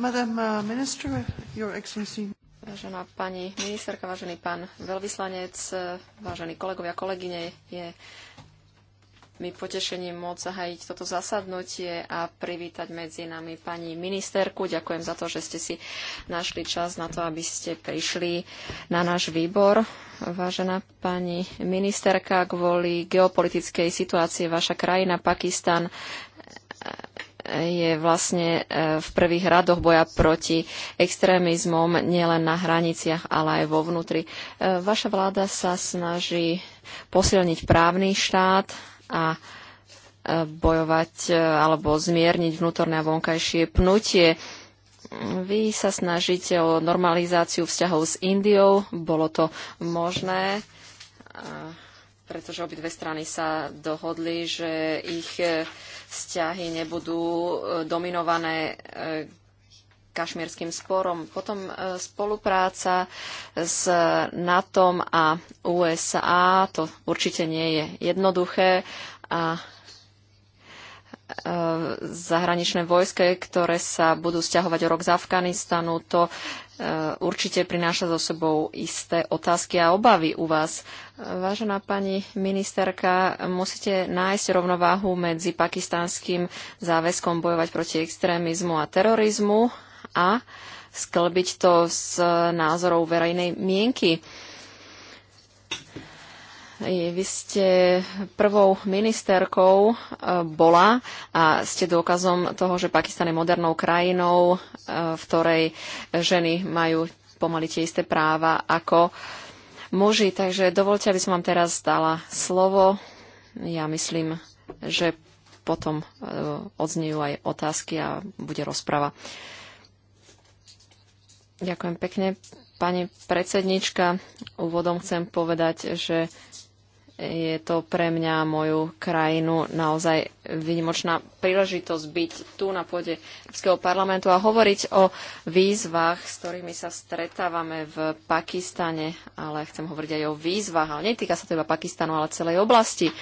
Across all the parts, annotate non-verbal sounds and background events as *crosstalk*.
Uh, Vážená pani ministerka, vážený pán veľvyslanec, uh, vážení kolegovia, kolegyne, je mi potešením môcť zahájiť toto zasadnutie a privítať medzi nami pani ministerku. Ďakujem za to, že ste si našli čas na to, aby ste prišli na náš výbor. Vážená pani ministerka, kvôli geopolitickej situácii vaša krajina Pakistan je vlastne e, v prvých radoch boja proti extrémizmom nielen na hraniciach, ale aj vo vnútri. E, vaša vláda sa snaží posilniť právny štát a e, bojovať alebo zmierniť vnútorné a vonkajšie pnutie. Vy sa snažíte o normalizáciu vzťahov s Indiou. Bolo to možné? pretože obidve strany sa dohodli, že ich e, vzťahy nebudú e, dominované e, kašmírským sporom. Potom spolupráca s NATO a USA, to určite nie je jednoduché a zahraničné vojske, ktoré sa budú stiahovať rok z Afganistanu, to Eh, určite prináša so sebou isté otázky a obavy u vás. Vážená pani ministerka, musíte nájsť rovnováhu medzi pakistanským záväzkom bojovať proti extrémizmu a terorizmu a sklbiť to s názorov verejnej mienky. Vy ste prvou ministerkou e, bola a ste dôkazom toho, že Pakistan je modernou krajinou, e, v ktorej ženy majú pomaly tie isté práva ako muži. Takže dovolte, aby som vám teraz dala slovo. Ja myslím, že potom e, odznejú aj otázky a bude rozprava. Ďakujem pekne. Pani predsednička, úvodom chcem povedať, že je to pre mňa moju krajinu naozaj výnimočná príležitosť byť tu na pôde Európskeho parlamentu a hovoriť o výzvach, s ktorými sa stretávame v Pakistane, ale chcem hovoriť aj o výzvach, ale netýka sa to iba Pakistanu, ale celej oblasti.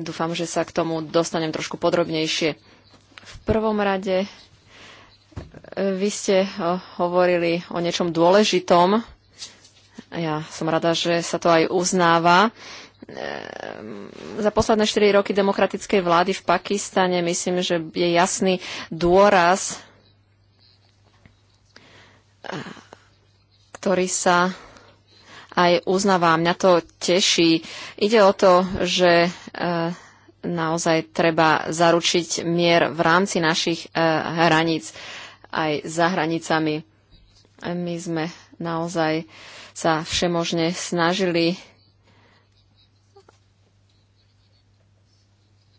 Dúfam, že sa k tomu dostanem trošku podrobnejšie. V prvom rade e, vy ste e, hovorili o niečom dôležitom. Ja som rada, že sa to aj uznáva Ehm, za posledné 4 roky demokratickej vlády v Pakistane myslím, že je jasný dôraz, eh, ktorý sa aj uznáva. Mňa to teší. Ide o to, že eh, naozaj treba zaručiť mier v rámci našich eh, hraníc aj za hranicami. My sme naozaj sa všemožne snažili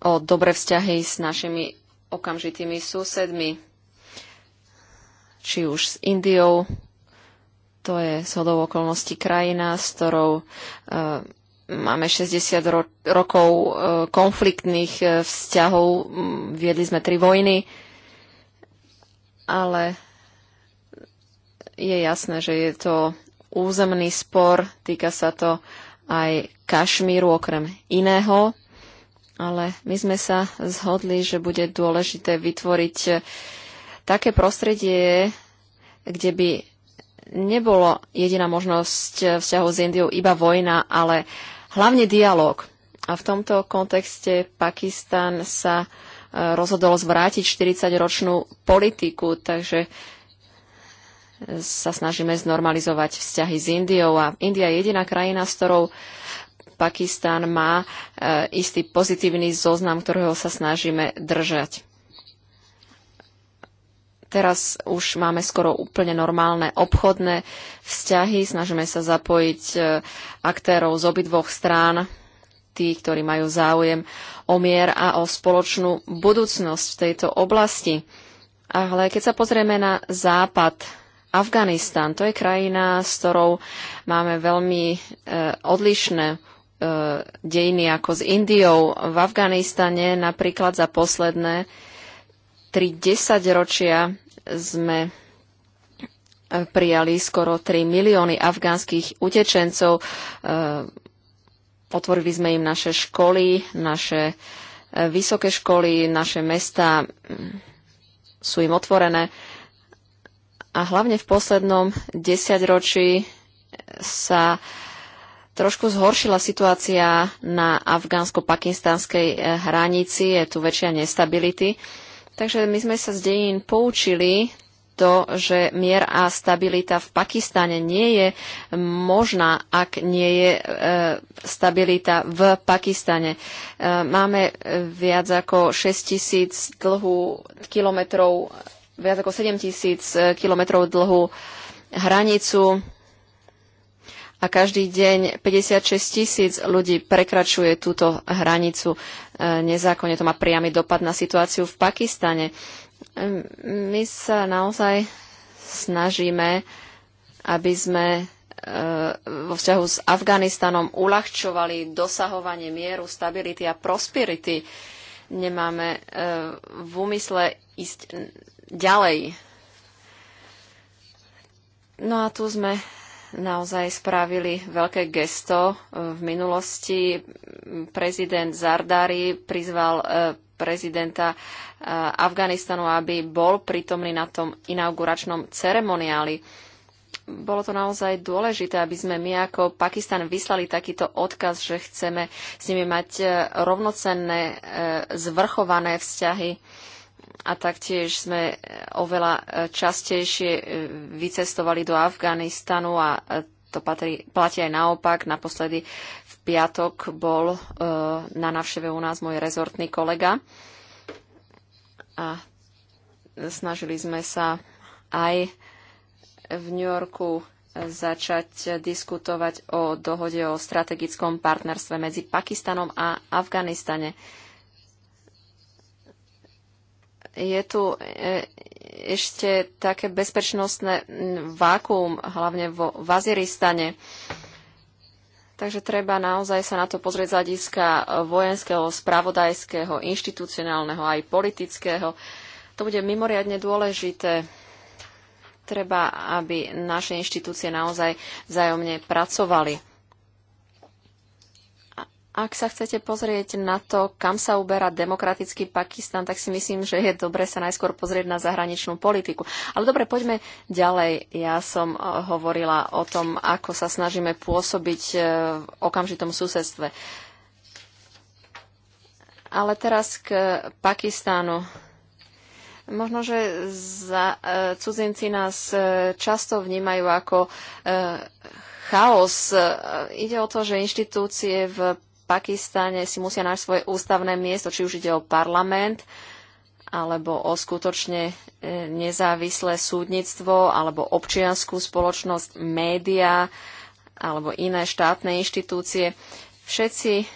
o dobré vzťahy s našimi okamžitými susedmi, či už s Indiou, to je z okolností krajina, s ktorou e, máme 60 ro- rokov e, konfliktných e, vzťahov, viedli sme tri vojny, ale je jasné, že je to územný spor, týka sa to aj Kašmíru okrem iného ale my sme sa zhodli, že bude dôležité vytvoriť eh, také prostredie, kde by nebolo jediná možnosť eh, vzťahu s Indiou iba vojna, ale hlavne dialog. A v tomto kontexte Pakistan sa eh, rozhodol zvrátiť 40-ročnú politiku, takže sa snažíme znormalizovať vzťahy s Indiou. A India je jediná krajina, s ktorou Pakistán má e, istý pozitívny zoznam, ktorého sa snažíme držať. Teraz už máme skoro úplne normálne obchodné vzťahy. Snažíme sa zapojiť e, aktérov z obidvoch strán, tí, ktorí majú záujem o mier a o spoločnú budúcnosť v tejto oblasti. Ale keď sa pozrieme na západ, Afganistan, to je krajina, s ktorou máme veľmi e, odlišné E, dejiny ako s Indiou. V Afganistane napríklad za posledné 30 ročia sme e, prijali skoro 3 milióny afgánskych utečencov. E, otvorili sme im naše školy, naše vysoké školy, naše mesta sú im otvorené. A hlavne v poslednom desaťročí sa uh, trošku zhoršila situácia na afgánsko-pakistanskej eh, hranici, je tu väčšia nestability. Takže my sme sa z dejín poučili to, že mier a stabilita v Pakistane nie je možná, ak nie je e, stabilita v Pakistane. E, máme viac ako 6 tisíc dlhú kilometrov, viac ako 7 tisíc kilometrov dlhú hranicu a každý deň 56 tisíc ľudí prekračuje túto hranicu e, nezákonne. To má priamy dopad na situáciu v Pakistane. E, my sa naozaj snažíme, aby sme e, vo vzťahu s Afganistanom uľahčovali dosahovanie mieru, stability a prosperity. Nemáme v úmysle ísť ďalej. No a tu sme naozaj spravili veľké gesto e, v minulosti. Prezident Zardari prizval e, prezidenta e, Afganistanu, aby bol prítomný na tom inauguračnom ceremoniáli. Bolo to naozaj dôležité, aby sme my ako Pakistan vyslali takýto odkaz, že chceme s nimi mať rovnocenné, zvrchované vzťahy a taktiež sme e, oveľa e, častejšie e, vycestovali do Afganistanu a to patrí, platí aj naopak. Naposledy v piatok bol na návšteve u nás môj rezortný kolega a snažili sme sa aj v New Yorku začať diskutovať o dohode o strategickom partnerstve medzi Pakistanom a Afganistane je tu e, ešte také bezpečnostné vákuum, hlavne vo Vaziristane. Takže treba naozaj sa na to pozrieť z hľadiska vojenského, spravodajského, inštitucionálneho aj politického. To bude mimoriadne dôležité. Treba, aby naše inštitúcie naozaj vzájomne pracovali. Ak sa chcete pozrieť na to, kam sa uberá demokratický Pakistan, tak si myslím, že je dobre sa najskôr pozrieť na zahraničnú politiku. Ale dobre, poďme ďalej. Ja som eh, hovorila o tom, ako sa snažíme pôsobiť eh, v okamžitom susedstve. Ale teraz k Pakistánu. Možno, že za, eh, cudzinci nás často vnímajú ako chaos. Ide o to, že inštitúcie v Pakistane si musia nájsť svoje ústavné miesto, či už ide o parlament, alebo o skutočne e, nezávislé súdnictvo, alebo občianskú spoločnosť, média, alebo iné štátne inštitúcie. Všetci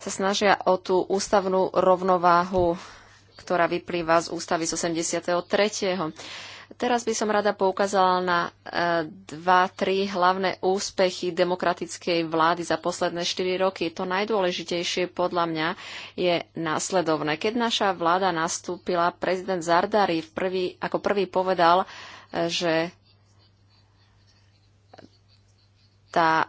sa snažia o tú ústavnú rovnováhu, ktorá vyplýva z ústavy z 83. Teraz by som rada poukázala na e, dva, tri hlavné úspechy demokratickej vlády za posledné 4 roky. To najdôležitejšie podľa mňa je následovné. Keď naša vláda nastúpila, prezident Zardari v prvý, ako prvý povedal, e, že tá e,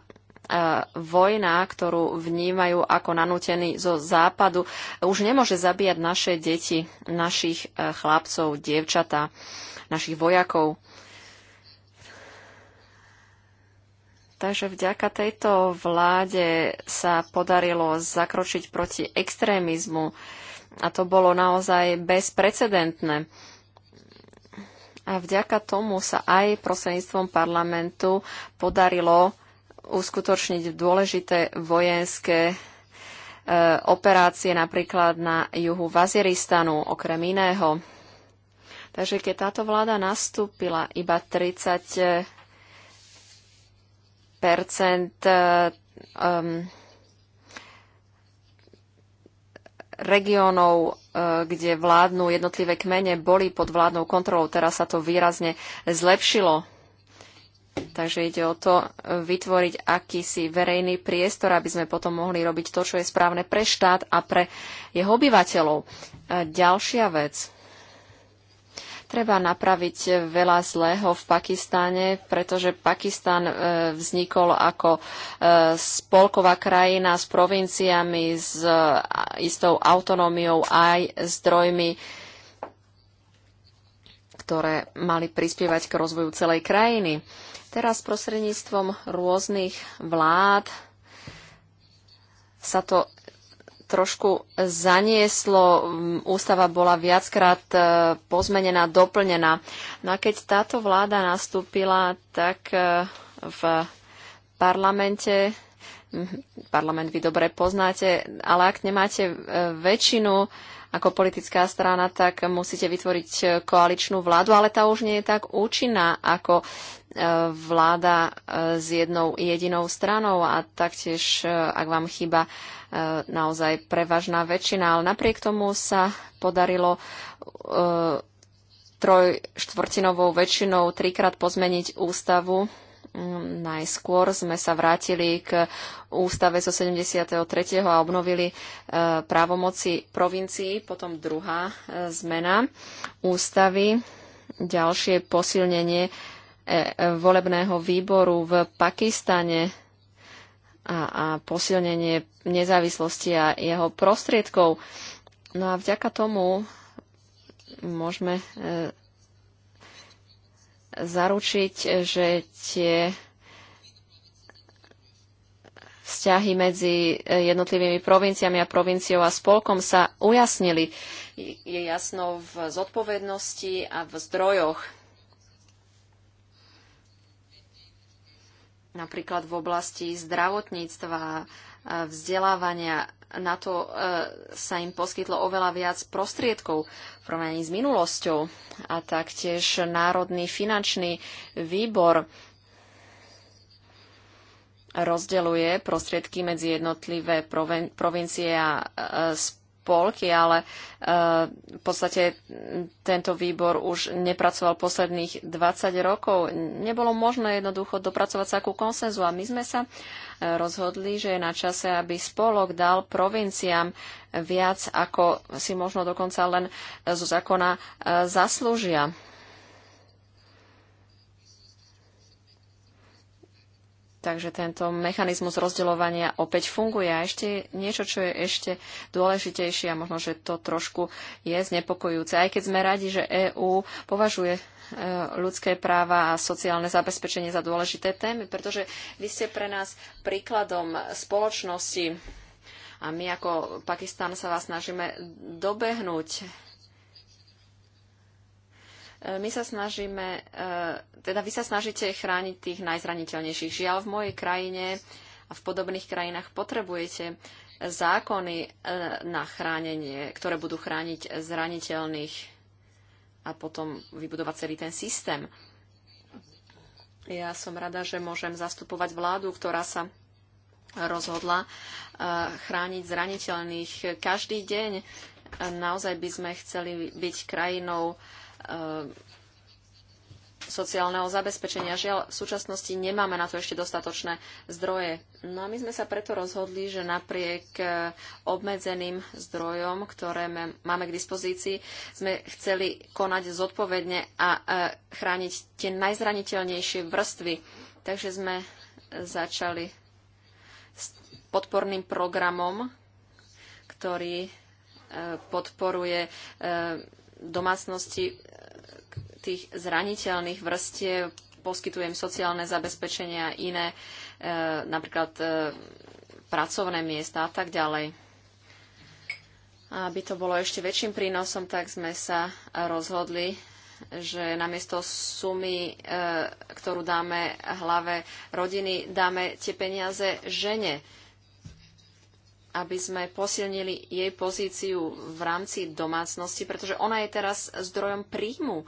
vojna, ktorú vnímajú ako nanútený zo západu, už nemôže zabíjať naše deti, našich chlapcov, dievčatá našich vojakov. Takže vďaka tejto vláde sa podarilo zakročiť proti extrémizmu a to bolo naozaj bezprecedentné. A vďaka tomu sa aj prostredníctvom parlamentu podarilo uskutočniť dôležité vojenské e, operácie napríklad na juhu Vaziristanu, okrem iného. Takže keď táto vláda nastúpila, iba 30 um, regiónov, kde vládnu jednotlivé kmene, boli pod vládnou kontrolou. Teraz sa to výrazne zlepšilo. Takže ide o to eh, vytvoriť akýsi verejný priestor, aby sme potom mohli robiť to, čo je správne pre štát a pre jeho obyvateľov. Ďalšia vec. Treba napraviť veľa zlého v Pakistáne, pretože Pakistán e, vznikol ako e, spolková krajina s provinciami, s e, istou autonómiou aj zdrojmi, ktoré mali prispievať k rozvoju celej krajiny. Teraz prostredníctvom rôznych vlád sa to trošku zanieslo. Ústava bola viackrát e, pozmenená, doplnená. No a keď táto vláda nastúpila, tak e, v parlamente parlament vy dobre poznáte, ale ak nemáte e, väčšinu, ako politická strana, tak musíte vytvoriť e, koaličnú vládu, ale tá už nie je tak účinná ako e, vláda e, s jednou jedinou stranou a taktiež, ak vám chyba naozaj prevažná väčšina. Ale napriek tomu sa podarilo trojštvrtinovou väčšinou trikrát pozmeniť ústavu Mm, najskôr sme sa vrátili k ústave zo 73. a obnovili e, právomoci provincií. Potom druhá e, zmena ústavy, ďalšie posilnenie e, volebného výboru v Pakistane a, a posilnenie nezávislosti a jeho prostriedkov. No a vďaka tomu môžeme zaručiť, že tie vzťahy medzi jednotlivými provinciami a provinciou a spolkom sa ujasnili. Je jasno v zodpovednosti a v zdrojoch. Napríklad v oblasti zdravotníctva, vzdelávania na to e, sa im poskytlo oveľa viac prostriedkov v porovnaní s minulosťou a taktiež Národný finančný výbor rozdeľuje prostriedky medzi jednotlivé provincie a e, spoločnosti spolky, ale eh, v podstate tento výbor už nepracoval posledných 20 rokov. Nebolo možné jednoducho dopracovať sa ku konsenzu a my sme sa eh, rozhodli, že je na čase, aby spolok dal provinciám viac, ako si možno dokonca len zo zákona eh, zaslúžia. Takže tento mechanizmus rozdeľovania opäť funguje. A ešte niečo, čo je ešte dôležitejšie a možno, že to trošku je znepokojúce. Aj keď sme radi, že EÚ považuje e, ľudské práva a sociálne zabezpečenie za dôležité témy, pretože vy ste pre nás príkladom spoločnosti a my ako Pakistan sa vás snažíme dobehnúť E, my sa snažíme, e, teda vy sa snažíte chrániť tých najzraniteľnejších. Žiaľ, v mojej krajine a v podobných krajinách potrebujete zákony e, na chránenie, ktoré budú chrániť zraniteľných a potom vybudovať celý ten systém. Ja som rada, že môžem zastupovať vládu, ktorá sa rozhodla chrániť zraniteľných každý deň naozaj by sme chceli byť krajinou e, sociálneho zabezpečenia. Žiaľ, v súčasnosti nemáme na to ešte dostatočné zdroje. No a my sme sa preto rozhodli, že napriek e, obmedzeným zdrojom, ktoré máme k dispozícii, sme chceli konať zodpovedne a e, chrániť tie najzraniteľnejšie vrstvy. Takže sme začali s podporným programom, ktorý podporuje eh, domácnosti eh, tých zraniteľných vrstiev, poskytuje im sociálne zabezpečenia a iné, eh, napríklad pracovné miesta a tak ďalej. Aby to bolo ešte väčším prínosom, tak sme sa rozhodli že namiesto sumy, ktorú dáme hlave rodiny, dáme tie peniaze žene aby sme posilnili jej pozíciu v rámci domácnosti, pretože ona je teraz zdrojom príjmu.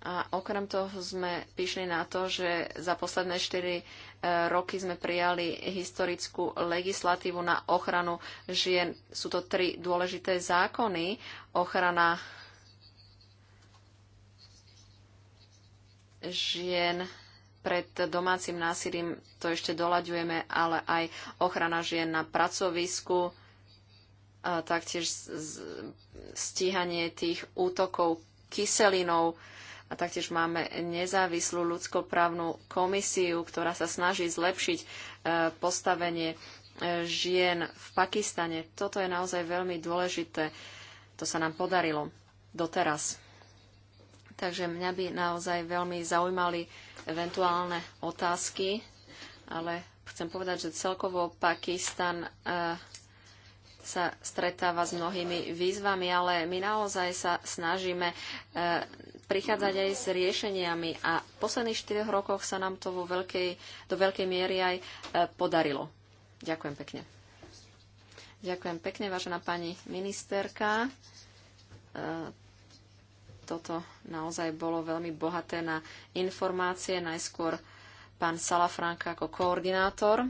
A okrem toho sme píšli na to, že za posledné 4 e, roky sme prijali historickú legislatívu na ochranu žien. Sú to tri dôležité zákony. Ochrana žien pred domácim násilím, to ešte doľaďujeme, ale aj ochrana žien na pracovisku, e, taktiež stíhanie tých útokov kyselinou a taktiež máme nezávislú ľudskoprávnu komisiu, ktorá sa snaží zlepšiť e, postavenie e, žien v Pakistane. Toto je naozaj veľmi dôležité. To sa nám podarilo doteraz. Takže mňa by naozaj veľmi zaujímali eventuálne otázky, ale chcem povedať, že celkovo Pakistan eh, sa stretáva s mnohými výzvami, ale my naozaj sa snažíme eh, prichádzať aj s riešeniami a v posledných 4 rokoch sa nám to vo veľkej, do veľkej miery aj eh, podarilo. Ďakujem pekne. Ďakujem pekne, vážená pani ministerka. Toto naozaj bolo veľmi bohaté na informácie. Najskôr pán Salafranka ako koordinátor.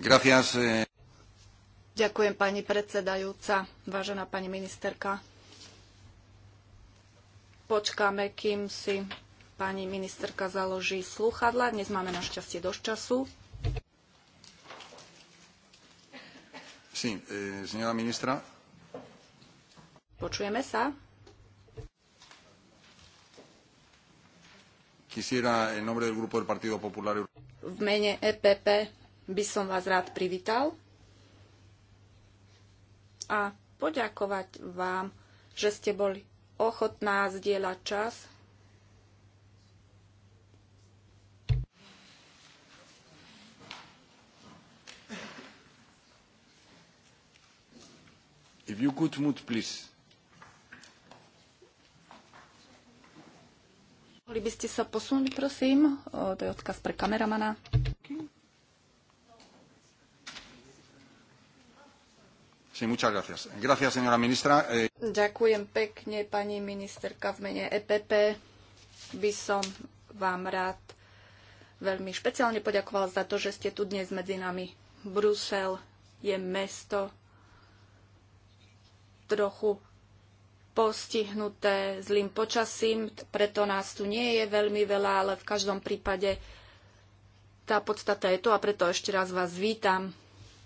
Gracias. Eh. Ďakujem pani predsedajúca, vážená pani ministerka. Počkáme, kým si pani ministerka založí slúchadla. Dnes máme našťastie dosť času. Sí, eh, señora ministra, Počujeme sa? V mene EPP by som vás rád privítal a poďakovať vám, že ste boli ochotná zdieľať čas If you could move, please. Mohli by ste sa posunúť, prosím? O, to je odkaz pre kameramana. Eh, Ďakujem pekne, pani ministerka, v mene EPP. By som vám rád veľmi špeciálne poďakoval za to, že ste tu dnes medzi nami. Brusel je mesto trochu postihnuté zlým počasím, preto nás tu nie je veľmi veľa, ale v každom prípade tá podstata je tu a preto ešte raz vás vítam.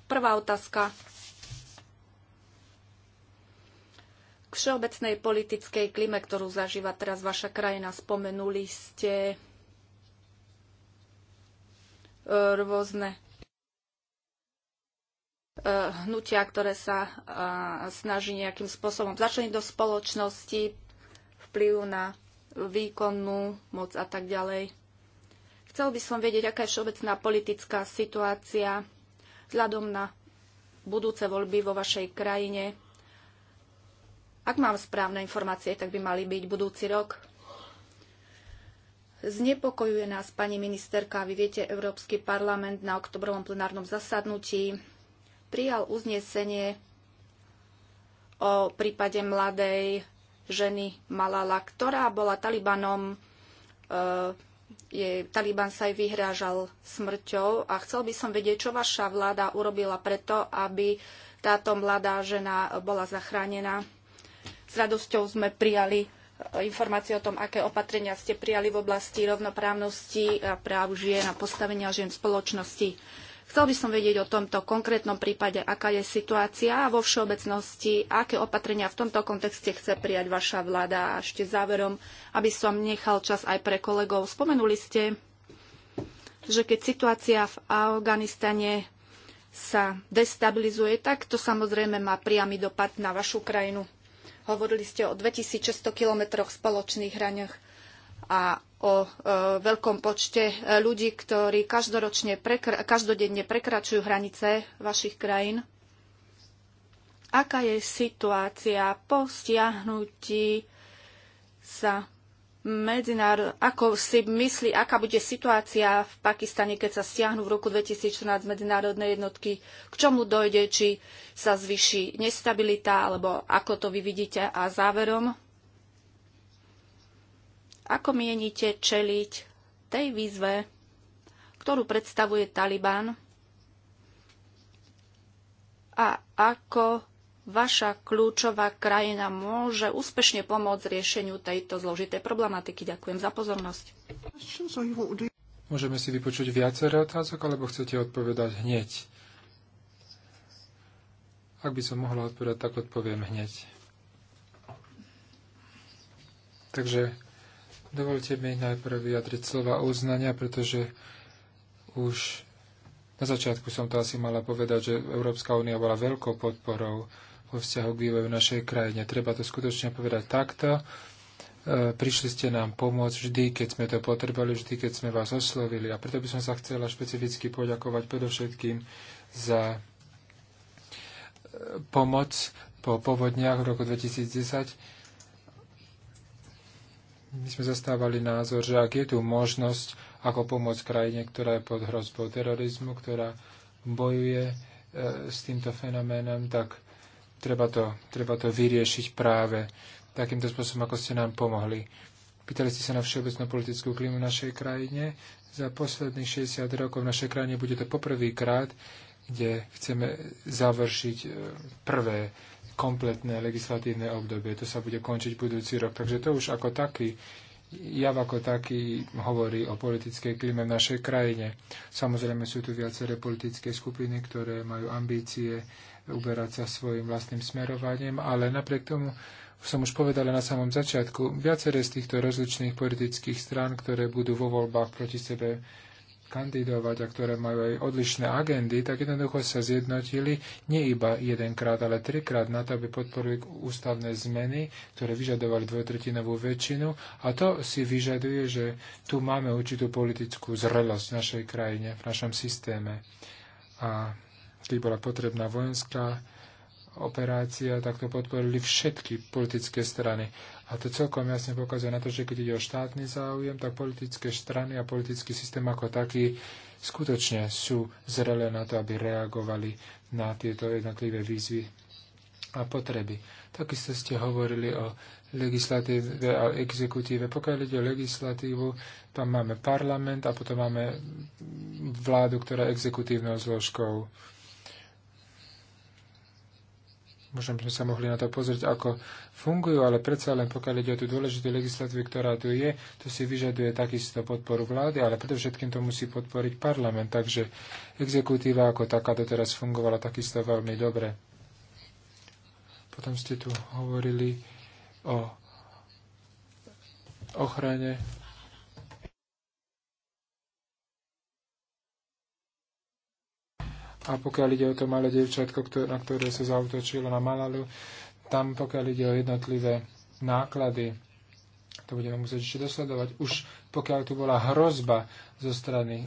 Prvá otázka k všeobecnej politickej klime, ktorú zažíva teraz vaša krajina. Spomenuli ste rôzne E, hnutia, ktoré sa e, snaží nejakým spôsobom začleniť do spoločnosti, vplyv na výkonnú moc a tak ďalej. Chcel by som vedieť, aká je všeobecná politická situácia vzhľadom na budúce voľby vo vašej krajine. Ak mám správne informácie, tak by mali byť budúci rok. Znepokojuje nás pani ministerka, vy viete, Európsky parlament na oktobrovom plenárnom zasadnutí prijal uznesenie o prípade mladej ženy Malala, ktorá bola Talibanom. E, Je, Taliban sa aj vyhrážal smrťou a chcel by som vedieť, čo vaša vláda urobila preto, aby táto mladá žena bola zachránená. S radosťou sme prijali e, informácie o tom, aké opatrenia ste prijali v oblasti rovnoprávnosti a práv žien a postavenia žien v spoločnosti. Chcel by som vedieť o tomto konkrétnom prípade, aká je situácia a vo všeobecnosti, aké opatrenia v tomto kontexte chce prijať vaša vláda. A ešte záverom, aby som nechal čas aj pre kolegov. Spomenuli ste, že keď situácia v Afganistane sa destabilizuje, tak to samozrejme má priamy dopad na vašu krajinu. Hovorili ste o 2600 kilometroch spoločných hraniach a o e, veľkom počte e, ľudí, ktorí každoročne prekr- každodenne prekračujú hranice vašich krajín. Aká je situácia po stiahnutí sa ako si myslí, aká bude situácia v Pakistane, keď sa stiahnu v roku 2014 medzinárodné jednotky, k čomu dojde, či sa zvyši nestabilita, alebo ako to vy vidíte. A záverom, ako mienite čeliť tej výzve, ktorú predstavuje Taliban? A ako vaša kľúčová krajina môže úspešne pomôcť riešeniu tejto zložitej problematiky. Ďakujem za pozornosť. Môžeme si vypočuť viaceré otázok, alebo chcete odpovedať hneď? Ak by som mohla odpovedať, tak odpoviem hneď. Takže Dovolte mi najprv vyjadriť slova uznania, pretože už na začiatku som to asi mala povedať, že Európska únia bola veľkou podporou vo vzťahu k vývoju našej krajine. Treba to skutočne povedať takto. E, prišli ste nám pomôcť vždy, keď sme to potrebovali, vždy, keď sme vás oslovili. A preto by som sa chcela špecificky poďakovať predovšetkým za e, pomoc po povodniach v roku 2010 my sme zastávali názor, že ak je tu možnosť, ako pomôcť krajine, ktorá je pod hrozbou terorizmu, ktorá bojuje e, s týmto fenoménom, tak treba to, treba to vyriešiť práve takýmto spôsobom, ako ste nám pomohli. Pýtali ste sa na všeobecnú politickú klímu v našej krajine. Za posledných 60 rokov v našej krajine bude to poprvýkrát, kde chceme završiť e, prvé kompletné legislatívne obdobie. To sa bude končiť budúci rok. Takže to už ako taký ja ako taký hovorí o politickej klíme v našej krajine. Samozrejme sú tu viaceré politické skupiny, ktoré majú ambície uberať sa svojim vlastným smerovaním, ale napriek tomu som už povedala na samom začiatku, viaceré z týchto rozličných politických strán, ktoré budú vo voľbách proti sebe kandidovať a ktoré majú aj odlišné agendy, tak jednoducho sa zjednotili nie iba jedenkrát, ale trikrát na to, aby podporili ústavné zmeny, ktoré vyžadovali dvojtretinovú väčšinu. A to si vyžaduje, že tu máme určitú politickú zrelosť v našej krajine, v našom systéme. A keď bola potrebná vojenská operácia, tak to podporili všetky politické strany. A to celkom jasne pokazuje na to, že keď ide o štátny záujem, tak politické strany a politický systém ako taký skutočne sú zrelé na to, aby reagovali na tieto jednotlivé výzvy a potreby. Takisto ste hovorili o legislatíve a exekutíve. Pokiaľ ide o legislatívu, tam máme parlament a potom máme vládu, ktorá je exekutívnou zložkou možno by sme sa mohli na to pozrieť, ako fungujú, ale predsa len pokiaľ ide o tú dôležitú legislatívu, ktorá tu je, to si vyžaduje takisto podporu vlády, ale predovšetkým to musí podporiť parlament. Takže exekutíva ako taká doteraz fungovala takisto veľmi dobre. Potom ste tu hovorili o ochrane A pokiaľ ide o to malé dievčatko, na ktoré sa zautočilo na Malalu, tam pokiaľ ide o jednotlivé náklady, to budeme musieť ešte dosledovať. Už pokiaľ tu bola hrozba zo strany e,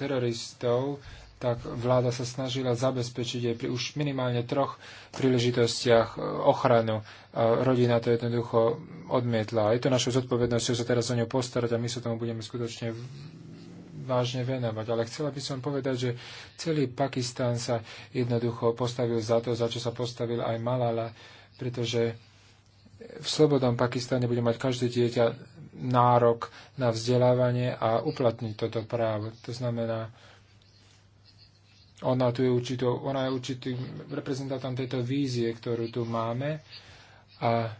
teroristov, tak vláda sa snažila zabezpečiť aj pri už minimálne troch príležitostiach e, ochranu. Rodina to jednoducho odmietla. Je to našou zodpovednosťou sa teraz o ňu postarať a my sa tomu budeme skutočne vážne venovať. Ale chcela by som povedať, že celý Pakistán sa jednoducho postavil za to, za čo sa postavil aj Malala, pretože v slobodnom Pakistane bude mať každé dieťa nárok na vzdelávanie a uplatniť toto právo. To znamená, ona, tu je určitou, ona je určitým reprezentantom tejto vízie, ktorú tu máme a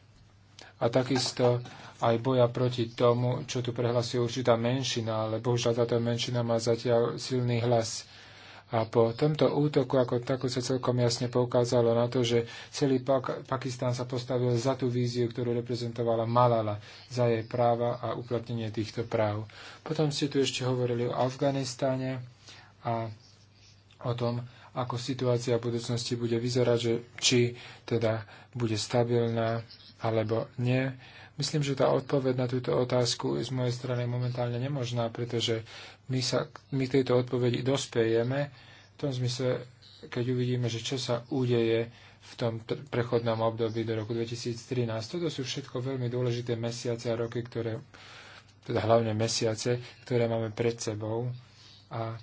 a takisto aj boja proti tomu, čo tu prehlasuje určitá menšina, ale bohužiaľ táto menšina má zatiaľ silný hlas. A po tomto útoku ako takú sa celkom jasne poukázalo na to, že celý Pak- Pakistán sa postavil za tú víziu, ktorú reprezentovala Malala, za jej práva a uplatnenie týchto práv. Potom ste tu ešte hovorili o Afganistáne a o tom, ako situácia v budúcnosti bude vyzerať, že či teda bude stabilná alebo nie. Myslím, že tá odpoveď na túto otázku je z mojej strany momentálne nemožná, pretože my, sa, my tejto odpovedi dospejeme v tom zmysle, keď uvidíme, že čo sa udeje v tom prechodnom období do roku 2013. Toto sú všetko veľmi dôležité mesiace a roky, ktoré, teda hlavne mesiace, ktoré máme pred sebou. A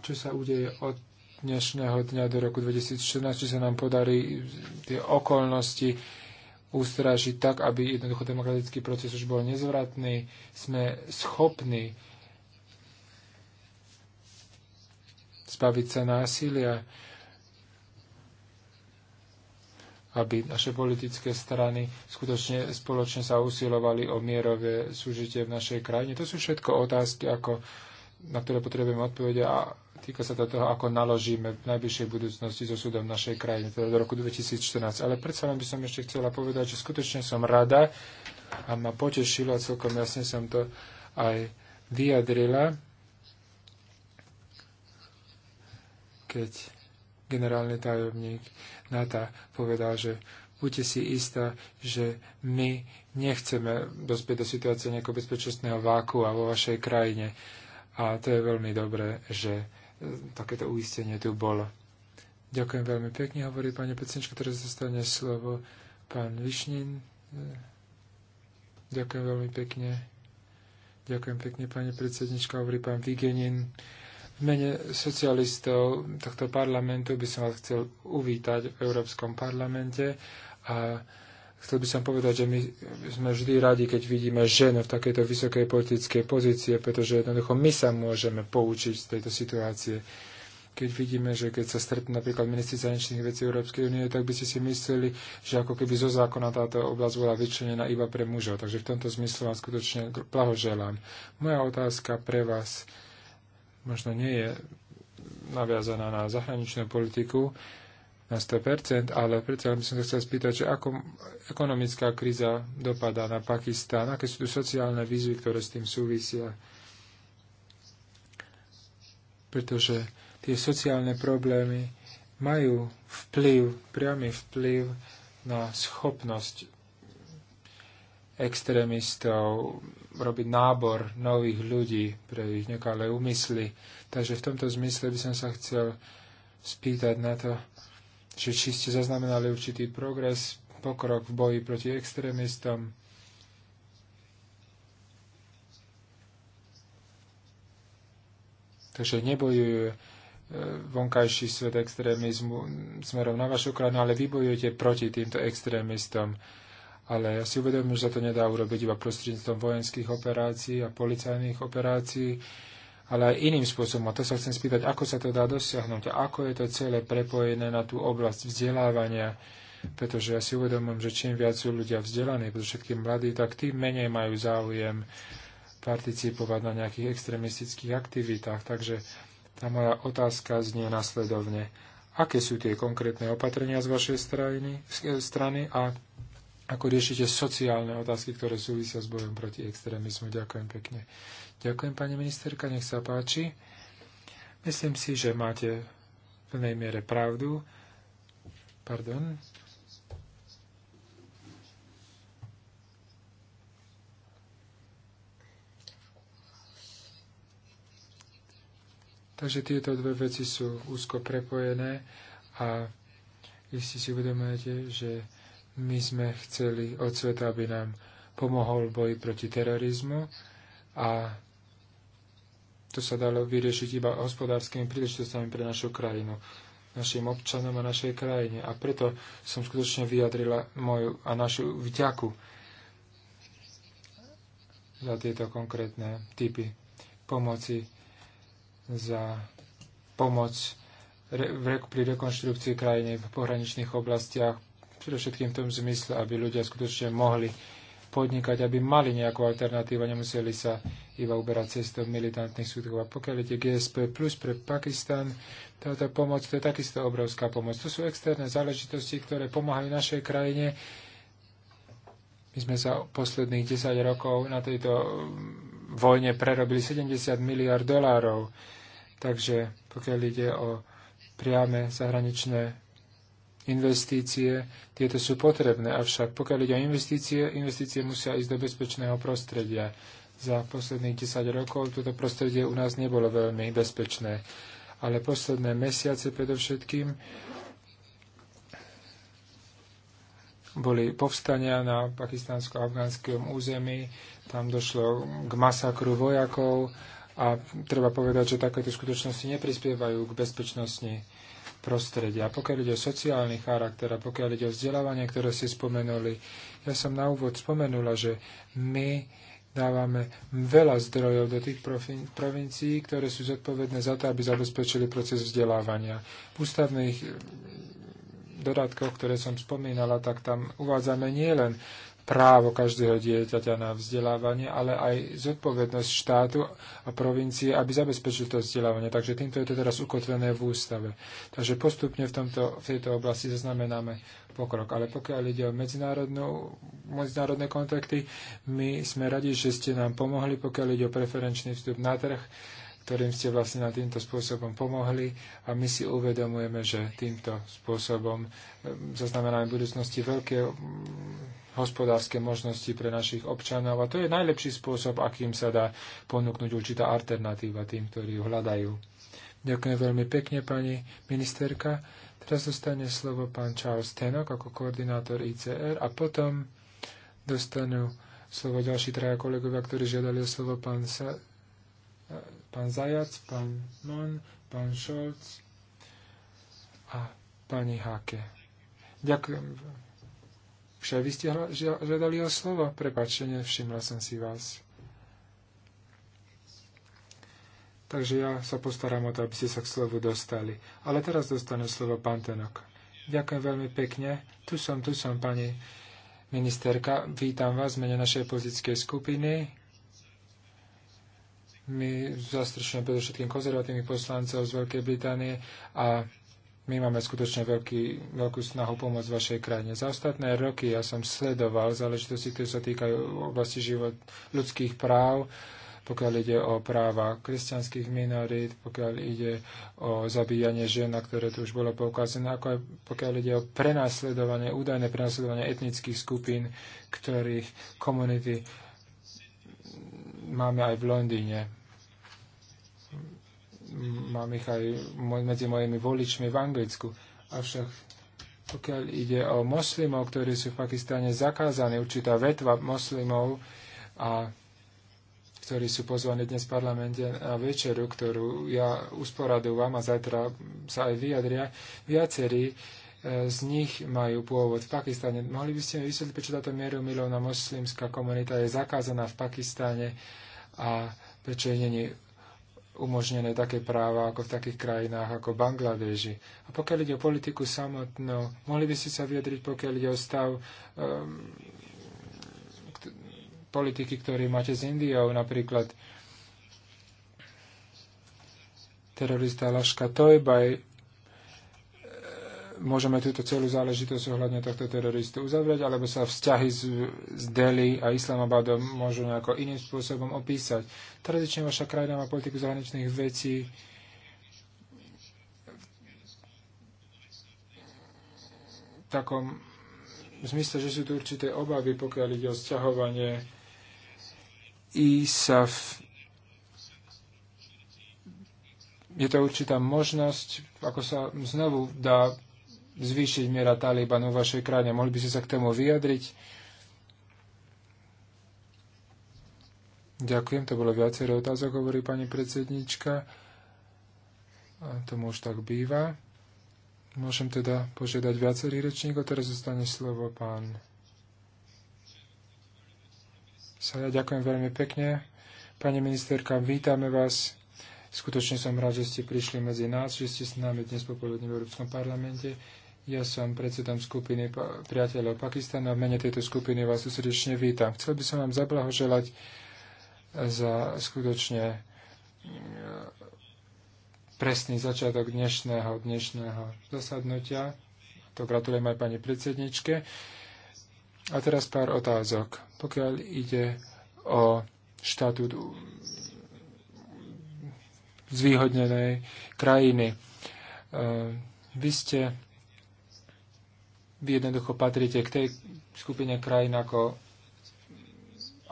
čo sa udeje od dnešného dňa do roku 2014, či sa nám podarí tie okolnosti ústražiť tak, aby jednoducho demokratický proces už bol nezvratný. Sme schopní zbaviť sa násilia, aby naše politické strany skutočne spoločne sa usilovali o mierové súžitie v našej krajine. To sú všetko otázky, ako, na ktoré potrebujeme odpovede a týka sa to toho, ako naložíme v najbližšej budúcnosti so súdom v našej krajine, teda do roku 2014. Ale predsa len by som ešte chcela povedať, že skutočne som rada a ma potešilo a celkom jasne som to aj vyjadrila, keď generálny tajomník NATO povedal, že buďte si istá, že my nechceme dospieť do situácie nejakého bezpečnostného váku a vo vašej krajine. A to je veľmi dobré, že takéto uistenie tu bolo. Ďakujem veľmi pekne, hovorí pani Pecnička, ktoré zostane slovo pán Višnin. Ďakujem veľmi pekne. Ďakujem pekne, pani predsednička, hovorí pán Vigenin. V mene socialistov tohto parlamentu by som vás chcel uvítať v Európskom parlamente a chcel by som povedať, že my sme vždy radi, keď vidíme ženu v takejto vysokej politickej pozície, pretože jednoducho my sa môžeme poučiť z tejto situácie. Keď vidíme, že keď sa stretnú napríklad ministri zahraničných vecí Európskej únie, tak by ste si mysleli, že ako keby zo zákona táto oblasť bola vyčlenená iba pre mužov. Takže v tomto zmysle vám skutočne blahoželám. Moja otázka pre vás možno nie je naviazaná na zahraničnú politiku, na 100%, ale predsa by som sa chcel spýtať, že ako ekonomická kríza dopadá na Pakistán, aké sú tu sociálne výzvy, ktoré s tým súvisia. Pretože tie sociálne problémy majú vplyv, priamy vplyv na schopnosť extrémistov robiť nábor nových ľudí pre ich nekalé úmysly. Takže v tomto zmysle by som sa chcel spýtať na to, že či ste zaznamenali určitý progres, pokrok v boji proti extrémistom. Takže nebojujú e, vonkajší svet extrémizmu smerom na vašu krajinu, ale vy bojujete proti týmto extrémistom. Ale ja si uvedomujem, že sa to nedá urobiť iba prostredníctvom vojenských operácií a policajných operácií ale aj iným spôsobom. A to sa chcem spýtať, ako sa to dá dosiahnuť a ako je to celé prepojené na tú oblasť vzdelávania, pretože ja si uvedomujem, že čím viac sú ľudia vzdelaní, pretože všetky mladí, tak tým menej majú záujem participovať na nejakých extremistických aktivitách. Takže tá moja otázka znie nasledovne. Aké sú tie konkrétne opatrenia z vašej strany, strany a ako riešite sociálne otázky, ktoré súvisia s bojom proti extrémizmu. Ďakujem pekne. Ďakujem, pani ministerka, nech sa páči. Myslím si, že máte v plnej miere pravdu. Pardon. Takže tieto dve veci sú úzko prepojené a vy si si uvedomujete, že my sme chceli od sveta, aby nám pomohol boj proti terorizmu a to sa dalo vyriešiť iba hospodárskymi príležitostami pre našu krajinu, našim občanom a našej krajine. A preto som skutočne vyjadrila moju a našu vďaku za tieto konkrétne typy pomoci, za pomoc pri rekonštrukcii krajiny v pohraničných oblastiach, Predovšetkým v tom zmysle, aby ľudia skutočne mohli podnikať, aby mali nejakú alternatívu a nemuseli sa iba uberať cestou militantných súdkov. A pokiaľ ide GSP plus pre Pakistan, táto pomoc, to je takisto obrovská pomoc. To sú externé záležitosti, ktoré pomáhajú našej krajine. My sme sa posledných 10 rokov na tejto mm, vojne prerobili 70 miliard dolárov. Takže pokiaľ ide o priame zahraničné investície, tieto sú potrebné, avšak pokiaľ ide o investície, investície musia ísť do bezpečného prostredia. Za posledných 10 rokov toto prostredie u nás nebolo veľmi bezpečné, ale posledné mesiace predovšetkým boli povstania na pakistánsko-afgánskom území, tam došlo k masakru vojakov a treba povedať, že takéto skutočnosti neprispievajú k bezpečnosti prostredia. A pokiaľ ide o sociálny charakter a pokiaľ ide o vzdelávanie, ktoré ste spomenuli, ja som na úvod spomenula, že my dávame veľa zdrojov do tých provincií, ktoré sú zodpovedné za to, aby zabezpečili proces vzdelávania. V ústavných dodatkoch, ktoré som spomínala, tak tam uvádzame nielen právo každého dieťaťa na vzdelávanie, ale aj zodpovednosť štátu a provincie, aby zabezpečil to vzdelávanie. Takže týmto je to teraz ukotvené v ústave. Takže postupne v, tomto, v tejto oblasti zaznamenáme pokrok. Ale pokiaľ ide o medzinárodné kontakty, my sme radi, že ste nám pomohli, pokiaľ ide o preferenčný vstup na trh ktorým ste vlastne na týmto spôsobom pomohli a my si uvedomujeme, že týmto spôsobom ehm, zaznamenáme v budúcnosti veľké mm, hospodárske možnosti pre našich občanov a to je najlepší spôsob, akým sa dá ponúknuť určitá alternatíva tým, ktorí ju hľadajú. Ďakujem veľmi pekne, pani ministerka. Teraz dostane slovo pán Charles Tenok ako koordinátor ICR a potom dostanú slovo ďalší traja kolegovia, ktorí žiadali o slovo pán Sa- pán Zajac, pán Mon, pán Scholz a pani Hake. Ďakujem. Však vy ste žiadali o slovo? Prepačte, nevšimla som si vás. Takže ja sa postaram o to, aby ste sa k slovu dostali. Ale teraz dostane slovo pán Tenok. Ďakujem veľmi pekne. Tu som, tu som, pani ministerka. Vítam vás v mene našej pozitskej skupiny my zastrešujeme predovšetkým konzervatívnych poslancov z Veľkej Británie a my máme skutočne veľký, veľkú snahu pomôcť vašej krajine. Za ostatné roky ja som sledoval záležitosti, ktoré sa týkajú oblasti život ľudských práv, pokiaľ ide o práva kresťanských minorít, pokiaľ ide o zabíjanie žien, na ktoré tu už bolo poukázané, ako aj pokiaľ ide o prenasledovanie, údajné prenasledovanie etnických skupín, ktorých komunity máme aj v Londýne mám ich aj medzi mojimi voličmi v Anglicku. Avšak pokiaľ ide o moslimov, ktorí sú v Pakistane zakázaní, určitá vetva moslimov a ktorí sú pozvaní dnes v parlamente na večeru, ktorú ja usporadujem a zajtra sa aj vyjadria. Viacerí e, z nich majú pôvod v Pakistane. Mohli by ste mi vysvetliť, prečo táto mieru milovná moslimská komunita je zakázaná v Pakistane a prečo je umožnené také práva ako v takých krajinách ako Bangladeži. A pokiaľ ide o politiku samotnú, mohli by ste sa vyjadriť, pokiaľ ide o stav um, politiky, ktorý máte s Indiou, napríklad terorista Laška Tojbaj môžeme túto celú záležitosť ohľadne tohto teroristu uzavrieť, alebo sa vzťahy z, z Delhi a Islamabadom môžu nejako iným spôsobom opísať. Tradične vaša krajina má politiku zahraničných vecí v takom zmysle, že sú tu určité obavy, pokiaľ ide o sťahovanie ISAF je to určitá možnosť, ako sa znovu dá zvýšiť miera Talibanu v vašej krajine. Mohli by ste sa k tomu vyjadriť? Ďakujem, to bolo viacero otázok, hovorí pani predsednička. A to už tak býva. Môžem teda požiadať viacerých rečníkov. Teraz zostane slovo pán sa ja ďakujem veľmi pekne. Pani ministerka, vítame vás. Skutočne som rád, že ste prišli medzi nás, že ste s nami dnes popoludne v Európskom parlamente. Ja som predsedom skupiny priateľov Pakistana. V mene tejto skupiny vás srdečne vítam. Chcel by som vám zablahoželať eh, za skutočne eh, presný začiatok dnešného, dnešného zasadnutia. To gratulujem aj pani predsedničke. A teraz pár otázok. Pokiaľ ide o štatút mm, zvýhodnenej krajiny. Eh, vy ste vy jednoducho patríte k tej skupine krajín ako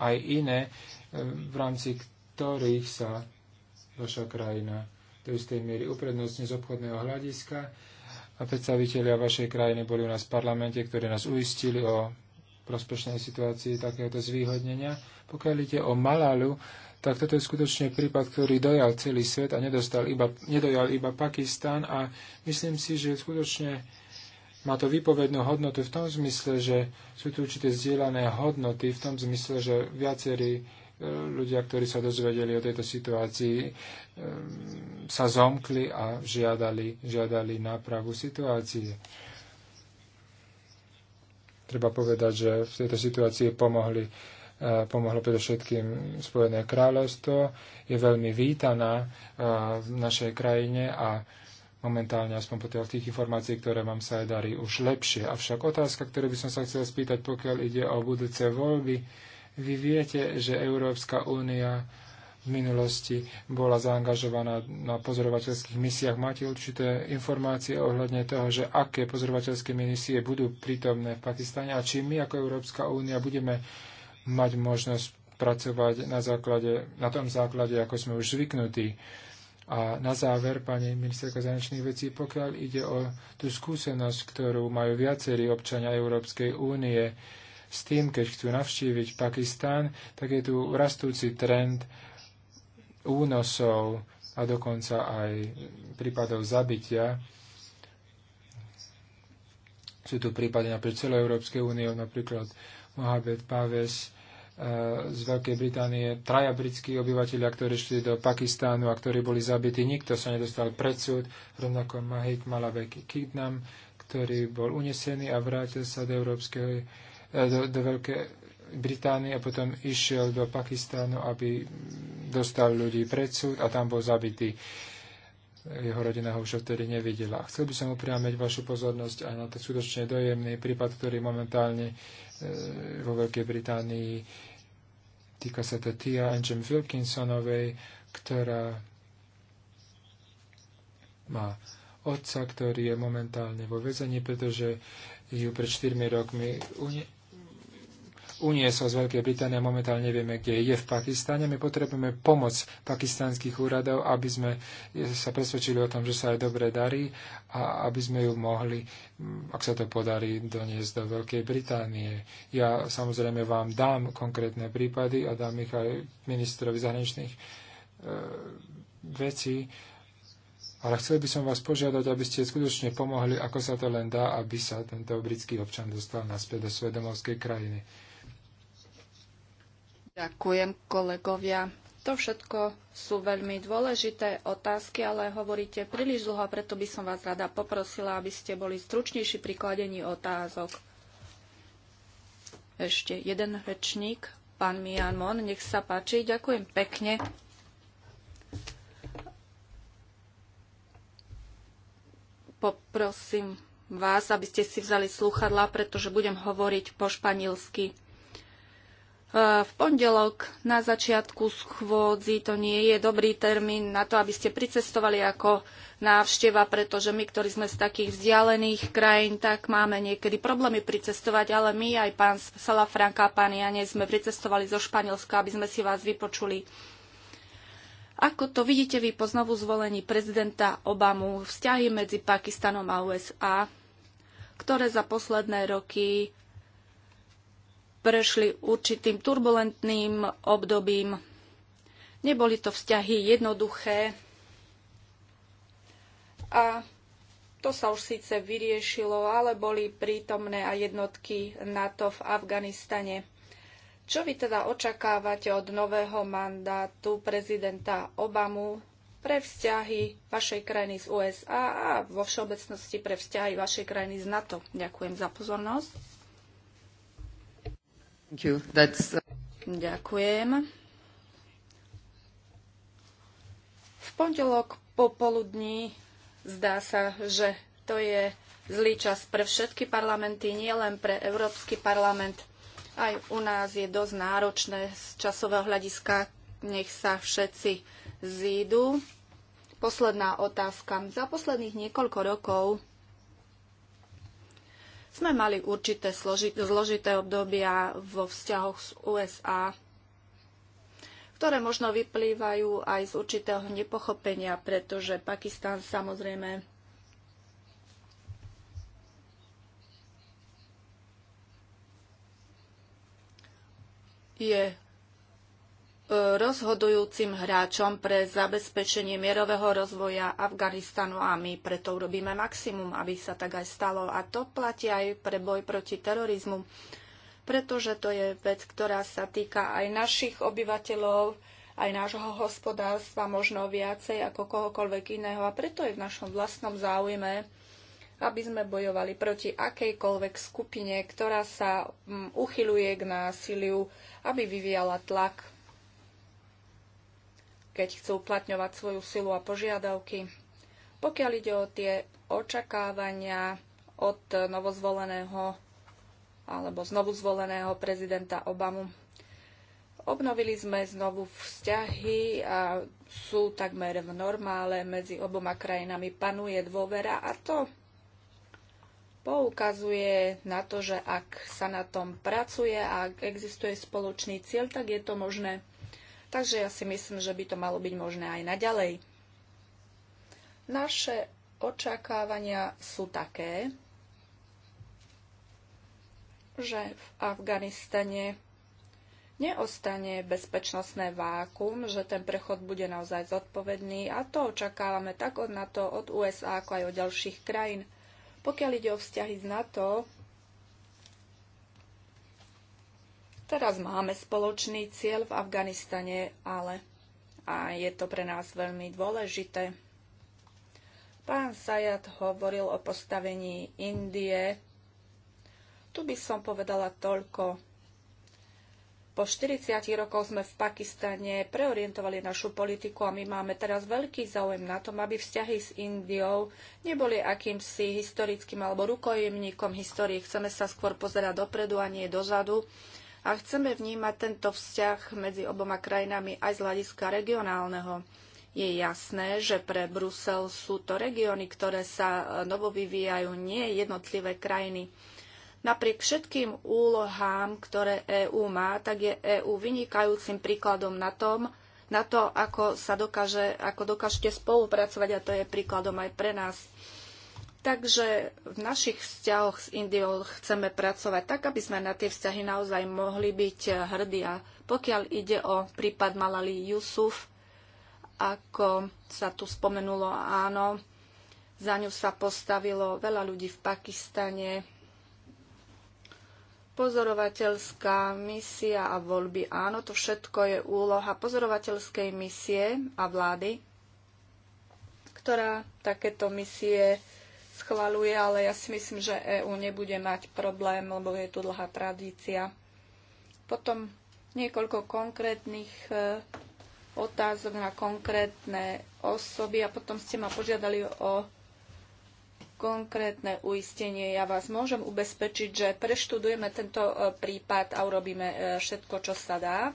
aj iné, e, v rámci ktorých sa vaša krajina do istej miery uprednostne z obchodného hľadiska. A predstavitelia vašej krajiny boli u nás v parlamente, ktorí nás uistili o prospešnej situácii takéhoto zvýhodnenia. Pokiaľ ide o Malalu, tak toto je skutočne prípad, ktorý dojal celý svet a nedostal iba, nedojal iba Pakistan a myslím si, že skutočne má to výpovednú hodnotu v tom zmysle, že sú tu určité zdieľané hodnoty, v tom zmysle, že viacerí e, ľudia, ktorí sa dozvedeli o tejto situácii, e, sa zomkli a žiadali, žiadali nápravu situácie. Treba povedať, že v tejto situácii pomohli e, pomohlo predovšetkým Spojené kráľovstvo, je veľmi vítaná v našej krajine a Momentálne, aspoň po tých informácií, ktoré mám, sa aj darí už lepšie. Avšak otázka, ktorú by som sa chcel spýtať, pokiaľ ide o budúce voľby, vy viete, že Európska únia v minulosti bola zaangažovaná na pozorovateľských misiách. Máte určité informácie ohľadne toho, že aké pozorovateľské misie budú prítomné v Pakistane a či my ako Európska únia budeme mať možnosť pracovať na, základe, na tom základe, ako sme už zvyknutí. A na záver, pani ministerka zahraničných vecí, pokiaľ ide o tú skúsenosť, ktorú majú viacerí občania Európskej únie s tým, keď chcú navštíviť Pakistán, tak je tu rastúci trend únosov a dokonca aj prípadov zabitia. Sú tu prípady napríklad celoeurópskej únie, napríklad Mohamed Paves, z Veľkej Británie, traja britskí obyvateľia, ktorí šli do Pakistánu a ktorí boli zabití. Nikto sa nedostal pred súd, rovnako Mahik Malavek Kidnam, ktorý bol unesený a vrátil sa do, Európskeho, e, do, do Veľkej Británie a potom išiel do Pakistánu, aby dostal ľudí pred súd a tam bol zabitý. Uh, jeho rodina ho už vtedy nevidela. Chcel by som upriamiť vašu pozornosť aj na ten skutočne dojemný prípad, ktorý momentálne e, vo Veľkej Británii týka sa to Tia Angem Wilkinsonovej, ktorá má otca, ktorý je momentálne vo väzení, pretože ju pred 4 rokmi uniesol z Veľkej Británie, momentálne nevieme, kde je v Pakistane. My potrebujeme pomoc pakistanských úradov, aby sme sa presvedčili o tom, že sa aj dobre darí a aby sme ju mohli, ak sa to podarí, doniesť do Veľkej Británie. Ja samozrejme vám dám konkrétne prípady a dám ich aj ministrovi zahraničných e, vecí. Ale chcel by som vás požiadať, aby ste skutočne pomohli, ako sa to len dá, aby sa tento britský občan dostal naspäť do svedomovskej krajiny. Ďakujem, kolegovia. To všetko sú veľmi dôležité otázky, ale hovoríte príliš dlho, preto by som vás rada poprosila, aby ste boli stručnejší pri kladení otázok. Ešte jeden rečník, pán Mian Mon, nech sa páči. Ďakujem pekne. Poprosím vás, aby ste si vzali sluchadlá, pretože budem hovoriť po španielsky. E, v pondelok na začiatku schôdzi. To nie je dobrý termín na to, aby ste pricestovali ako návšteva, pretože my, ktorí sme z takých vzdialených krajín, tak máme niekedy problémy pricestovať, ale my aj pán Salafranka a pán Jane sme pricestovali zo Španielska, aby sme si vás vypočuli. Ako to vidíte vy po znovu zvolení prezidenta Obamu, vzťahy medzi Pakistanom a USA, ktoré za posledné roky prešli určitým turbulentným obdobím. Neboli to vzťahy jednoduché a to sa už síce vyriešilo, ale boli prítomné aj jednotky NATO v Afganistane. Čo vy teda očakávate od nového mandátu prezidenta Obamu pre vzťahy vašej krajiny z USA a vo všeobecnosti pre vzťahy vašej krajiny z NATO? Ďakujem za pozornosť. Uh, Ďakujem. V pondelok popoludní zdá sa, že to je zlý čas pre všetky parlamenty, nielen pre Európsky parlament. Aj u nás je dosť náročné z časového hľadiska, nech sa všetci zídu. Posledná otázka. Za posledných niekoľko rokov sme mali určité zložité obdobia vo vzťahoch s USA, ktoré možno vyplývajú aj z určitého nepochopenia, pretože Pakistan samozrejme je rozhodujúcim hráčom pre zabezpečenie mierového rozvoja Afganistanu a my preto urobíme maximum, aby sa tak aj stalo. A to platí aj pre boj proti terorizmu, pretože to je vec, ktorá sa týka aj našich obyvateľov, aj nášho hospodárstva možno viacej ako kohokoľvek iného a preto je v našom vlastnom záujme, aby sme bojovali proti akejkoľvek skupine, ktorá sa mm, uchyluje k násiliu, aby vyvíjala tlak keď chcú uplatňovať svoju silu a požiadavky. Pokiaľ ide o tie očakávania od novozvoleného alebo znovuzvoleného prezidenta Obamu, Obnovili sme znovu vzťahy a sú takmer v normále. Medzi oboma krajinami panuje dôvera a to poukazuje na to, že ak sa na tom pracuje a ak existuje spoločný cieľ, tak je to možné. Takže ja si myslím, že by to malo byť možné aj naďalej. Naše očakávania sú také, že v Afganistane neostane bezpečnostné vákum, že ten prechod bude naozaj zodpovedný a to očakávame tak od NATO, od USA, ako aj od ďalších krajín. Pokiaľ ide o vzťahy s NATO, Teraz máme spoločný cieľ v Afganistane, ale a je to pre nás veľmi dôležité. Pán Sajat hovoril o postavení Indie. Tu by som povedala toľko. Po 40 rokoch sme v Pakistane preorientovali našu politiku a my máme teraz veľký záujem na tom, aby vzťahy s Indiou neboli akýmsi historickým alebo rukojemníkom histórie. Chceme sa skôr pozerať dopredu a nie dozadu a chceme vnímať tento vzťah medzi oboma krajinami aj z hľadiska regionálneho. Je jasné, že pre Brusel sú to regióny, ktoré sa e, novo vyvíjajú, nie jednotlivé krajiny. Napriek všetkým úlohám, ktoré EÚ má, tak je EÚ vynikajúcim príkladom na, tom, na to, ako sa dokáže, ako dokážete spolupracovať a to je príkladom aj pre nás. Takže v našich vzťahoch s Indiou chceme pracovať tak, aby sme na tie vzťahy naozaj mohli byť hrdí. A pokiaľ ide o prípad Malali Yusuf, ako sa tu spomenulo, áno, za ňu sa postavilo veľa ľudí v Pakistane. Pozorovateľská misia a voľby, áno, to všetko je úloha pozorovateľskej misie a vlády, ktorá takéto misie schvaluje, ale ja si myslím, že EÚ nebude mať problém, lebo je tu dlhá tradícia. Potom niekoľko konkrétnych e, otázok na konkrétne osoby a potom ste ma požiadali o konkrétne uistenie. Ja vás môžem ubezpečiť, že preštudujeme tento e, prípad a urobíme e, všetko, čo sa dá.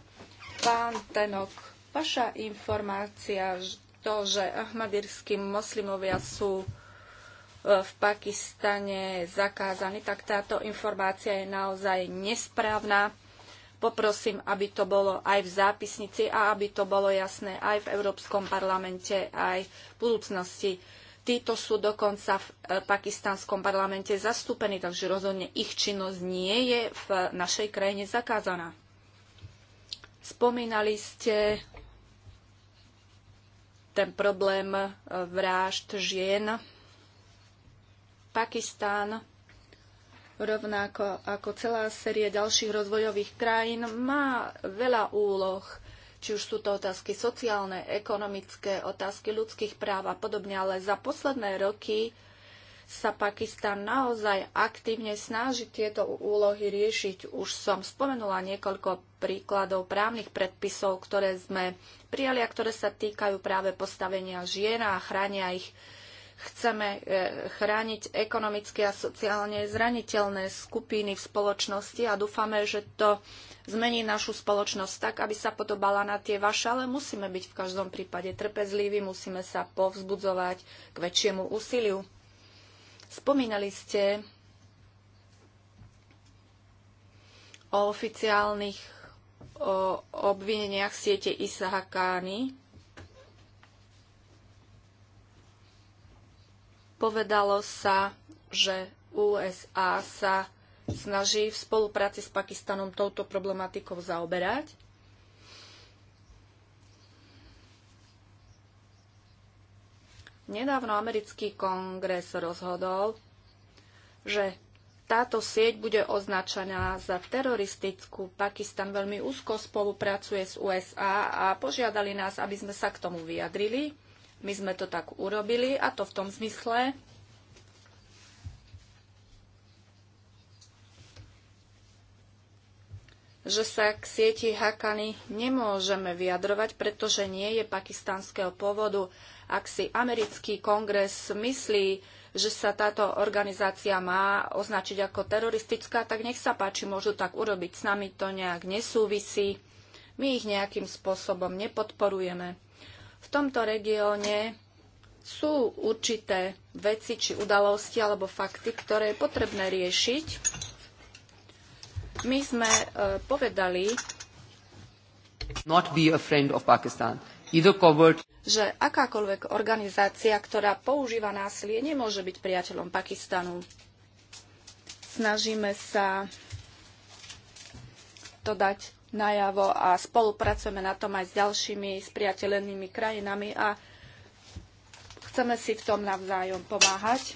Pán Tenok, vaša informácia, to, že ahmadirskí moslimovia sú v Pakistane zakázaný, tak táto informácia je naozaj nesprávna. Poprosím, aby to bolo aj v zápisnici a aby to bolo jasné aj v Európskom parlamente, aj v budúcnosti. Títo sú dokonca v e, pakistanskom parlamente zastúpení, takže rozhodne ich činnosť nie je v našej krajine zakázaná. Spomínali ste ten problém e, vražd žien Pakistán, rovnako ako celá série ďalších rozvojových krajín, má veľa úloh, či už sú to otázky sociálne, ekonomické, otázky ľudských práv a podobne, ale za posledné roky sa Pakistan naozaj aktívne snaží tieto úlohy riešiť. Už som spomenula niekoľko príkladov právnych predpisov, ktoré sme prijali a ktoré sa týkajú práve postavenia žien a chránia ich Chceme e, chrániť ekonomicky a sociálne zraniteľné skupiny v spoločnosti a dúfame, že to zmení našu spoločnosť tak, aby sa podobala na tie vaše, ale musíme byť v každom prípade trpezliví, musíme sa povzbudzovať k väčšiemu úsiliu. Spomínali ste o oficiálnych obvineniach siete Isahakány. Povedalo sa, že USA sa snaží v spolupráci s Pakistanom touto problematikou zaoberať. Nedávno americký kongres rozhodol, že táto sieť bude označená za teroristickú. Pakistan veľmi úzko spolupracuje s USA a požiadali nás, aby sme sa k tomu vyjadrili. My sme to tak urobili a to v tom zmysle, že sa k sieti Hakany nemôžeme vyjadrovať, pretože nie je pakistánskeho pôvodu. Ak si americký kongres myslí, že sa táto organizácia má označiť ako teroristická, tak nech sa páči, môžu tak urobiť. S nami to nejak nesúvisí. My ich nejakým spôsobom nepodporujeme v tomto regióne sú určité veci či udalosti alebo fakty, ktoré je potrebné riešiť. My sme e, povedali, Not be a friend of Pakistan. covert... že akákoľvek organizácia, ktorá používa násilie, nemôže byť priateľom Pakistanu. Snažíme sa to dať najavo a spolupracujeme na tom aj s ďalšími spriateľenými krajinami a chceme si v tom navzájom pomáhať.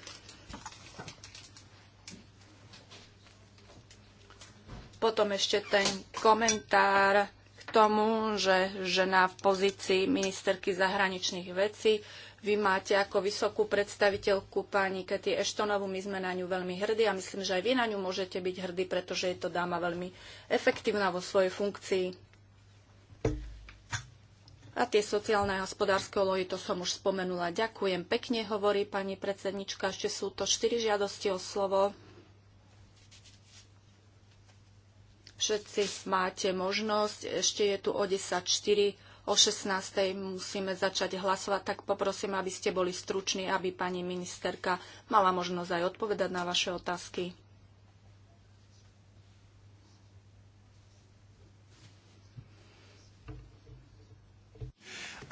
Potom ešte ten komentár k tomu, že žena v pozícii ministerky zahraničných vecí vy máte ako vysokú predstaviteľku pani Kety Eštonovú, my sme na ňu veľmi hrdí a myslím, že aj vy na ňu môžete byť hrdí, pretože je to dáma veľmi efektívna vo svojej funkcii. A tie sociálne a hospodárske loji, to som už spomenula. Ďakujem pekne, hovorí pani predsednička. Ešte sú to štyri žiadosti o slovo. Všetci máte možnosť. Ešte je tu o 10.4 o 16 musíme začať hlasovať, tak poprosím, aby ste boli struční, aby pani ministerka mala možnosť aj odpovedať na vaše otázky.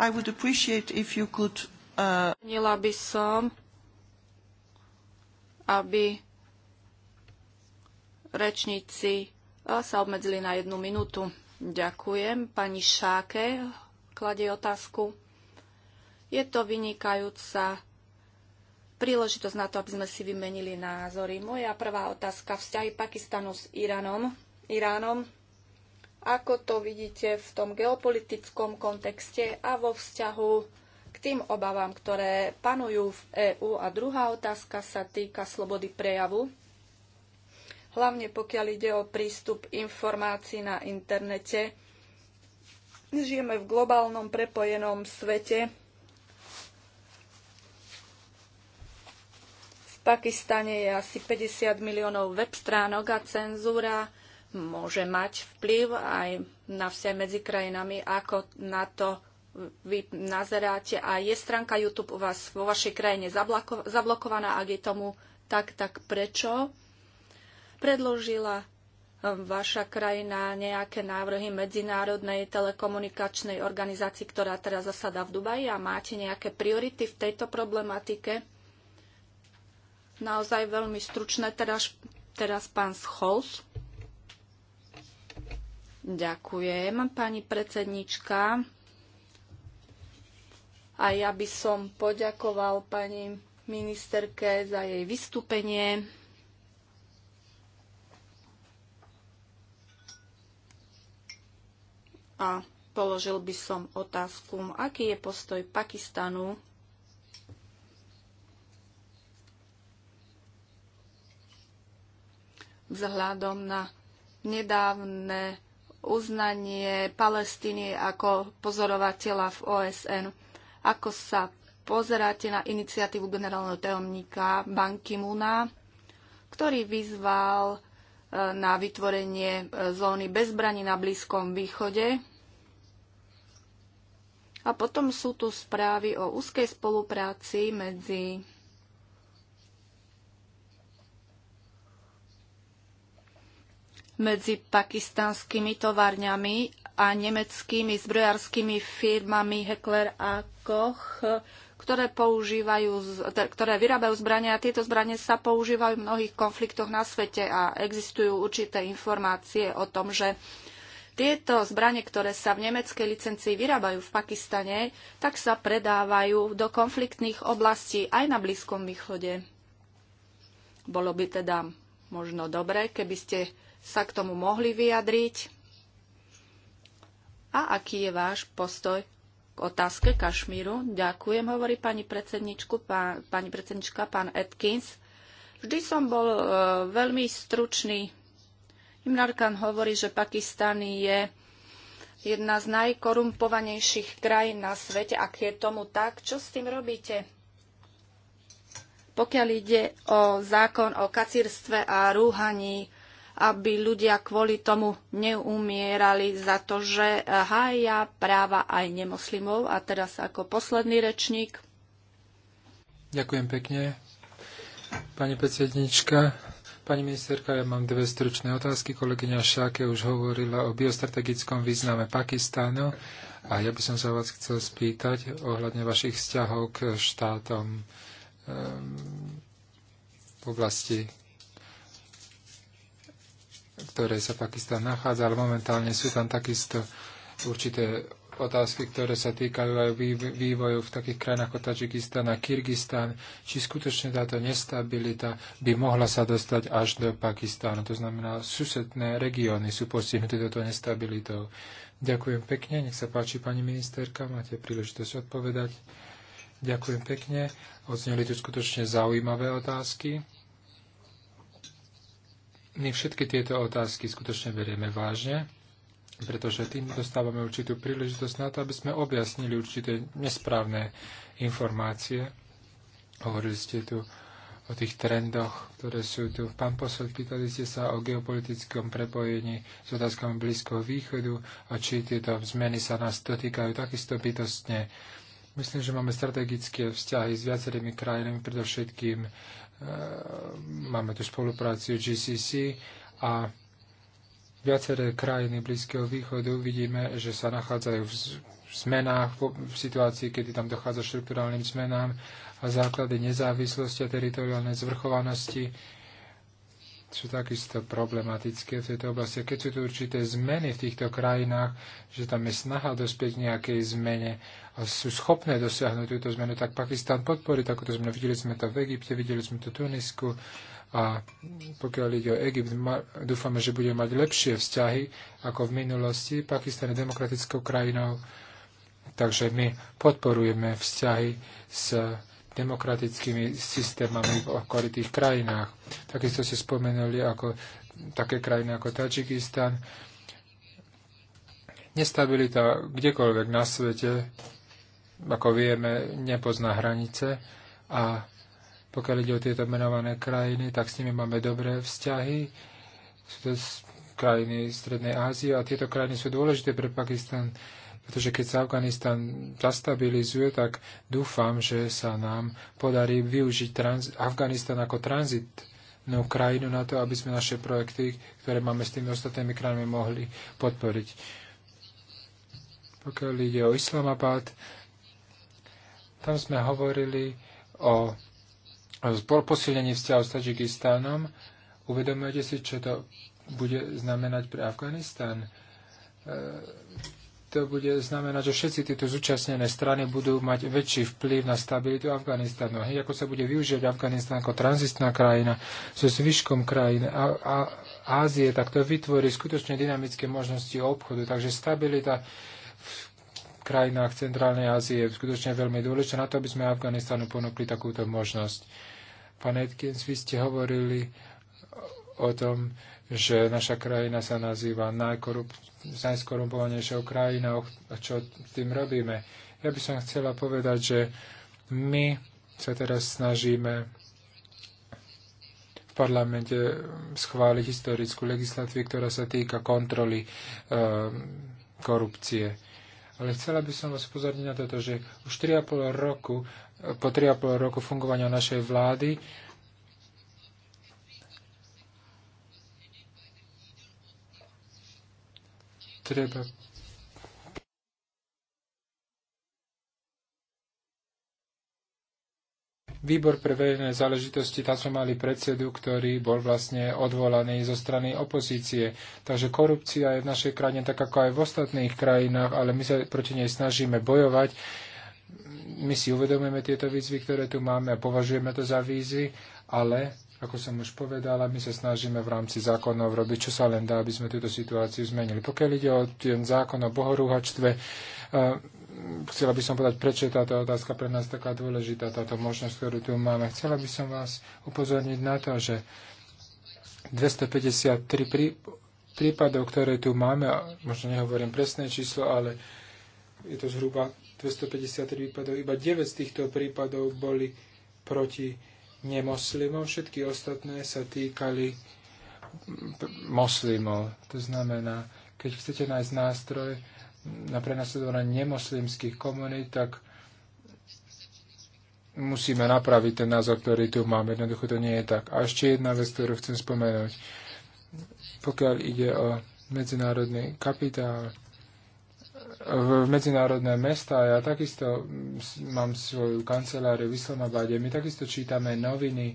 I would appreciate if you could... Uh... by som, aby rečníci uh, sa obmedzili na jednu minútu. Ďakujem. Pani Šáke, kladie otázku. Je to vynikajúca príležitosť na to, aby sme si vymenili názory. Moja prvá otázka, vzťahy Pakistanu s Iránom. Iránom. Ako to vidíte v tom geopolitickom kontexte a vo vzťahu k tým obavám, ktoré panujú v EÚ? A druhá otázka sa týka slobody prejavu hlavne pokiaľ ide o prístup informácií na internete Žijeme v globálnom prepojenom svete. V Pakistane je asi 50 miliónov web stránok a cenzúra môže mať vplyv aj na vse medzi krajinami, ako na to vy nazeráte a je stránka YouTube u vás vo vašej krajine zablokovaná, ak je tomu tak, tak prečo? Predložila vaša krajina nejaké návrhy Medzinárodnej telekomunikačnej organizácii, ktorá teraz zasada v Dubaji a máte nejaké priority v tejto problematike? Naozaj veľmi stručné teraz, teraz pán Scholz. Ďakujem, pani predsednička. A ja by som poďakoval pani ministerke za jej vystúpenie. a položil by som otázku, aký je postoj Pakistanu vzhľadom na nedávne uznanie Palestíny ako pozorovateľa v OSN. Ako sa pozeráte na iniciatívu generálneho tajomníka Banky Muna, ktorý vyzval eh, na vytvorenie eh, zóny bezbraní na Blízkom východe a potom sú tu správy o úzkej spolupráci medzi medzi pakistanskými továrňami a nemeckými zbrojárskymi firmami Heckler a Koch, ktoré, používajú, ktoré vyrábajú zbrania a tieto zbranie sa používajú v mnohých konfliktoch na svete a existujú určité informácie o tom, že tieto zbranie, ktoré sa v nemeckej licencii vyrábajú v Pakistane, tak sa predávajú do konfliktných oblastí aj na Blízkom východe. Bolo by teda možno dobré, keby ste sa k tomu mohli vyjadriť. A aký je váš postoj k otázke Kašmíru? Ďakujem, hovorí pani, predsedničku, pán, pani predsednička, pán Atkins. Vždy som bol e, veľmi stručný Imran Khan hovorí, že Pakistan je jedna z najkorumpovanejších krajín na svete. Ak je tomu tak, čo s tým robíte? Pokiaľ ide o zákon o kacírstve a rúhaní, aby ľudia kvôli tomu neumierali za to, že hája práva aj nemoslimov. A teraz ako posledný rečník. Ďakujem pekne. Pani predsednička, Pani ministerka, ja mám dve stručné otázky. Kolegyňa Šáke už hovorila o biostrategickom význame Pakistánu a ja by som sa vás chcel spýtať ohľadne vašich vzťahov k štátom ehm, v oblasti ktorej sa Pakistan nachádza, ale momentálne sú tam takisto určité otázky, ktoré sa týkajú aj vývoju v takých krajinách ako Tadžikistan a Kyrgyzstan, či skutočne táto nestabilita by mohla sa dostať až do Pakistánu. To znamená, susedné regióny sú postihnuté touto nestabilitou. Ďakujem pekne, nech sa páči pani ministerka, máte príležitosť odpovedať. Ďakujem pekne, odzneli tu skutočne zaujímavé otázky. My všetky tieto otázky skutočne berieme vážne pretože tým dostávame určitú príležitosť na to, aby sme objasnili určité nesprávne informácie. Hovorili ste tu o tých trendoch, ktoré sú tu. Pán posol, pýtali ste sa o geopolitickom prepojení s otázkami Blízkoho východu a či tieto zmeny sa nás dotýkajú takisto bytostne. Myslím, že máme strategické vzťahy s viacerými krajinami, predovšetkým e, máme tu spolupráciu GCC a Viaceré krajiny Blízkeho východu vidíme, že sa nachádzajú v zmenách, v situácii, kedy tam dochádza štruktúrálnym zmenám a základy nezávislosti a teritoriálnej zvrchovanosti sú takisto problematické v tejto oblasti. Keď sú tu určité zmeny v týchto krajinách, že tam je snaha dospieť k nejakej zmene a sú schopné dosiahnuť túto zmenu, tak Pakistan podporí takúto zmenu. Videli sme to v Egypte, videli sme to v Tunisku a pokiaľ ide o Egypt, dúfame, že bude mať lepšie vzťahy ako v minulosti. Pakistan je demokratickou krajinou, takže my podporujeme vzťahy s demokratickými systémami v okolitých krajinách. Takisto ste spomenuli ako také krajiny ako Tadžikistan. Nestabilita kdekoľvek na svete, ako vieme, nepozná hranice a pokiaľ ide o tieto menované krajiny, tak s nimi máme dobré vzťahy. Sú to krajiny Strednej Ázie a tieto krajiny sú dôležité pre Pakistan, pretože keď sa Afganistan zastabilizuje, tak dúfam, že sa nám podarí využiť trans- Afganistan ako tranzit no krajinu na to, aby sme naše projekty, ktoré máme s tými ostatnými krajinami, mohli podporiť. Pokiaľ ide o Islamabad, tam sme hovorili o posilnenie vzťahov s Tadžikistánom. Uvedomujete si, čo to bude znamenať pre Afganistán? E, to bude znamenať, že všetci tieto zúčastnené strany budú mať väčší vplyv na stabilitu Afganistanu. Hej, ako sa bude využívať Afganistan ako tranzitná krajina so zvyškom krajín a, a Ázie, tak to vytvorí skutočne dynamické možnosti obchodu. Takže stabilita v krajinách Centrálnej Ázie je skutočne veľmi dôležité na to, aby sme Afganistanu ponúkli takúto možnosť. Pán Atkins, vy ste hovorili o tom, že naša krajina sa nazýva najkorup- najskorumpovanejšou krajinou a čo tým robíme. Ja by som chcela povedať, že my sa teraz snažíme v parlamente schváliť historickú legislatívu, ktorá sa týka kontroly um, korupcie. Ale chcela by som vás pozorniť na toto, že už 3,5 roku po 3,5 roku fungovania našej vlády treba Výbor pre verejné záležitosti, tam sme mali predsedu, ktorý bol vlastne odvolaný zo strany opozície. Takže korupcia je v našej krajine tak ako aj v ostatných krajinách, ale my sa proti nej snažíme bojovať my si uvedomujeme tieto výzvy, ktoré tu máme a považujeme to za výzvy, ale, ako som už povedala, my sa snažíme v rámci zákonov robiť, čo sa len dá, aby sme túto situáciu zmenili. Pokiaľ ide o ten zákon o bohorúhačstve, e, chcela by som povedať, prečo je táto otázka pre nás taká dôležitá, táto možnosť, ktorú tu máme. Chcela by som vás upozorniť na to, že 253 prí, prípadov, ktoré tu máme, možno nehovorím presné číslo, ale je to zhruba 253 prípadov, iba 9 z týchto prípadov boli proti nemoslimom, všetky ostatné sa týkali moslimov. To znamená, keď chcete nájsť nástroj na prenasledovanie nemoslimských komunít, tak musíme napraviť ten názor, ktorý tu máme. Jednoducho to nie je tak. A ešte jedna vec, ktorú chcem spomenúť. Pokiaľ ide o medzinárodný kapitál, v medzinárodné mesta. Ja takisto mm, mám svoju kanceláriu v Islamabade. My takisto čítame noviny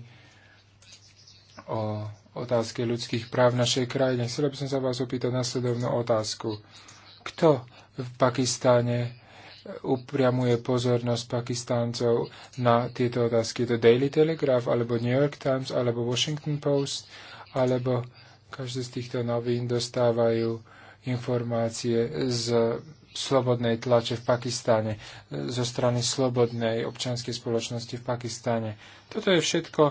o otázke ľudských práv v našej krajine. Chcela by som sa vás opýtať nasledovnú otázku. Kto v Pakistáne e, upriamuje pozornosť Pakistáncov na tieto otázky? Je to Daily Telegraph, alebo New York Times, alebo Washington Post, alebo každé z týchto novín dostávajú informácie z slobodnej tlače v Pakistáne, e, zo strany slobodnej občianskej spoločnosti v Pakistáne. Toto je všetko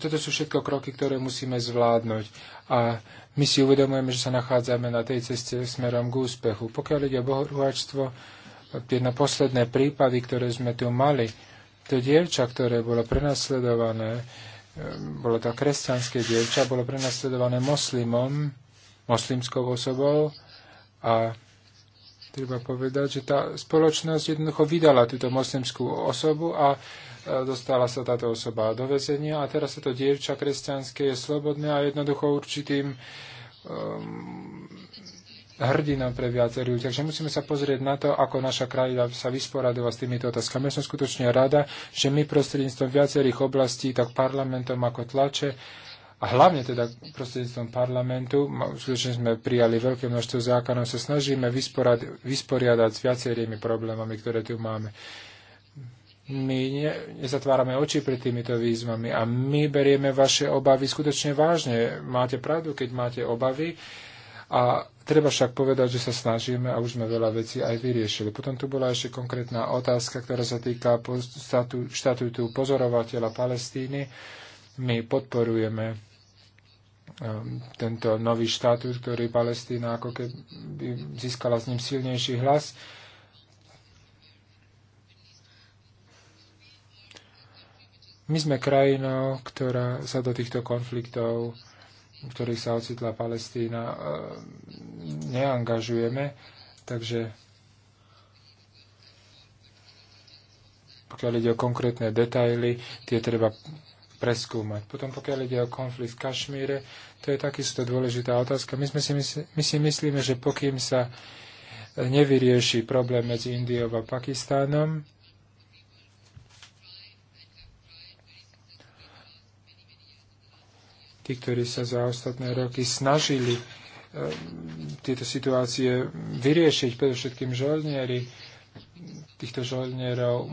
toto sú všetko kroky, ktoré musíme zvládnuť. A my si uvedomujeme, že sa nachádzame na tej ceste smerom k úspechu. Pokiaľ ide o bohorúhačstvo, tie na posledné prípady, ktoré sme tu mali, to dievča, ktoré bolo prenasledované, e, bolo to kresťanské dievča, bolo prenasledované moslimom, moslimskou osobou a treba povedať, že tá spoločnosť jednoducho vydala túto moslimskú osobu a e, dostala sa táto osoba do väzenia a teraz sa to dievča kresťanské je slobodné a jednoducho určitým um, hrdinom pre viacerých. Takže musíme sa pozrieť na to, ako naša krajina sa vysporadila s týmito otázkami. Ja som skutočne rada, že my prostredníctvom viacerých oblastí, tak parlamentom ako tlače, a hlavne teda prostredníctvom parlamentu, skutočne sme prijali veľké množstvo zákonov, sa snažíme vysporiadať, vysporiadať s viacerými problémami, ktoré tu máme. My ne, nezatvárame oči pred týmito výzvami a my berieme vaše obavy skutočne vážne. Máte pravdu, keď máte obavy. A treba však povedať, že sa snažíme a už sme veľa vecí aj vyriešili. Potom tu bola ešte konkrétna otázka, ktorá sa týka štatutu pozorovateľa Palestíny. My podporujeme Ehm, tento nový štatút, ktorý Palestína ako keby získala s ním silnejší hlas. My sme krajinou, ktorá sa do týchto konfliktov, v ktorých sa ocitla Palestína, ehm, neangažujeme, takže pokiaľ ide o konkrétne detaily, tie treba preskúmať. Potom pokiaľ ide o konflikt v Kašmíre, to je takisto dôležitá otázka. My, sme si, my si myslíme, že pokým sa e, nevyrieši problém medzi Indiou a Pakistánom, tí, ktorí sa za ostatné roky snažili e, tieto situácie vyriešiť, predovšetkým žolnieri, týchto žolnierov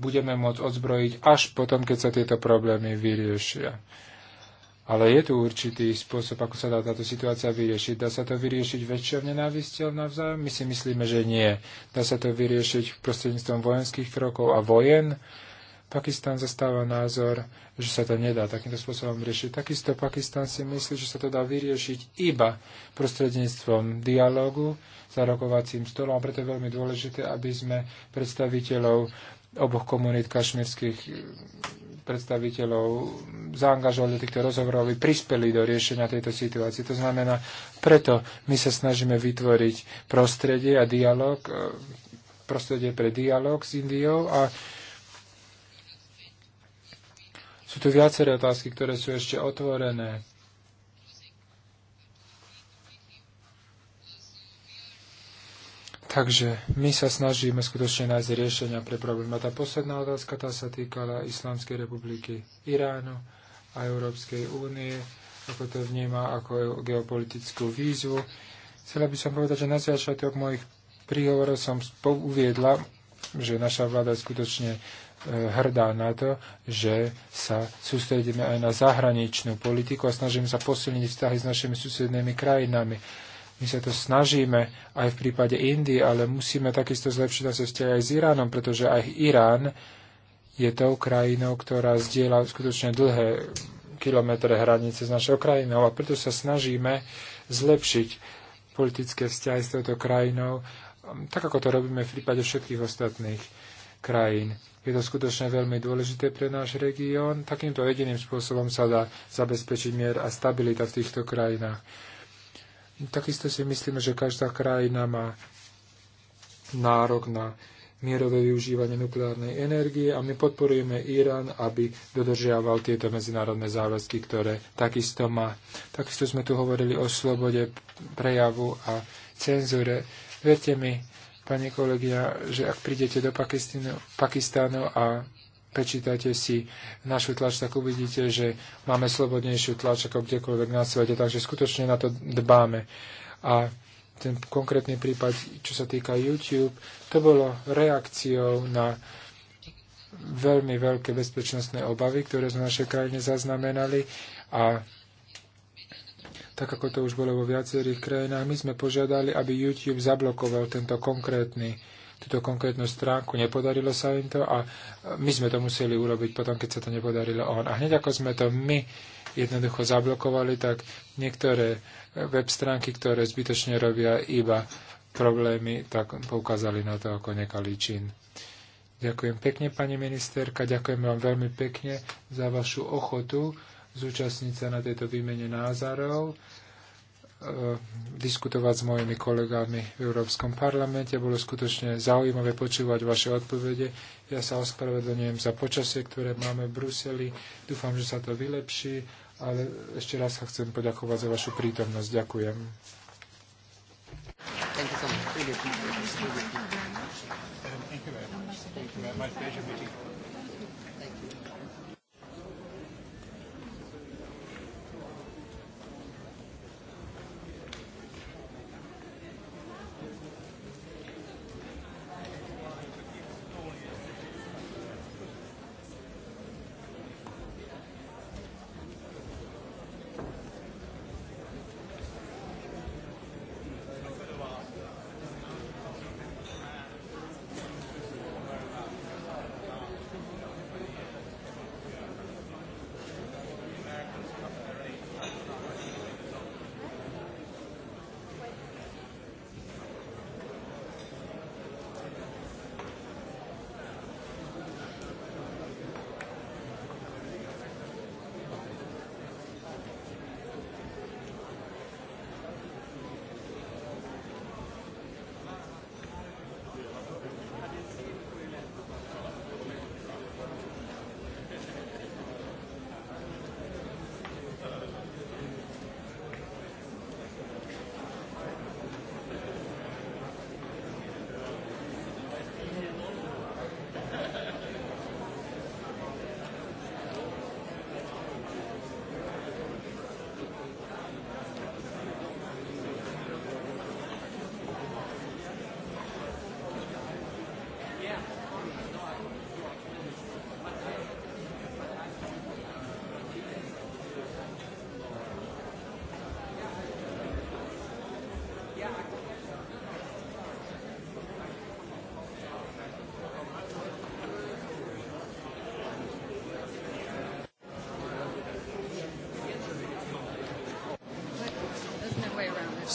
budeme môcť odzbrojiť až potom, keď sa tieto problémy vyriešia. Ale je tu určitý spôsob, ako sa dá táto situácia vyriešiť. Dá sa to vyriešiť väčšou nenávisťou navzájom? My si myslíme, že nie. Dá sa to vyriešiť prostredníctvom vojenských krokov a vojen? Pakistan zastáva názor, že sa to nedá takýmto spôsobom riešiť. Takisto Pakistan si myslí, že sa to dá vyriešiť iba prostredníctvom dialogu za rokovacím stolom a preto je veľmi dôležité, aby sme predstaviteľov oboch komunít kašmírskych e, predstaviteľov zaangažovali do týchto rozhovorov, aby prispeli do riešenia tejto situácie. To znamená, preto my sa snažíme vytvoriť prostredie a dialog, e, prostredie pre dialog s Indiou a sú tu viaceré otázky, ktoré sú ešte otvorené. Takže my sa snažíme skutočne nájsť riešenia pre problém. A tá posledná otázka, tá sa týkala Islamskej republiky Iránu a Európskej únie, ako to vníma ako geopolitickú výzvu. Chcela by som povedať, že na začiatok mojich príhovorov som uviedla, že naša vláda je skutočne e, hrdá na to, že sa sústredíme aj na zahraničnú politiku a snažíme sa posilniť vzťahy s našimi susednými krajinami my sa to snažíme aj v prípade Indie, ale musíme takisto zlepšiť naše vzťahy aj s Iránom, pretože aj Irán je tou krajinou, ktorá zdieľa skutočne dlhé kilometre hranice s našou krajinou a preto sa snažíme zlepšiť politické vzťahy s touto krajinou, tak ako to robíme v prípade všetkých ostatných krajín. Je to skutočne veľmi dôležité pre náš región. Takýmto jediným spôsobom sa dá zabezpečiť mier a stabilita v týchto krajinách. Takisto si myslíme, že každá krajina má nárok na mierové využívanie nukleárnej energie a my podporujeme Irán, aby dodržiaval tieto medzinárodné záväzky, ktoré takisto má. Takisto sme tu hovorili o slobode prejavu a cenzúre. Verte mi, pani kolegia, že ak prídete do Pakistánu, Pakistánu a Prečítajte si našu tlač, tak uvidíte, že máme slobodnejšiu tlač ako kdekoľvek na svete, takže skutočne na to dbáme. A ten konkrétny prípad, čo sa týka YouTube, to bolo reakciou na veľmi veľké bezpečnostné obavy, ktoré sme v našej krajine zaznamenali a tak ako to už bolo vo viacerých krajinách, my sme požiadali, aby YouTube zablokoval tento konkrétny túto konkrétnu stránku, nepodarilo sa im to a my sme to museli urobiť potom, keď sa to nepodarilo on. A hneď ako sme to my jednoducho zablokovali, tak niektoré web stránky, ktoré zbytočne robia iba problémy, tak poukázali na to ako nekalý čin. Ďakujem pekne, pani ministerka, ďakujem vám veľmi pekne za vašu ochotu zúčastniť sa na tejto výmene názorov. E, diskutovať s mojimi kolegami v Európskom parlamente. Bolo skutočne zaujímavé počúvať vaše odpovede. Ja sa ospravedlňujem za počasie, ktoré máme v Bruseli. Dúfam, že sa to vylepší, ale ešte raz sa chcem poďakovať za vašu prítomnosť. Ďakujem. Thank you so much. Thank you very much. Thank you very much. Thank Thank you very much. you very much.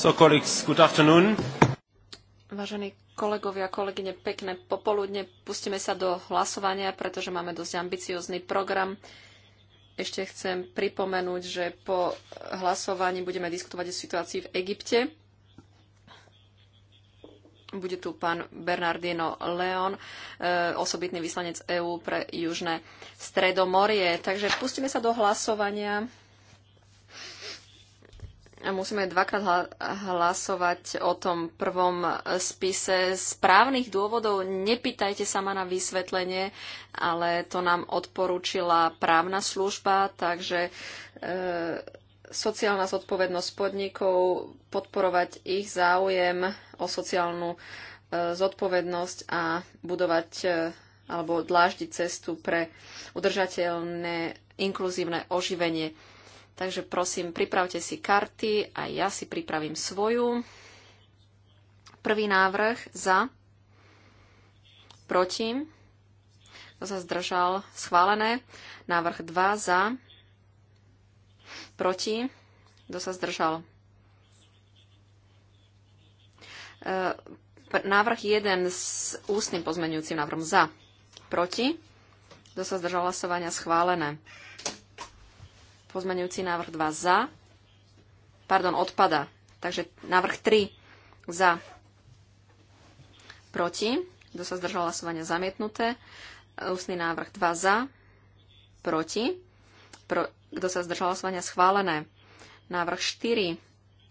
So, colleagues, good afternoon. Vážení kolegovia, kolegyne, pekné popoludne. Pustíme sa do hlasovania, pretože máme dosť ambiciózny program. Ešte chcem pripomenúť, že po hlasovaní budeme diskutovať o situácii v Egypte. Bude tu pán Bernardino Leon, e, osobitný vyslanec EÚ pre Južné Stredomorie. Takže pustíme sa do hlasovania musíme dvakrát hlasovať o tom prvom spise. Z právnych dôvodov nepýtajte sa ma na vysvetlenie, ale to nám odporúčila právna služba, takže e, sociálna zodpovednosť podnikov, podporovať ich záujem o sociálnu e, zodpovednosť a budovať e, alebo dláždiť cestu pre udržateľné inkluzívne oživenie Takže prosím, pripravte si karty a ja si pripravím svoju. Prvý návrh za, proti, kto sa zdržal, schválené. Návrh 2 za, proti, kto sa zdržal. E, návrh 1 s ústnym pozmenujúcim návrhom za, proti, kto sa zdržal hlasovania, schválené. Pozmenujúci návrh 2 za. Pardon, odpada. Takže návrh 3 za. Proti. Kto sa zdržal hlasovania zamietnuté. Ústny návrh 2 za. Proti. Pro, kto sa zdržal hlasovania schválené. Návrh 4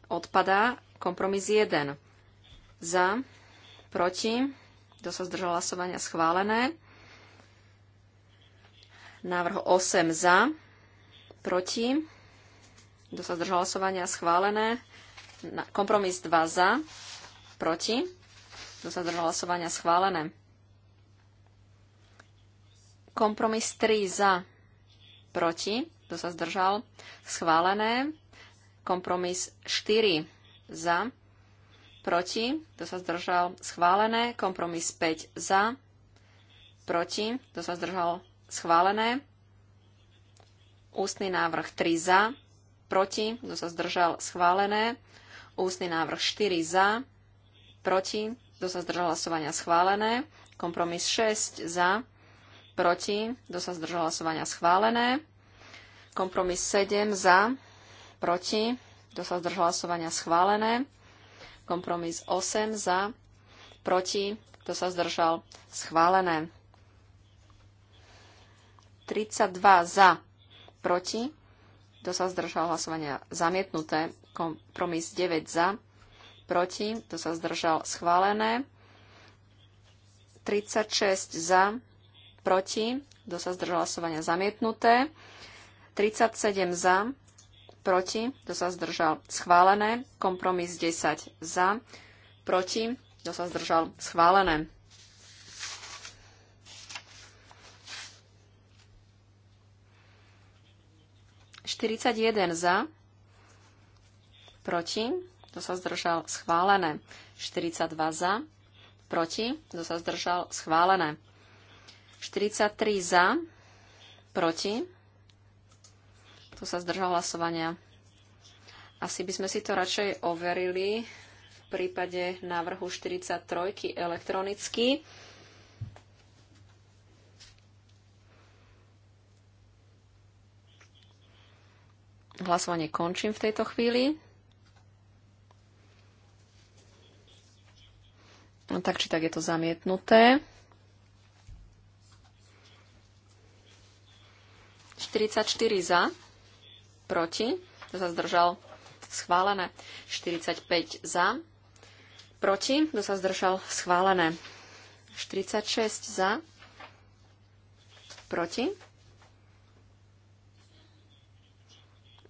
odpadá. Kompromis 1 za. Proti. Kto sa zdržal hlasovania schválené. Návrh 8 za proti, kto sa zdržal hlasovania, schválené. Kompromis 2 za, proti, kto sa zdržal hlasovania, schválené. Kompromis 3 za, proti, kto sa zdržal, schválené. Kompromis 4 za, proti, kto sa zdržal, schválené. Kompromis 5 za, proti, kto sa zdržal, schválené. Ústny návrh 3 za, proti, kto sa zdržal, schválené. Ústny návrh 4 za, proti, kto sa zdržal hlasovania, schválené. Kompromis 6 za, proti, kto sa zdržal hlasovania, schválené. Kompromis 7 za, proti, kto sa zdržal hlasovania, schválené. Kompromis 8 za, proti, kto sa zdržal, schválené. 32 za, proti, kto sa zdržal hlasovania zamietnuté, kompromis 9 za, proti, kto sa zdržal schválené, 36 za, proti, kto sa zdržal hlasovania zamietnuté, 37 za, proti, kto sa zdržal schválené, kompromis 10 za, proti, kto sa zdržal schválené. 41 za, proti, to sa zdržal, schválené. 42 za, proti, to sa zdržal, schválené. 43 za, proti, to sa zdržal hlasovania. Asi by sme si to radšej overili v prípade návrhu 43 elektronicky. Hlasovanie končím v tejto chvíli. No, tak či tak je to zamietnuté. 44 za, proti, to sa zdržal, schválené. 45 za, proti, kto sa zdržal, schválené. 46 za, proti,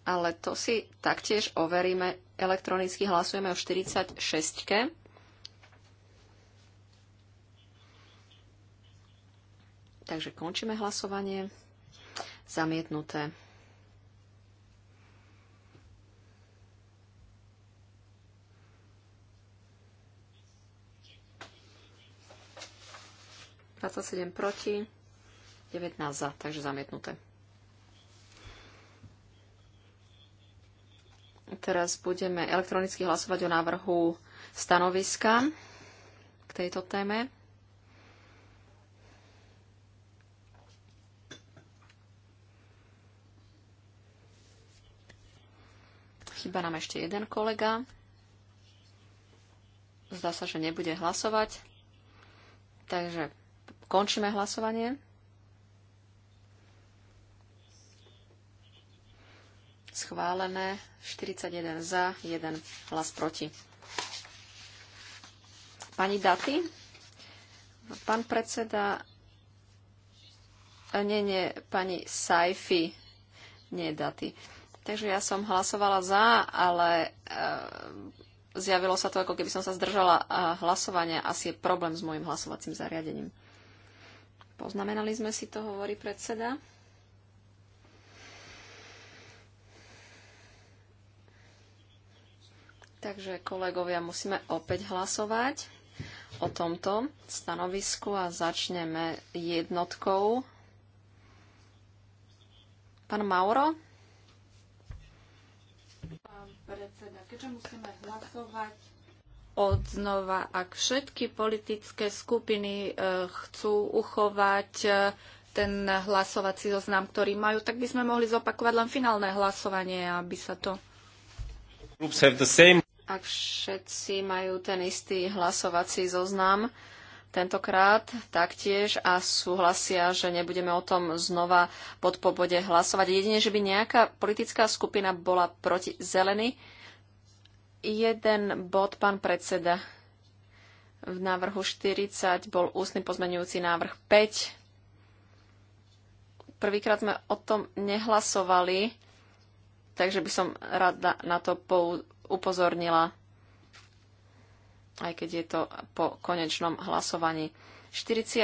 ale to si taktiež overíme. Elektronicky hlasujeme o 46. -ke. Takže končíme hlasovanie. Zamietnuté. proti, 19 za, takže zamietnuté. Teraz budeme elektronicky hlasovať o návrhu stanoviska k tejto téme. Chyba nám ešte jeden kolega. Zdá sa, že nebude hlasovať. Takže končíme hlasovanie. Schválené 41 za, 1 hlas proti. Pani Daty? Pán predseda... E, nie, nie, pani Saifi. Nie Daty. Takže ja som hlasovala za, ale e, zjavilo sa to, ako keby som sa zdržala e, hlasovania. Asi je problém s môjim hlasovacím zariadením. Poznamenali sme si to, hovorí predseda. Takže kolegovia, musíme opäť hlasovať o tomto stanovisku a začneme jednotkou. Pán Mauro? Pán predseda, keďže musíme hlasovať odznova, ak všetky politické skupiny e, chcú uchovať e, ten hlasovací zoznam, ktorý majú, tak by sme mohli zopakovať len finálne hlasovanie, aby sa to ak všetci majú ten istý hlasovací zoznam tentokrát taktiež a súhlasia, že nebudeme o tom znova pod pobode hlasovať. Jedine, že by nejaká politická skupina bola proti zelený. Jeden bod, pán predseda. V návrhu 40 bol ústny pozmenujúci návrh 5. Prvýkrát sme o tom nehlasovali, takže by som rada na to upozornila, aj keď je to po konečnom hlasovaní. 40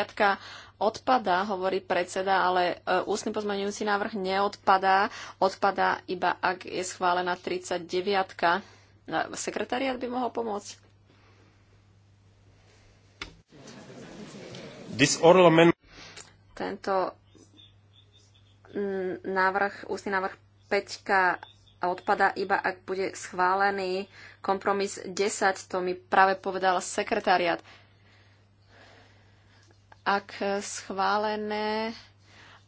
odpadá, hovorí predseda, ale e, ústny pozmeňujúci návrh neodpadá. Odpadá iba, ak je schválená 39. E, sekretariat by mohol pomôcť. Tento návrh, ústny návrh 5 a odpada iba, ak bude schválený kompromis 10, to mi práve povedal sekretariat. Ak schválené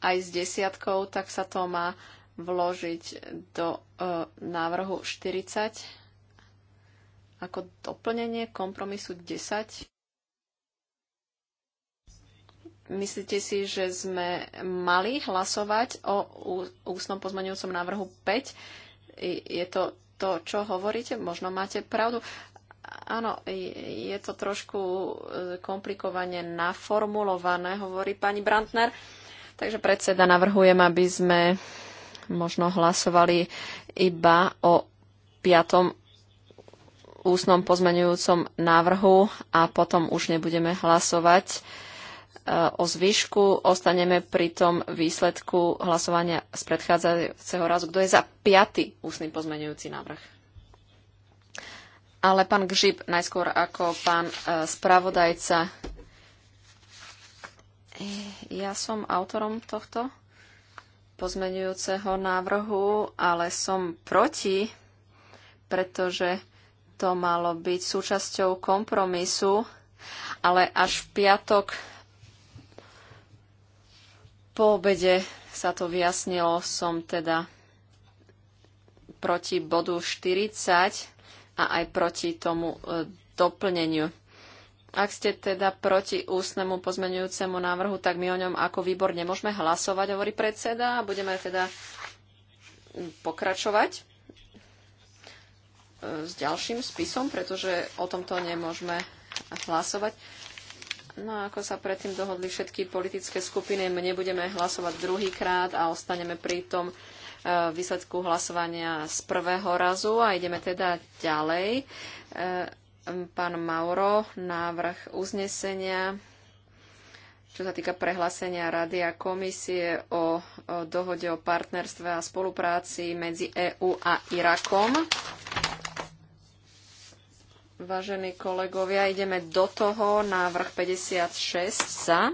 aj s desiatkou, tak sa to má vložiť do e, návrhu 40 ako doplnenie kompromisu 10. Myslíte si, že sme mali hlasovať o ústnom pozmeňujúcom návrhu 5? Je to to, čo hovoríte? Možno máte pravdu. Áno, je to trošku e, komplikovane naformulované, hovorí pani Brantner. Takže predseda navrhujem, aby sme možno hlasovali iba o piatom ústnom pozmenujúcom návrhu a potom už nebudeme hlasovať Eh, o zvyšku. Ostaneme pri tom výsledku hlasovania z predchádzajúceho razu. Kto je za piaty ústny pozmenujúci návrh? Ale pán Gžib, najskôr ako pán eh, spravodajca. Eh, ja som autorom tohto pozmeňujúceho návrhu, ale som proti, pretože to malo byť súčasťou kompromisu ale až v piatok po obede sa to vyjasnilo, som teda proti bodu 40 a aj proti tomu e, doplneniu. Ak ste teda proti ústnemu pozmenujúcemu návrhu, tak my o ňom ako výbor nemôžeme hlasovať, hovorí predseda, a budeme teda pokračovať e, s ďalším spisom, pretože o tomto nemôžeme hlasovať. No a ako sa predtým dohodli všetky politické skupiny, my nebudeme hlasovať druhýkrát a ostaneme pri tom e, výsledku hlasovania z prvého razu a ideme teda ďalej. E, pán Mauro, návrh uznesenia, čo sa týka prehlásenia Rady a komisie o, o dohode o partnerstve a spolupráci medzi EÚ a Irakom. Vážení kolegovia, ideme do toho. Návrh 56 za,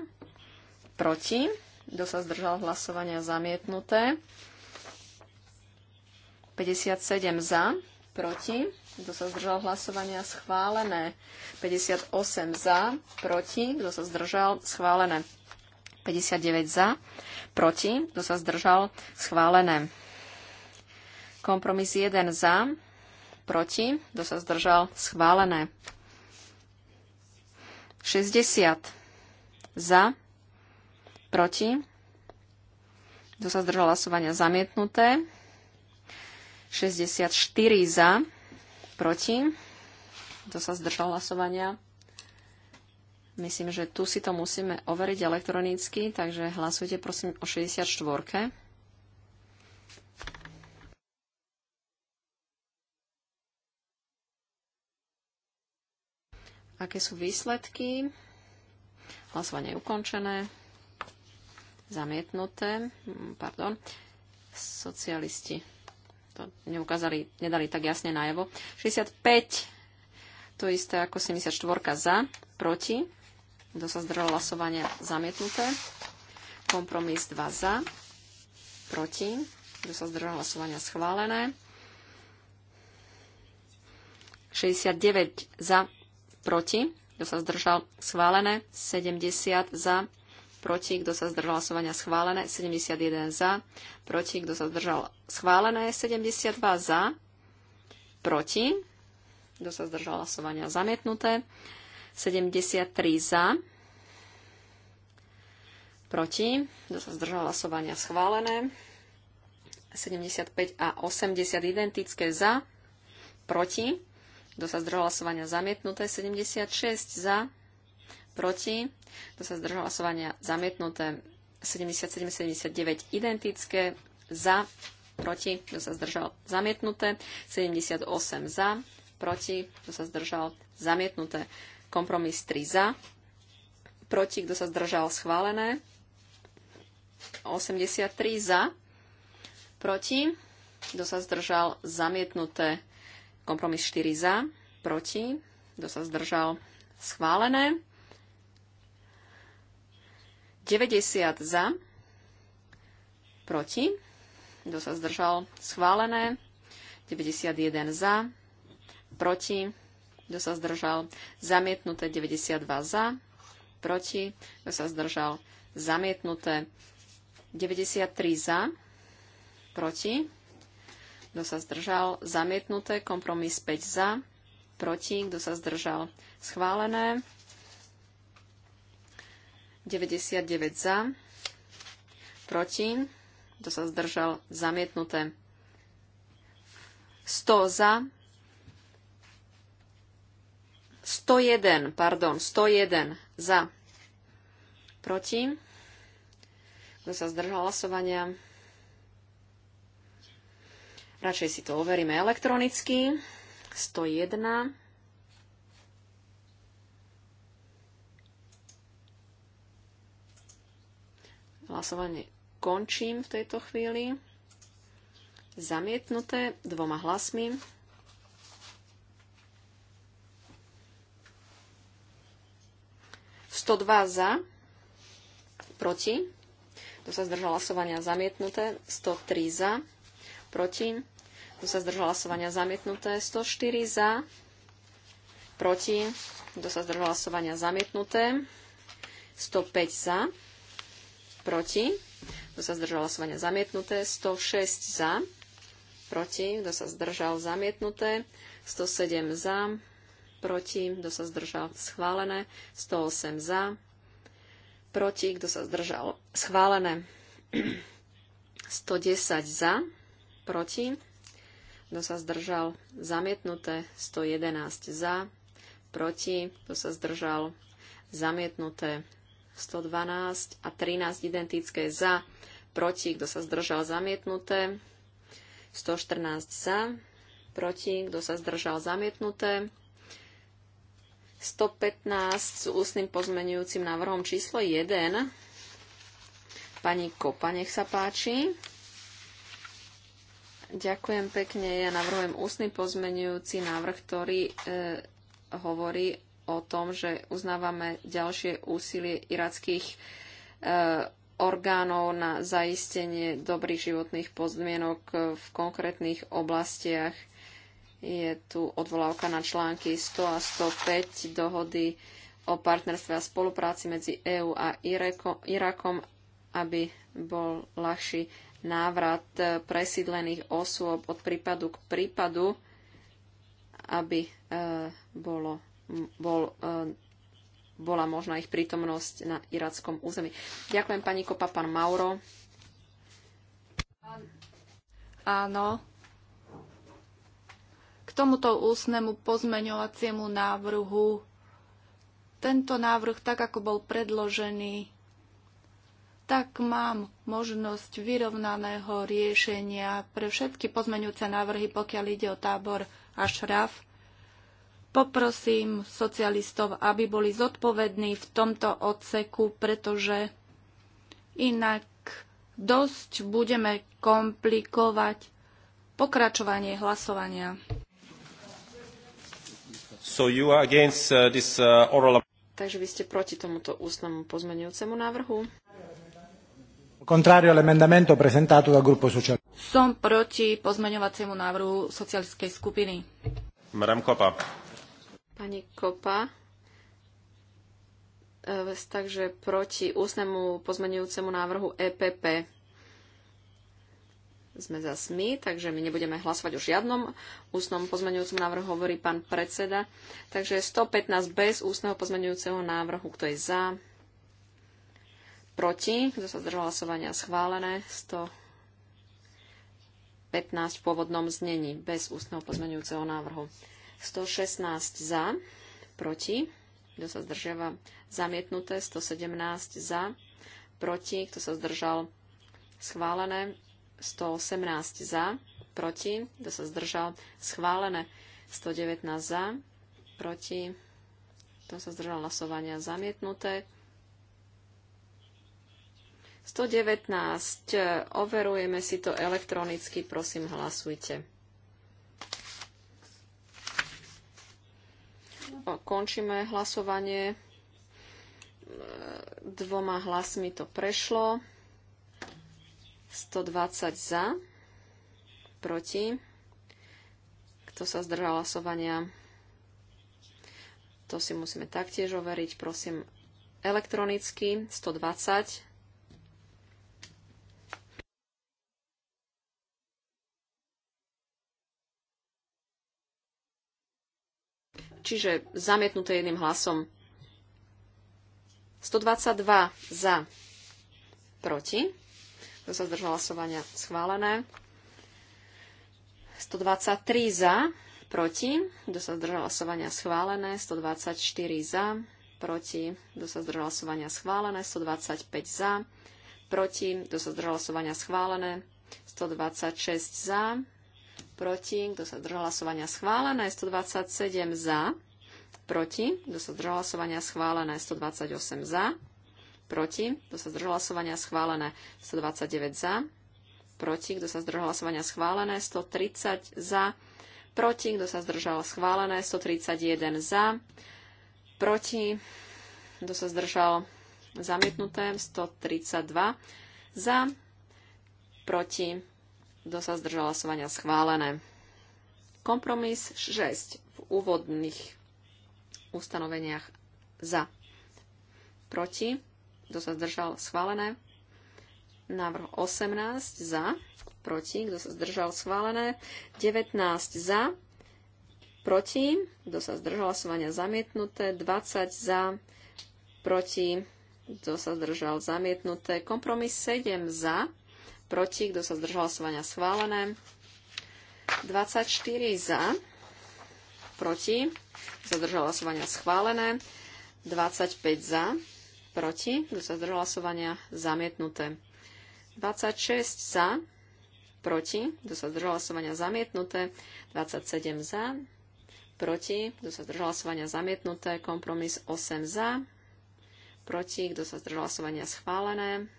proti. Kto sa zdržal hlasovania zamietnuté? 57 za, proti. Kto sa zdržal hlasovania schválené? 58 za, proti. Kto sa zdržal schválené? 59 za, proti. Kto sa zdržal schválené? Kompromis 1 za, proti, kto sa zdržal, schválené. 60 za, proti, kto sa zdržal hlasovania, zamietnuté. 64 za, proti, kto sa zdržal hlasovania. Myslím, že tu si to musíme overiť elektronicky, takže hlasujte prosím o 64. Aké sú výsledky? Hlasovanie je ukončené. Zamietnuté. Mm, pardon. Socialisti to neukázali, nedali tak jasne najevo. 65, to isté ako 74 za, proti. Kto sa zdržal hlasovanie, Zamietnuté. Kompromis 2 za, proti. Kto sa zdržal hlasovania? Schválené. 69 za, proti, kto sa zdržal, schválené, 70 za, proti, kto sa zdržal hlasovania, schválené, 71 za, proti, kto sa zdržal, schválené, 72 za, proti, kto sa zdržal hlasovania, zamietnuté, 73 za, proti, kto sa zdržal hlasovania, schválené, 75 a 80 identické za, proti, kto sa zdržal hlasovania zamietnuté? 76 za. Proti. Kto sa zdržal hlasovania zamietnuté? 77, 79 identické. Za. Proti. Kto sa zdržal zamietnuté? 78 za. Proti. Kto sa zdržal zamietnuté? Kompromis 3 za. Proti. Kto sa zdržal schválené? 83 za. Proti. Kto sa zdržal zamietnuté? Kompromis 4 za, proti, kto sa zdržal, schválené. 90 za, proti, kto sa zdržal, schválené. 91 za, proti, kto sa zdržal, zamietnuté 92 za, proti, kto sa zdržal, zamietnuté 93 za, proti, kto sa zdržal, zamietnuté, kompromis 5 za, proti, kto sa zdržal, schválené, 99 za, proti, kto sa zdržal, zamietnuté, 100 za, 101, pardon, 101 za, proti, kto sa zdržal hlasovania, Radšej si to overíme elektronicky. 101. Hlasovanie končím v tejto chvíli. Zamietnuté dvoma hlasmi. Sto dva za, proti. To sa zdržalo hlasovania zamietnuté. 103 za, proti, kto sa zdržal hlasovania zamietnuté, 104 za, proti, kto sa zdržal hlasovania zamietnuté, 105 za, proti, kto sa zdržal hlasovania zamietnuté, 106 za, proti, kto sa zdržal zamietnuté, 107 za, proti, kto sa zdržal schválené, 108 za, proti, kto sa zdržal schválené, 110 *clears throat* za, proti, kto sa zdržal, zamietnuté 111 za, proti, kto sa zdržal, zamietnuté 112 a 13 identické za, proti, kto sa zdržal, zamietnuté 114 za, proti, kto sa zdržal, zamietnuté 115 s ústnym pozmenujúcim návrhom číslo 1. Pani Kopa, nech sa páči. Ďakujem pekne. Ja navrhujem ústny pozmenujúci návrh, ktorý e, hovorí o tom, že uznávame ďalšie úsilie irackých e, orgánov na zaistenie dobrých životných podmienok e, v konkrétnych oblastiach. Je tu odvolávka na články 100 a 105 dohody o partnerstve a spolupráci medzi EÚ a Irakom, aby bol ľahší návrat e, presídlených osôb od prípadu k prípadu, aby e, bolo, bol, e, bola možná ich prítomnosť na irackom území. Ďakujem pani Kopa, pán Mauro. Áno. K tomuto ústnemu pozmeňovaciemu návrhu tento návrh, tak ako bol predložený, tak mám možnosť vyrovnaného riešenia pre všetky pozmeňujúce návrhy, pokiaľ ide o tábor a šraf. Poprosím socialistov, aby boli zodpovední v tomto odseku, pretože inak dosť budeme komplikovať pokračovanie hlasovania. So you are against, uh, this, uh, oral... Takže vy ste proti tomuto ústnemu pozmeňujúcemu návrhu? Contrario all'emendamento presentato dal gruppo socialista. Som proti pozmeňovaciemu návrhu socialistickej skupiny. Madame Kopa. Pani Kopa. E, takže proti ústnemu pozmeňujúcemu návrhu EPP. Sme za SMI, takže my nebudeme hlasovať o žiadnom ústnom pozmeňujúcom návrhu, hovorí pán predseda. Takže 115 bez ústneho pozmeňujúceho návrhu. Kto je za? proti, kto sa zdržal hlasovania schválené, 115 v pôvodnom znení bez ústneho pozmeňujúceho návrhu. 116 za, proti, kto sa zdržiava zamietnuté, 117 za, proti, kto sa zdržal schválené, 118 za, proti, kto sa zdržal schválené, 119 za, proti, kto sa zdržal hlasovania zamietnuté, 119. Overujeme si to elektronicky. Prosím, hlasujte. Končíme hlasovanie. Dvoma hlasmi to prešlo. 120 za, proti. Kto sa zdržal hlasovania? To si musíme taktiež overiť, prosím, elektronicky. 120 Čiže zamietnuté jedným hlasom. 122 za, proti. To sa zdržalo hlasovania? Schválené. 123 za, proti. To sa zdržalo hlasovania? Schválené. 124 za, proti. To sa zdržalo hlasovania? Schválené. 125 za, proti. To sa zdržalo hlasovania? Schválené. 126 za, proti, kto sa držal hlasovania schválené, 127 za, proti, kto sa držal hlasovania schválené, 128 za, proti, kto sa zdržal hlasovania schválené, 129 za, proti, kto sa zdržal hlasovania schválené, 130 za, proti, kto sa zdržal schválené, 131 za, proti, kto sa zdržal zamietnuté, 132 za, proti, kto sa zdržal hlasovania? Schválené. Kompromis 6 v úvodných ustanoveniach za. Proti. Kto sa zdržal? Schválené. Návrh 18 za. Proti. Kto sa zdržal? Schválené. 19 za. Proti. Kto sa zdržal? Hlasovania zamietnuté. 20 za. Proti. Kto sa zdržal? Zamietnuté. Kompromis 7 za proti, kto sa zdržal hlasovania schválené. 24 za, proti, zdržal hlasovania schválené. 25 za, proti, kto sa zdržal hlasovania zamietnuté. 26 za, proti, kto sa zdržal hlasovania zamietnuté. 27 za, proti, kto sa zdržal hlasovania zamietnuté. Kompromis 8 za, proti, kto sa zdržal hlasovania schválené.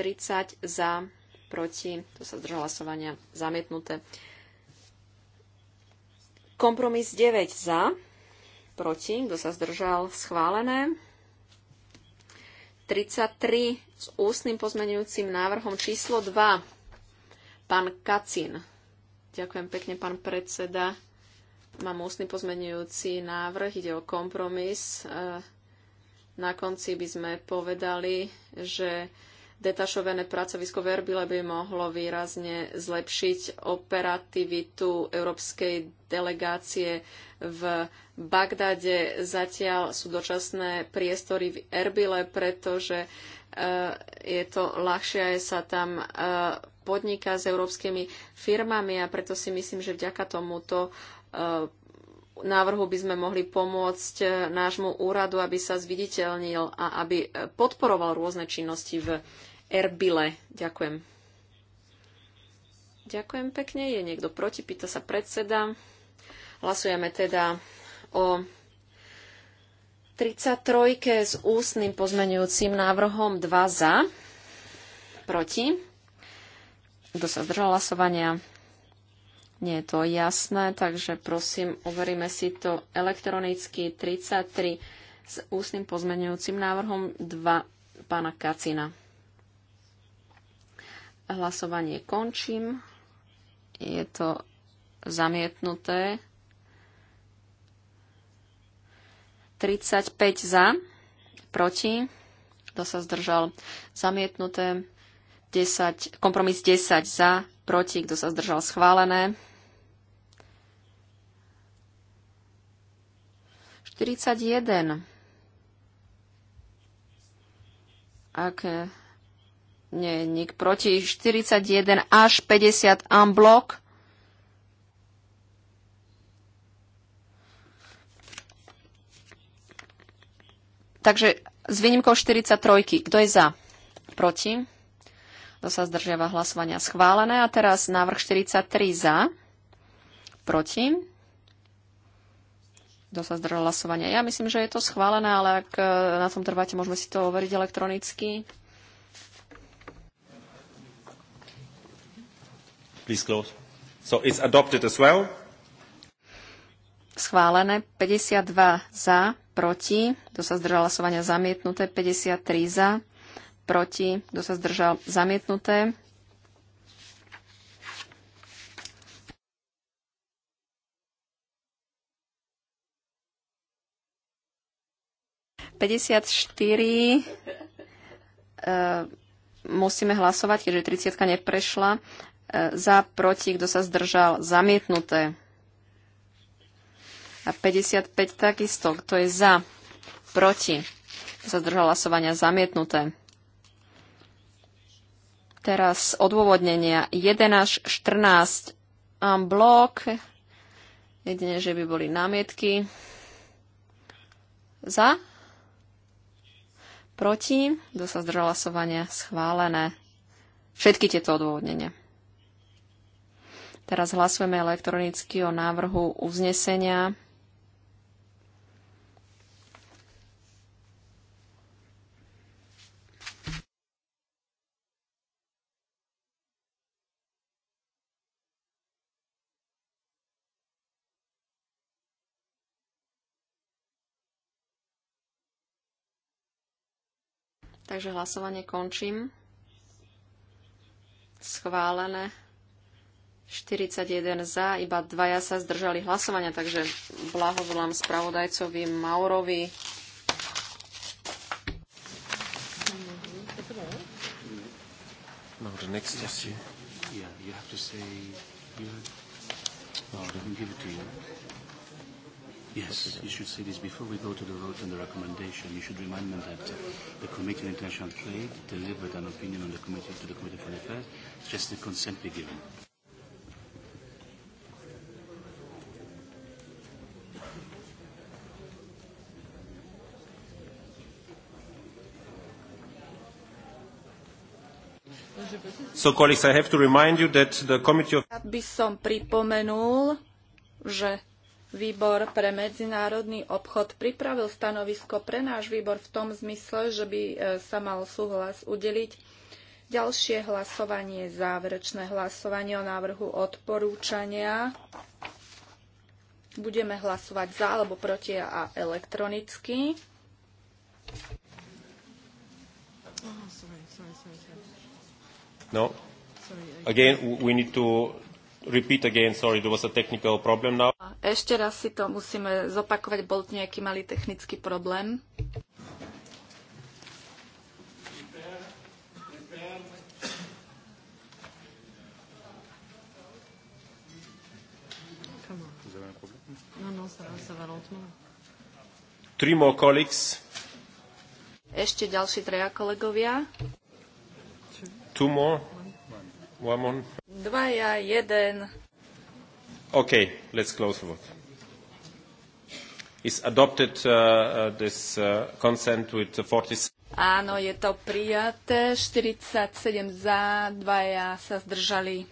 30 za, proti, to sa zdržalo hlasovania, zamietnuté. Kompromis 9 za, proti, kto sa zdržal, schválené. 33 s ústnym pozmenujúcim návrhom číslo 2. Pán Kacin. Ďakujem pekne, pán predseda. Mám ústny pozmenujúci návrh, ide o kompromis. E, na konci by sme povedali, že detašované pracovisko v Erbile by mohlo výrazne zlepšiť operativitu európskej delegácie v Bagdade. Zatiaľ sú dočasné priestory v Erbile, pretože eh, je to ľahšie aj sa tam eh, podniká s európskymi firmami a preto si myslím, že vďaka tomuto eh, návrhu by sme mohli pomôcť nášmu úradu, aby sa zviditeľnil a aby podporoval rôzne činnosti v Erbile. Ďakujem. Ďakujem pekne. Je niekto proti? Pýta sa predseda. Hlasujeme teda o 33 s ústnym pozmenujúcim návrhom 2 za, proti. Kto sa zdržal hlasovania? Nie je to jasné, takže prosím, overíme si to elektronicky 33 s ústnym pozmenujúcim návrhom 2 pána Kacina. Hlasovanie končím. Je to zamietnuté. 35 za, proti, kto sa zdržal, zamietnuté. 10, kompromis 10 za, proti, kto sa zdržal, schválené. 41. Ak nie, nik proti 41 až 50 unblock. Takže s výnimkou 43. Kto je za? Proti? To sa zdržiava hlasovania? Schválené. A teraz návrh 43 za. Proti? Kto sa zdržal hlasovania? Ja myslím, že je to schválené, ale ak eh, na tom trváte, môžeme si to overiť elektronicky. Please close. So it's adopted as well. Schválené 52 za, proti, kto sa zdržal hlasovania zamietnuté, 53 za, proti, kto sa zdržal zamietnuté. E, musíme hlasovať, keďže 30 neprešla za, proti, kto sa zdržal, zamietnuté. A 55 takisto, kto je za, proti, kto sa zdržal hlasovania, zamietnuté. Teraz odôvodnenia 1 až 14 blok, jedine, že by boli námietky. Za, proti, kto sa zdržal hlasovania, schválené. Všetky tieto odôvodnenia. Teraz hlasujeme elektronicky o návrhu uznesenia. Takže hlasovanie končím. Schválené. 41 za, iba dvaja sa zdržali hlasovania, takže blahovolám spravodajcovi Maurovi. yes, you, should say this before we go to the vote on the recommendation. You should remind them that the Committee on International Trade delivered an opinion on the committee to the Committee for Affairs. Just the consent be given. So, colleagues, I have to remind you that the committee of... By som pripomenul, že Výbor pre medzinárodný obchod pripravil stanovisko pre náš výbor v tom zmysle, že by e, sa mal súhlas udeliť. Ďalšie hlasovanie, záverečné hlasovanie o návrhu odporúčania. Budeme hlasovať za alebo proti a elektronicky. Oh, sorry, sorry, sorry, sorry. No? Again, we need to repeat again, sorry, there was a technical problem now. Ešte raz si to musíme zopakovať, bol nejaký malý technický problém. Three more colleagues. Ešte ďalší treja kolegovia. Two more? One more? Dvaja, jeden. let's close the vote. Is adopted uh, uh, this uh, consent with Áno, je to prijaté. 47 za, dvaja sa zdržali.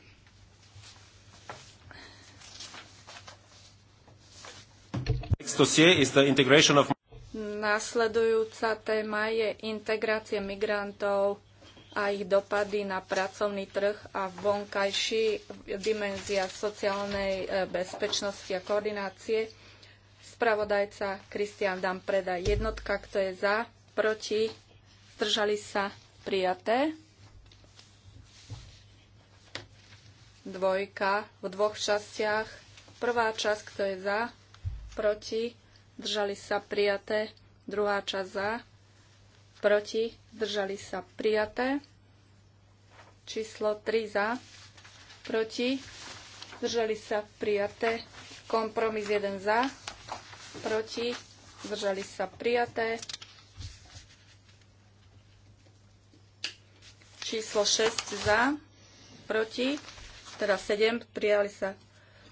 Nasledujúca téma je integrácia migrantov a ich dopady na pracovný trh a vonkajší dimenzia sociálnej e, bezpečnosti a koordinácie. Spravodajca Kristian Dampreda. preda jednotka, kto je za, proti, zdržali sa, prijaté. Dvojka v dvoch častiach. Prvá časť, kto je za, proti, držali sa prijaté. Druhá časť za, proti, zdržali sa prijaté. Číslo 3 za, proti, zdržali sa prijaté. Kompromis 1 za, proti, zdržali sa prijaté. Číslo 6 za, proti, teda 7, prijali sa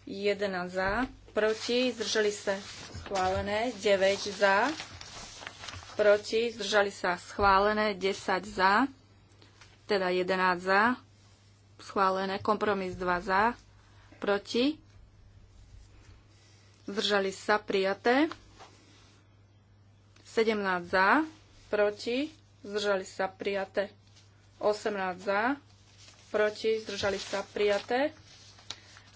1 za, proti, zdržali sa schválené, 9 za, proti, zdržali sa schválené, 10 za, teda 11 za, schválené, kompromis 2 za, proti, zdržali sa prijaté, 17 za, proti, zdržali sa prijaté, 18 za, proti, zdržali sa prijaté.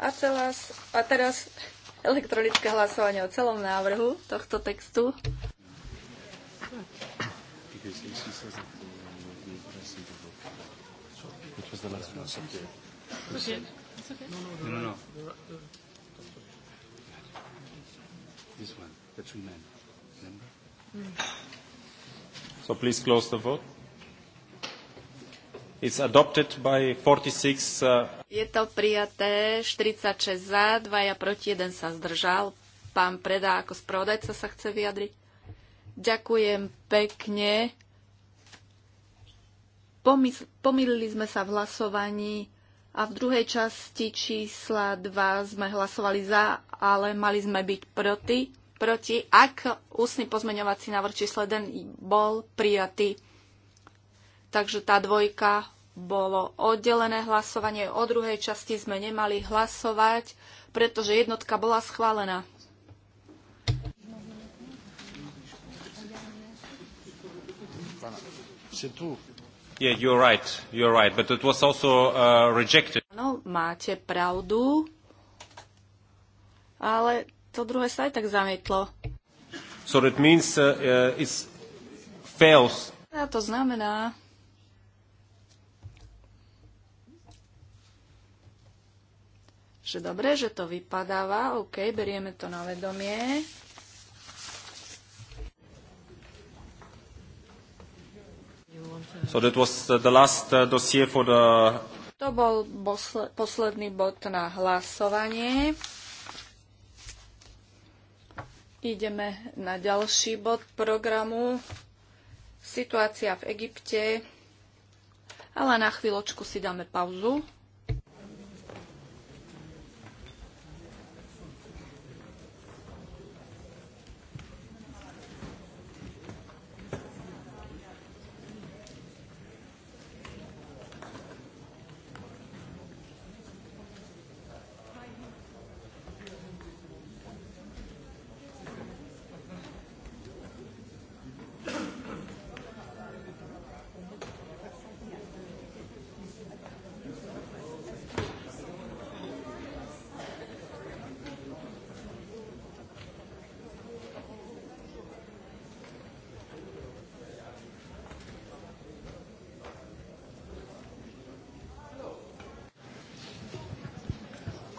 A, celá, a teraz *laughs* elektronické hlasovanie o celom návrhu tohto textu this and she says that they will be addressing the book. Which was the last one. It's okay. It's okay. No, no, no. This one, the three men. Remember? Mm. So please close the vote. It's adopted by 46, uh... Je to prijaté 46 za, 2 proti, 1 sa zdržal. Pán Preda ako spravodajca sa chce vyjadriť. Ďakujem pekne. Pomysl- pomýlili sme sa v hlasovaní a v druhej časti čísla 2 sme hlasovali za, ale mali sme byť proti. proti ak ústny pozmeňovací návrh číslo 1 bol prijatý. Takže tá dvojka bolo oddelené hlasovanie. O druhej časti sme nemali hlasovať, pretože jednotka bola schválená. c'est Yeah, you're right, you're right, but it was also uh, rejected. No, máte pravdu, ale to druhé sa aj tak zamietlo. So that means uh, uh, it fails. A to znamená, že dobre, že to vypadáva, OK, berieme to na vedomie. So that was the last uh, dossier for the... To bol posledný bod na hlasovanie. Ideme na ďalší bod programu. Situácia v Egypte. Ale na chvíľočku si dáme pauzu.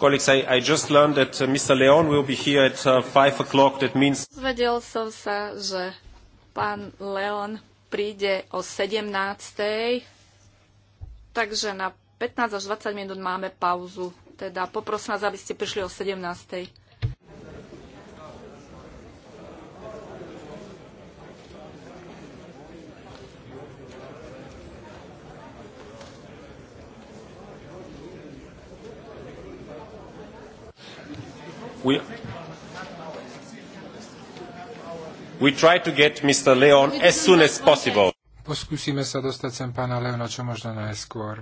Colleagues, I, I just learned that uh, Mr. Leon will be here at 5 uh, o'clock. That means... Zvedel som sa, že pán Leon príde o 17. Takže na 15 až 20 minút máme pauzu. Teda poprosím vás, aby ste prišli o 17. we we try to get Mr. Leon as soon as possible. Poskúsime sa dostať sem pána Leona čo možno najskôr.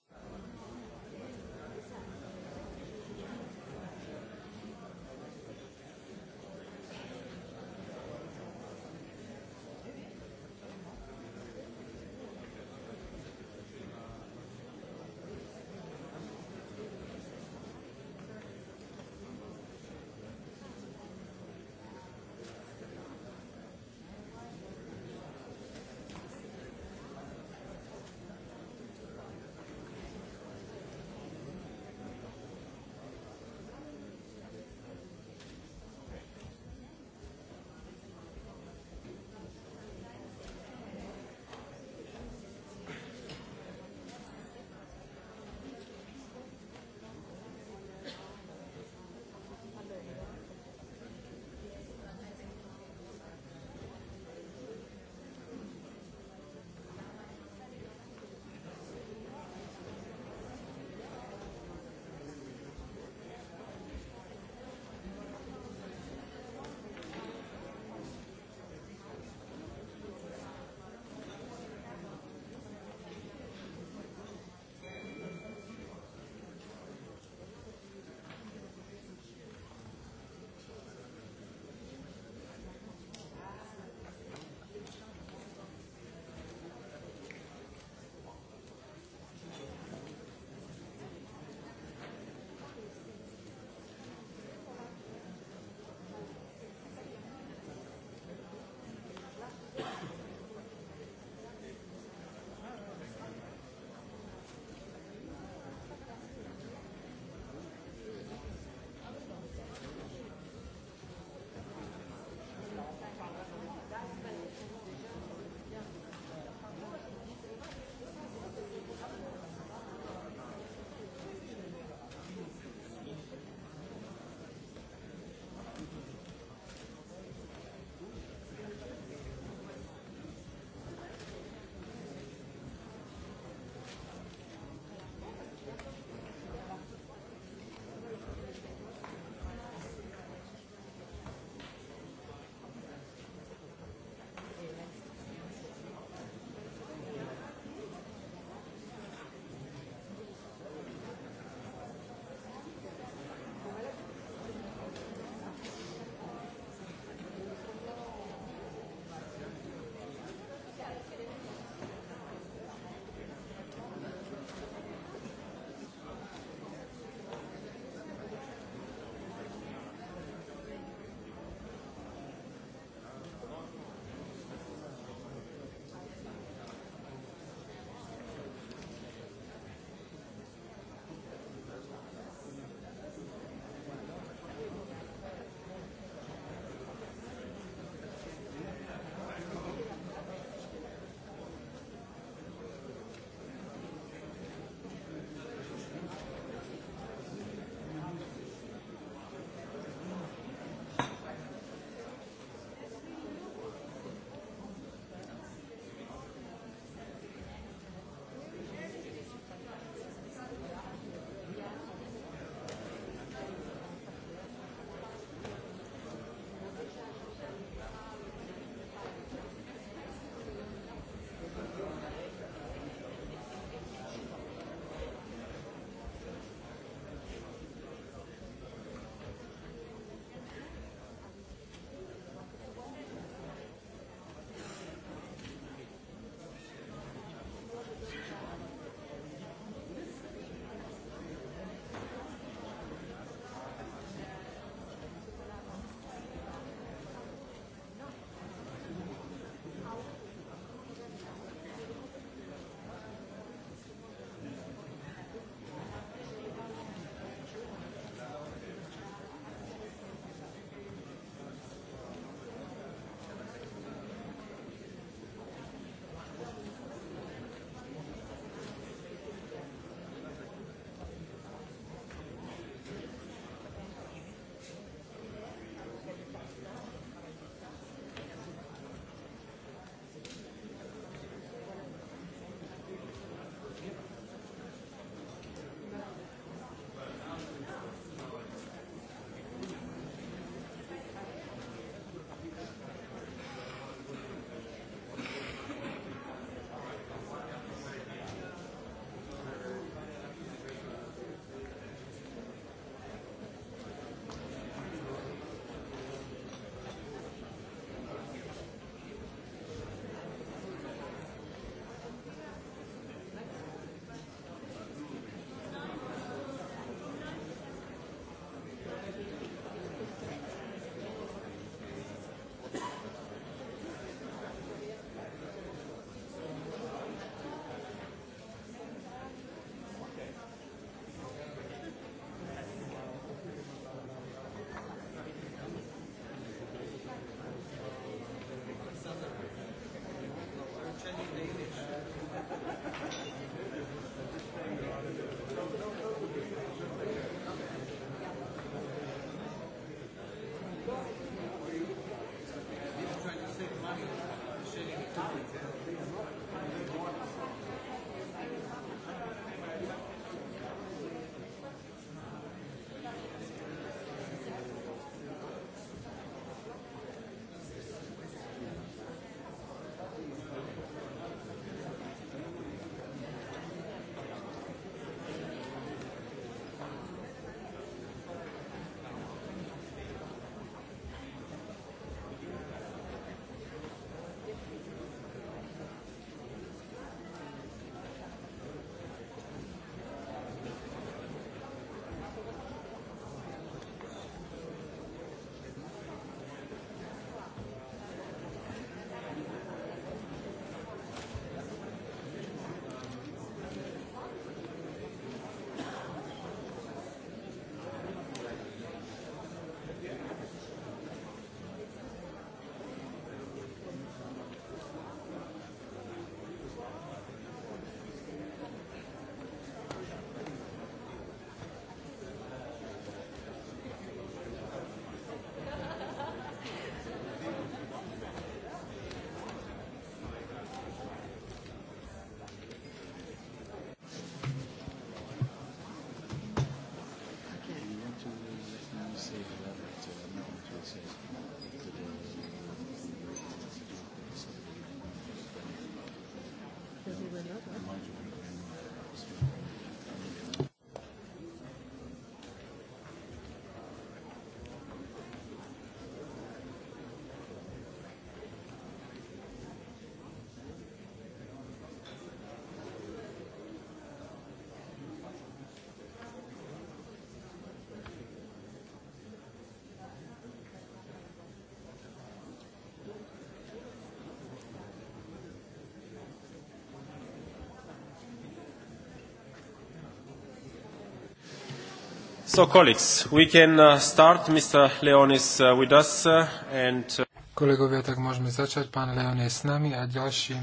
So, colleagues, we can uh, start. Mr. Leon uh, with us uh, and... Kolegovia, tak môžeme začať. Pán Leon je s nami a ďalším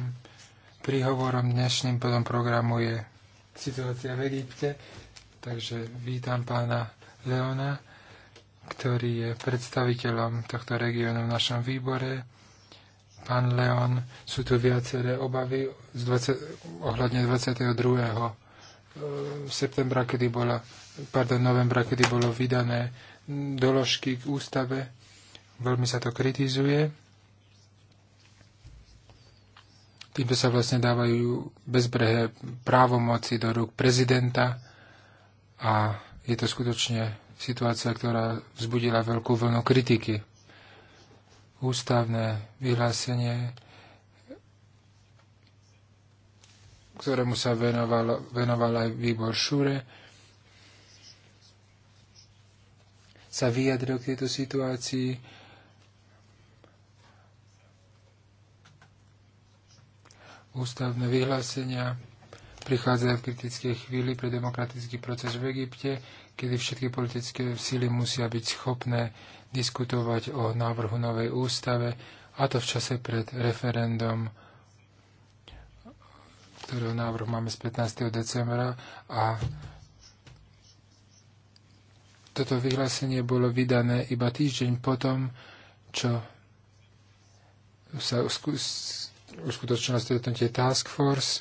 príhovorom dnešným potom programu je situácia v Egypte. Takže vítam pána Leona, ktorý je predstaviteľom tohto regiónu v našom výbore. Pán Leon, sú tu viaceré obavy z 20, ohľadne 22 septembra, kedy bola, pardon, novembra, kedy bolo vydané doložky k ústave. Veľmi sa to kritizuje. Týmto sa vlastne dávajú bezbrehé právomoci do rúk prezidenta a je to skutočne situácia, ktorá vzbudila veľkú vlnu kritiky. Ústavné vyhlásenie ktorému sa venoval, venoval aj výbor Šure, sa vyjadril k tejto situácii. Ústavné vyhlásenia prichádzajú v kritickej chvíli pre demokratický proces v Egypte, kedy všetky politické síly musia byť schopné diskutovať o návrhu novej ústave, a to v čase pred referendum ktorého návrh máme z 15. decembra a toto vyhlásenie bolo vydané iba týždeň potom, čo sa uskutočnilo stretnutie Task Force.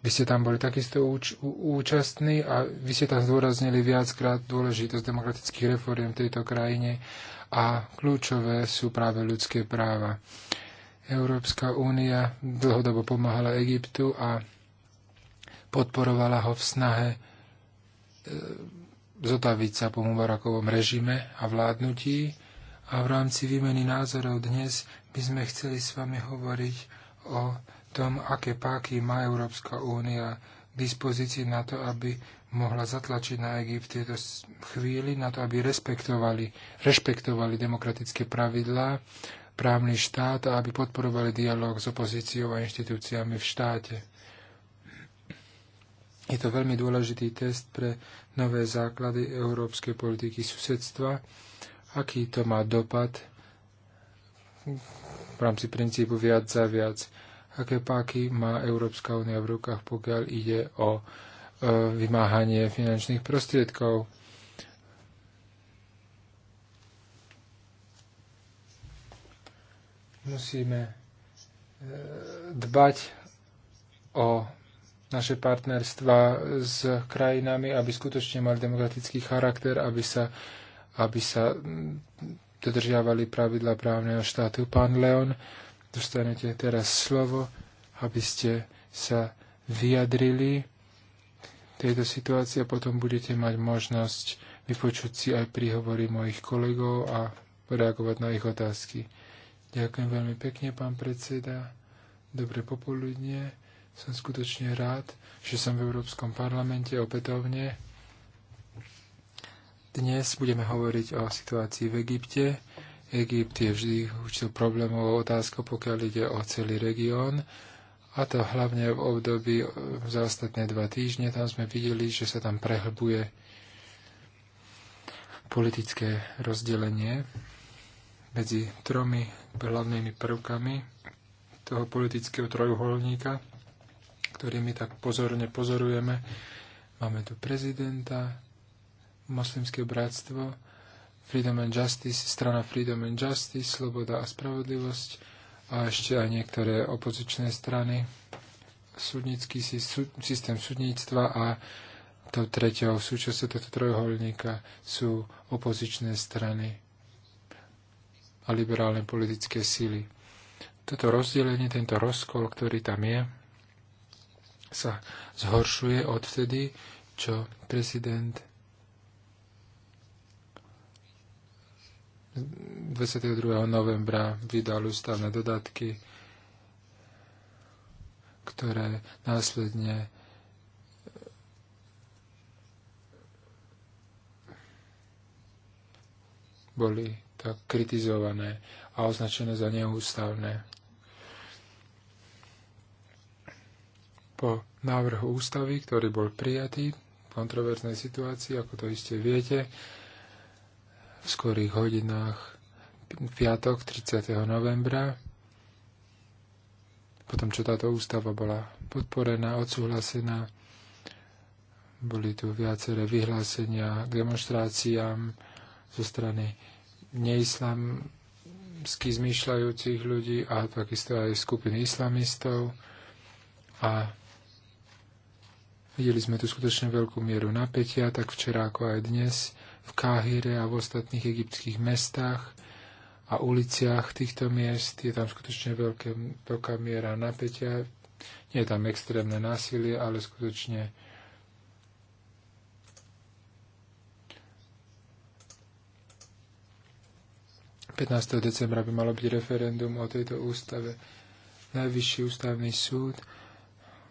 Vy ste tam boli takisto úč- účastní a vy ste tam zdôraznili viackrát dôležitosť demokratických reforiem v tejto krajine a kľúčové sú práve ľudské práva. Európska únia dlhodobo pomáhala Egyptu a podporovala ho v snahe e, zotaviť sa po Mubarakovom režime a vládnutí. A v rámci výmeny názorov dnes by sme chceli s vami hovoriť o tom, aké páky má Európska únia k dispozícii na to, aby mohla zatlačiť na Egypt tieto chvíli, na to, aby respektovali, rešpektovali demokratické pravidlá, právny štát a aby podporovali dialog s opozíciou a inštitúciami v štáte. Je to veľmi dôležitý test pre nové základy európskej politiky susedstva, aký to má dopad v rámci princípu viac za viac, aké páky má Európska únia v rukách, pokiaľ ide o e, vymáhanie finančných prostriedkov. Musíme e, dbať o naše partnerstva s krajinami, aby skutočne mali demokratický charakter, aby sa, aby sa mm, dodržiavali pravidla právneho štátu. Pán Leon, dostanete teraz slovo, aby ste sa vyjadrili tejto situácii a potom budete mať možnosť vypočuť si aj príhovory mojich kolegov a reagovať na ich otázky. Ďakujem veľmi pekne, pán predseda. Dobre popoludne. Som skutočne rád, že som v Európskom parlamente opätovne. Dnes budeme hovoriť o situácii v Egypte. Egypt je vždy určitou problémovou otázkou, pokiaľ ide o celý región. A to hlavne v období za ostatné dva týždne. Tam sme videli, že sa tam prehlbuje politické rozdelenie medzi tromi hlavnými prvkami toho politického trojuholníka ktorými tak pozorne pozorujeme. Máme tu prezidenta, moslimské bratstvo, Freedom and Justice, strana Freedom and Justice, Sloboda a spravodlivosť a ešte aj niektoré opozičné strany, súdnický systém súdnictva a to treťou súčasťou tohto trojuholníka sú opozičné strany a liberálne politické síly. Toto rozdelenie, tento rozkol, ktorý tam je, sa zhoršuje odvtedy, čo prezident 22. novembra vydal ústavné dodatky, ktoré následne boli tak kritizované a označené za neústavné. po návrhu ústavy, ktorý bol prijatý v kontroverznej situácii, ako to iste viete, v skorých hodinách piatok 30. novembra, potom čo táto ústava bola podporená, odsúhlasená, boli tu viaceré vyhlásenia k demonstráciám zo strany neislamsky zmýšľajúcich ľudí a takisto aj skupiny islamistov. A Videli sme tu skutočne veľkú mieru napätia, tak včera ako aj dnes, v Káhire a v ostatných egyptských mestách a uliciach týchto miest. Je tam skutočne veľké, veľká miera napätia. Nie je tam extrémne násilie, ale skutočne ...15. decembra by malo byť referendum o tejto ústave. Najvyšší ústavný súd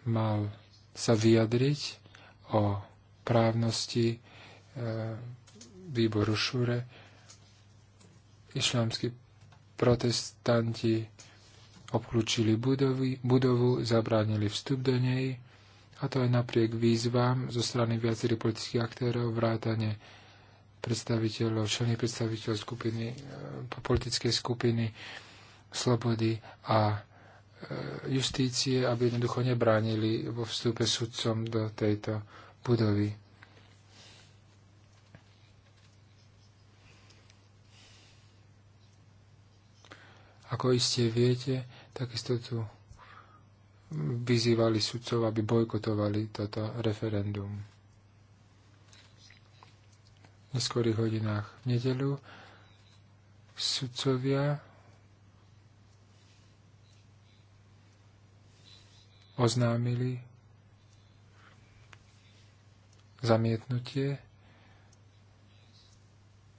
mal sa vyjadriť o právnosti e, výboru Šure. Išlámsky protestanti obklúčili budovy, budovu, zabránili vstup do nej, a to aj napriek výzvam zo strany viacerých politických aktérov, vrátane predstaviteľov, členy predstaviteľov skupiny, e, politickej skupiny Slobody a justície, aby jednoducho nebránili vo vstupe sudcom do tejto budovy. Ako iste viete, takisto tu vyzývali sudcov, aby bojkotovali toto referendum. V neskorých hodinách v nedelu sudcovia oznámili zamietnutie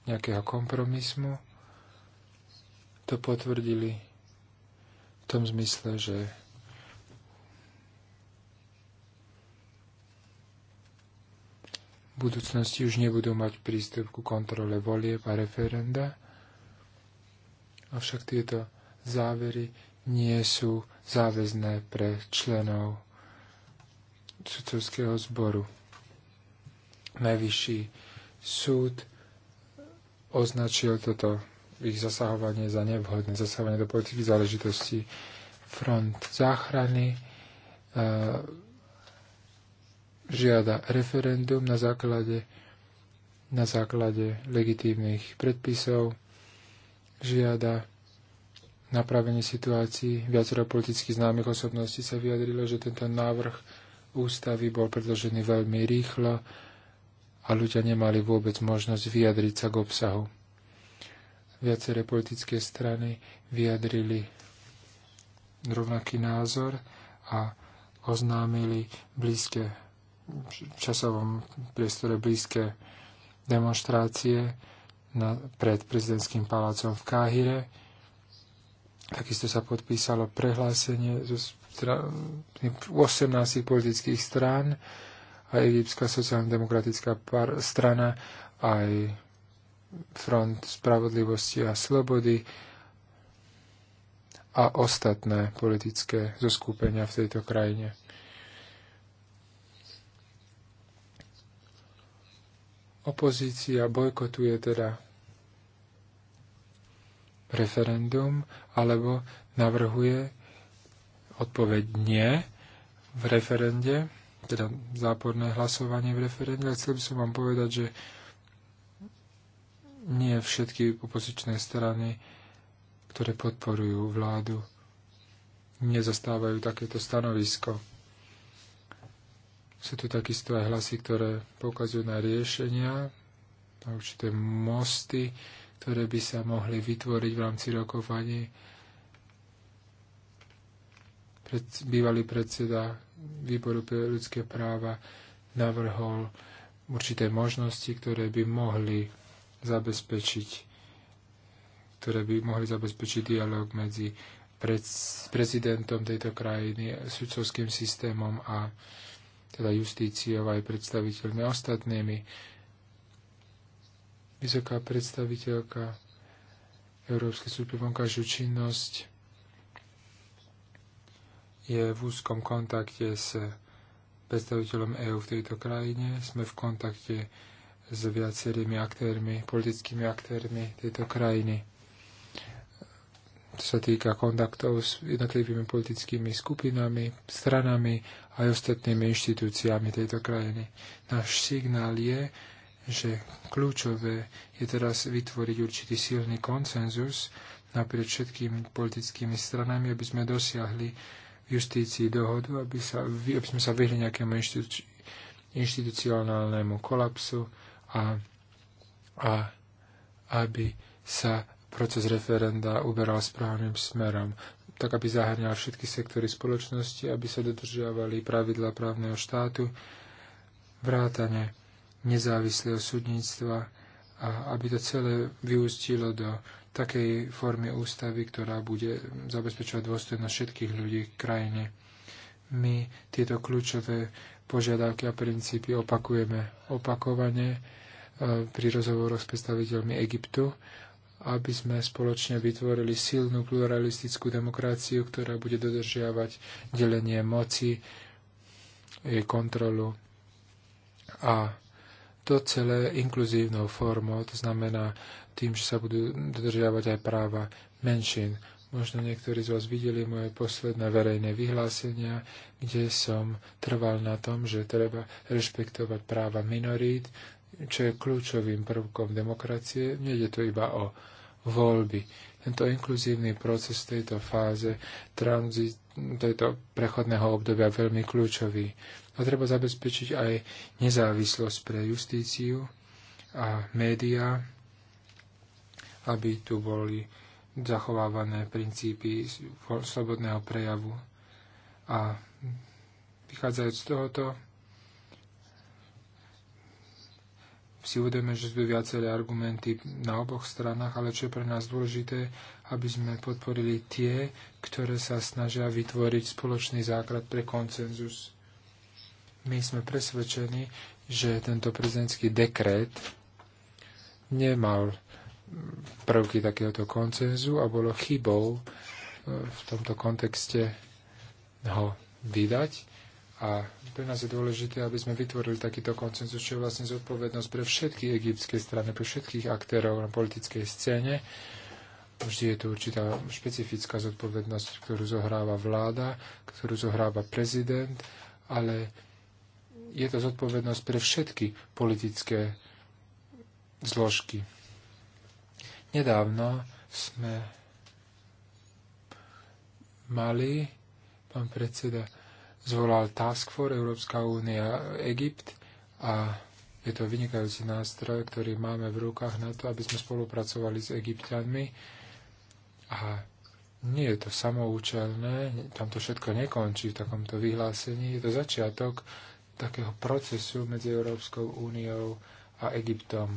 nejakého kompromismu. To potvrdili v tom zmysle, že v budúcnosti už nebudú mať prístup ku kontrole volieb a referenda. Avšak tieto závery nie sú záväzné pre členov sudcovského zboru. Najvyšší súd označil toto ich zasahovanie za nevhodné, zasahovanie do politiky záležitosti. front záchrany, e, žiada referendum na základe, na základe legitívnych predpisov, žiada napravení situácií. Viacero politicky známych osobností sa vyjadrilo, že tento návrh ústavy bol predložený veľmi rýchlo a ľudia nemali vôbec možnosť vyjadriť sa k obsahu. Viaceré politické strany vyjadrili rovnaký názor a oznámili blízke, v časovom priestore blízke demonstrácie na, pred prezidentským palácom v Káhire Takisto sa podpísalo prehlásenie zo 18 politických strán a Egyptská sociálno-demokratická strana aj Front spravodlivosti a slobody a ostatné politické zoskupenia v tejto krajine. Opozícia bojkotuje teda referendum, alebo navrhuje odpoveď nie v referende, teda záporné hlasovanie v referende. Chcel by som vám povedať, že nie všetky opozičné strany, ktoré podporujú vládu, nezastávajú takéto stanovisko. Sú tu takisto aj hlasy, ktoré poukazujú na riešenia, na určité mosty, ktoré by sa mohli vytvoriť v rámci rokovaní. Pred, bývalý predseda výboru pre ľudské práva navrhol určité možnosti, ktoré by mohli zabezpečiť, ktoré by mohli zabezpečiť dialog medzi prezidentom tejto krajiny, sudcovským systémom a teda justíciou aj predstaviteľmi ostatnými vysoká predstaviteľka Európskej súd vonkážu činnosť je v úzkom kontakte s predstaviteľom EÚ v tejto krajine. Sme v kontakte s viacerými aktérmi, politickými aktérmi tejto krajiny. To sa týka kontaktov s jednotlivými politickými skupinami, stranami a aj ostatnými inštitúciami tejto krajiny. Náš signál je, že kľúčové je teraz vytvoriť určitý silný koncenzus napriek všetkými politickými stranami, aby sme dosiahli v justícii dohodu, aby, sa, aby sme sa vyhli nejakému inštitucionálnemu kolapsu a, a aby sa proces referenda uberal správnym smerom, tak aby zahrňal všetky sektory spoločnosti, aby sa dodržiavali pravidla právneho štátu, vrátane nezávislého súdnictva a aby to celé vyústilo do takej formy ústavy, ktorá bude zabezpečovať dôstojnosť všetkých ľudí v krajine. My tieto kľúčové požiadavky a princípy opakujeme opakovane e, pri rozhovoroch s predstaviteľmi Egyptu, aby sme spoločne vytvorili silnú pluralistickú demokraciu, ktorá bude dodržiavať delenie moci, jej kontrolu a to celé inkluzívnou formou, to znamená tým, že sa budú dodržiavať aj práva menšín. Možno niektorí z vás videli moje posledné verejné vyhlásenia, kde som trval na tom, že treba rešpektovať práva minorít, čo je kľúčovým prvkom demokracie. Nejde to iba o voľby. Tento inkluzívny proces v tejto fáze tranzit, tejto prechodného obdobia veľmi kľúčový a treba zabezpečiť aj nezávislosť pre justíciu a médiá, aby tu boli zachovávané princípy slobodného prejavu. A vychádzajúc z tohoto, si uvedeme, že sú viaceré argumenty na oboch stranách, ale čo je pre nás dôležité, aby sme podporili tie, ktoré sa snažia vytvoriť spoločný základ pre koncenzus. My sme presvedčení, že tento prezidentský dekret nemal prvky takéhoto koncenzu a bolo chybou e, v tomto kontexte ho vydať. A pre nás je dôležité, aby sme vytvorili takýto koncenzus, čo je vlastne zodpovednosť pre všetky egyptské strany, pre všetkých aktérov na politickej scéne. Vždy je tu určitá špecifická zodpovednosť, ktorú zohráva vláda, ktorú zohráva prezident, ale je to zodpovednosť pre všetky politické zložky. Nedávno sme mali, pán predseda zvolal Task Force Európska únia Egypt a je to vynikajúci nástroj, ktorý máme v rukách na to, aby sme spolupracovali s egyptianmi. A nie je to samoučelné, tam to všetko nekončí v takomto vyhlásení. Je to začiatok takého procesu medzi Európskou úniou a Egyptom.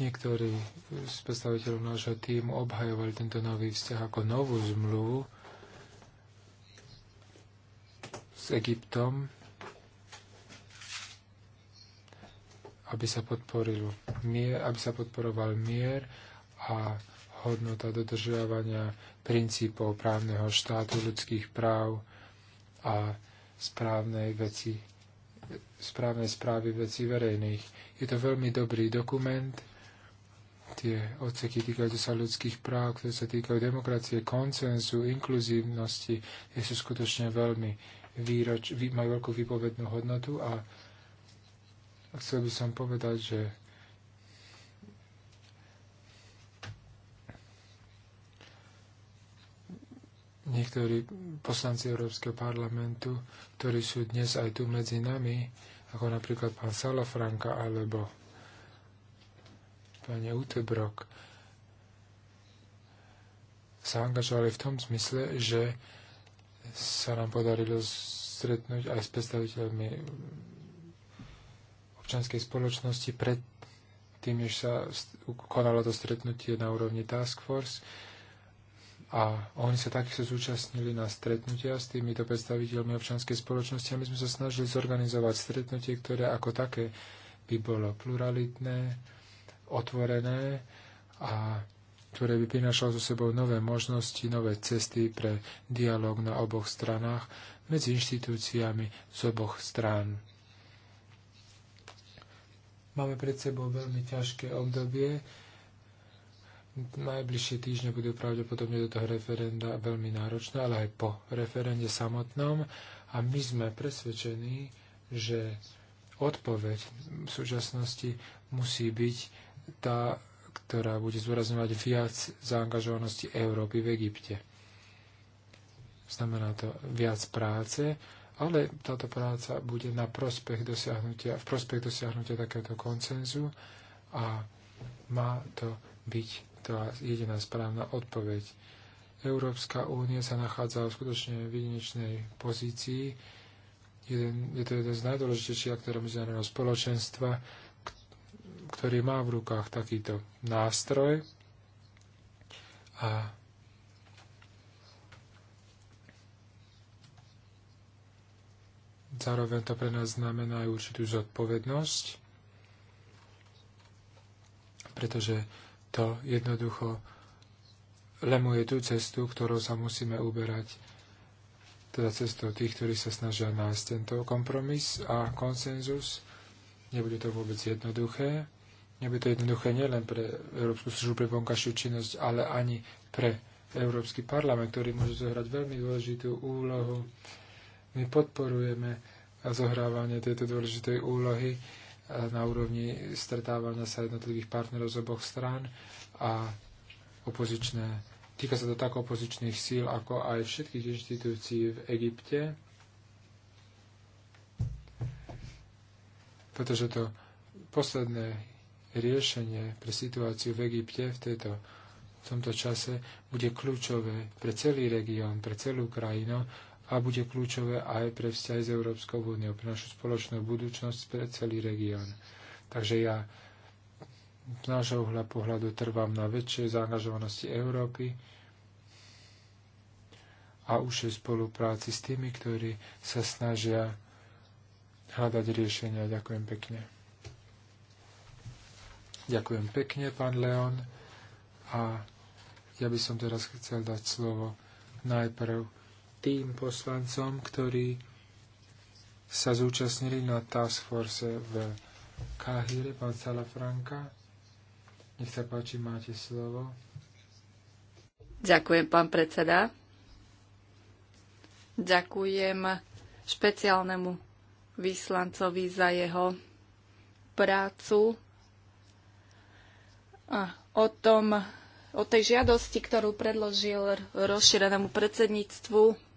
Niektorí z predstaviteľov nášho týmu obhajovali tento nový vzťah ako novú zmluvu s Egyptom, aby sa, podporil mier, aby sa podporoval mier a hodnota dodržiavania princípov právneho štátu, ľudských práv a správnej veci, správnej správy veci verejných. Je to veľmi dobrý dokument, tie odseky týkajú sa ľudských práv, ktoré sa týkajú demokracie, koncenzu, inkluzívnosti, je sú skutočne veľmi výroč, majú veľkú výpovednú hodnotu a chcel by som povedať, že niektorí poslanci Európskeho parlamentu, ktorí sú dnes aj tu medzi nami, ako napríklad pán Salafranka alebo pani Utebrok, sa angažovali v tom zmysle, že sa nám podarilo stretnúť aj s predstaviteľmi občanskej spoločnosti pred tým, než sa konalo to stretnutie na úrovni Task Force a oni sa takisto zúčastnili na stretnutia s týmito predstaviteľmi občanskej spoločnosti a my sme sa snažili zorganizovať stretnutie, ktoré ako také by bolo pluralitné, otvorené a ktoré by prinašalo so sebou nové možnosti, nové cesty pre dialog na oboch stranách medzi inštitúciami z oboch strán. Máme pred sebou veľmi ťažké obdobie, Najbližšie týždne budú pravdepodobne do toho referenda veľmi náročné, ale aj po referende samotnom. A my sme presvedčení, že odpoveď v súčasnosti musí byť tá, ktorá bude zúrazňovať viac zaangažovanosti Európy v Egypte. Znamená to viac práce, ale táto práca bude na prospech dosiahnutia, v prospech dosiahnutia takéhoto koncenzu a má to byť tá jediná správna odpoveď. Európska únia sa nachádza v skutočne výnečnej pozícii. Jeden, je to jeden z najdôležitejších aktorov medzinárodného spoločenstva, ktorý má v rukách takýto nástroj. A zároveň to pre nás znamená aj určitú zodpovednosť, pretože to jednoducho lemuje tú cestu, ktorou sa musíme uberať, teda cestou tých, ktorí sa snažia nájsť tento kompromis a konsenzus. Nebude to vôbec jednoduché. Nebude to jednoduché nielen pre Európsku službu pre vonkajšiu činnosť, ale ani pre Európsky parlament, ktorý môže zohrať veľmi dôležitú úlohu. My podporujeme zohrávanie tejto dôležitej úlohy na úrovni stretávania sa jednotlivých partnerov z oboch strán a opozičné. Týka sa to tak opozičných síl, ako aj všetkých inštitúcií v Egypte, pretože to posledné riešenie pre situáciu v Egypte v, tejto, v tomto čase bude kľúčové pre celý región, pre celú krajinu, a bude kľúčové aj pre vzťahy s Európskou úniou, pre našu spoločnú budúcnosť, pre celý región. Takže ja z nášho uhla pohľadu trvám na väčšej zaangažovanosti Európy a užšej spolupráci s tými, ktorí sa snažia hľadať riešenia. Ďakujem pekne. Ďakujem pekne, pán Leon. A ja by som teraz chcel dať slovo najprv tým poslancom, ktorí sa zúčastnili na task force v Kahire, pán Salafranka. Nech sa páči, máte slovo. Ďakujem, pán predseda. Ďakujem špeciálnemu vyslancovi za jeho prácu a o tom, o tej žiadosti, ktorú predložil rozšírenému predsedníctvu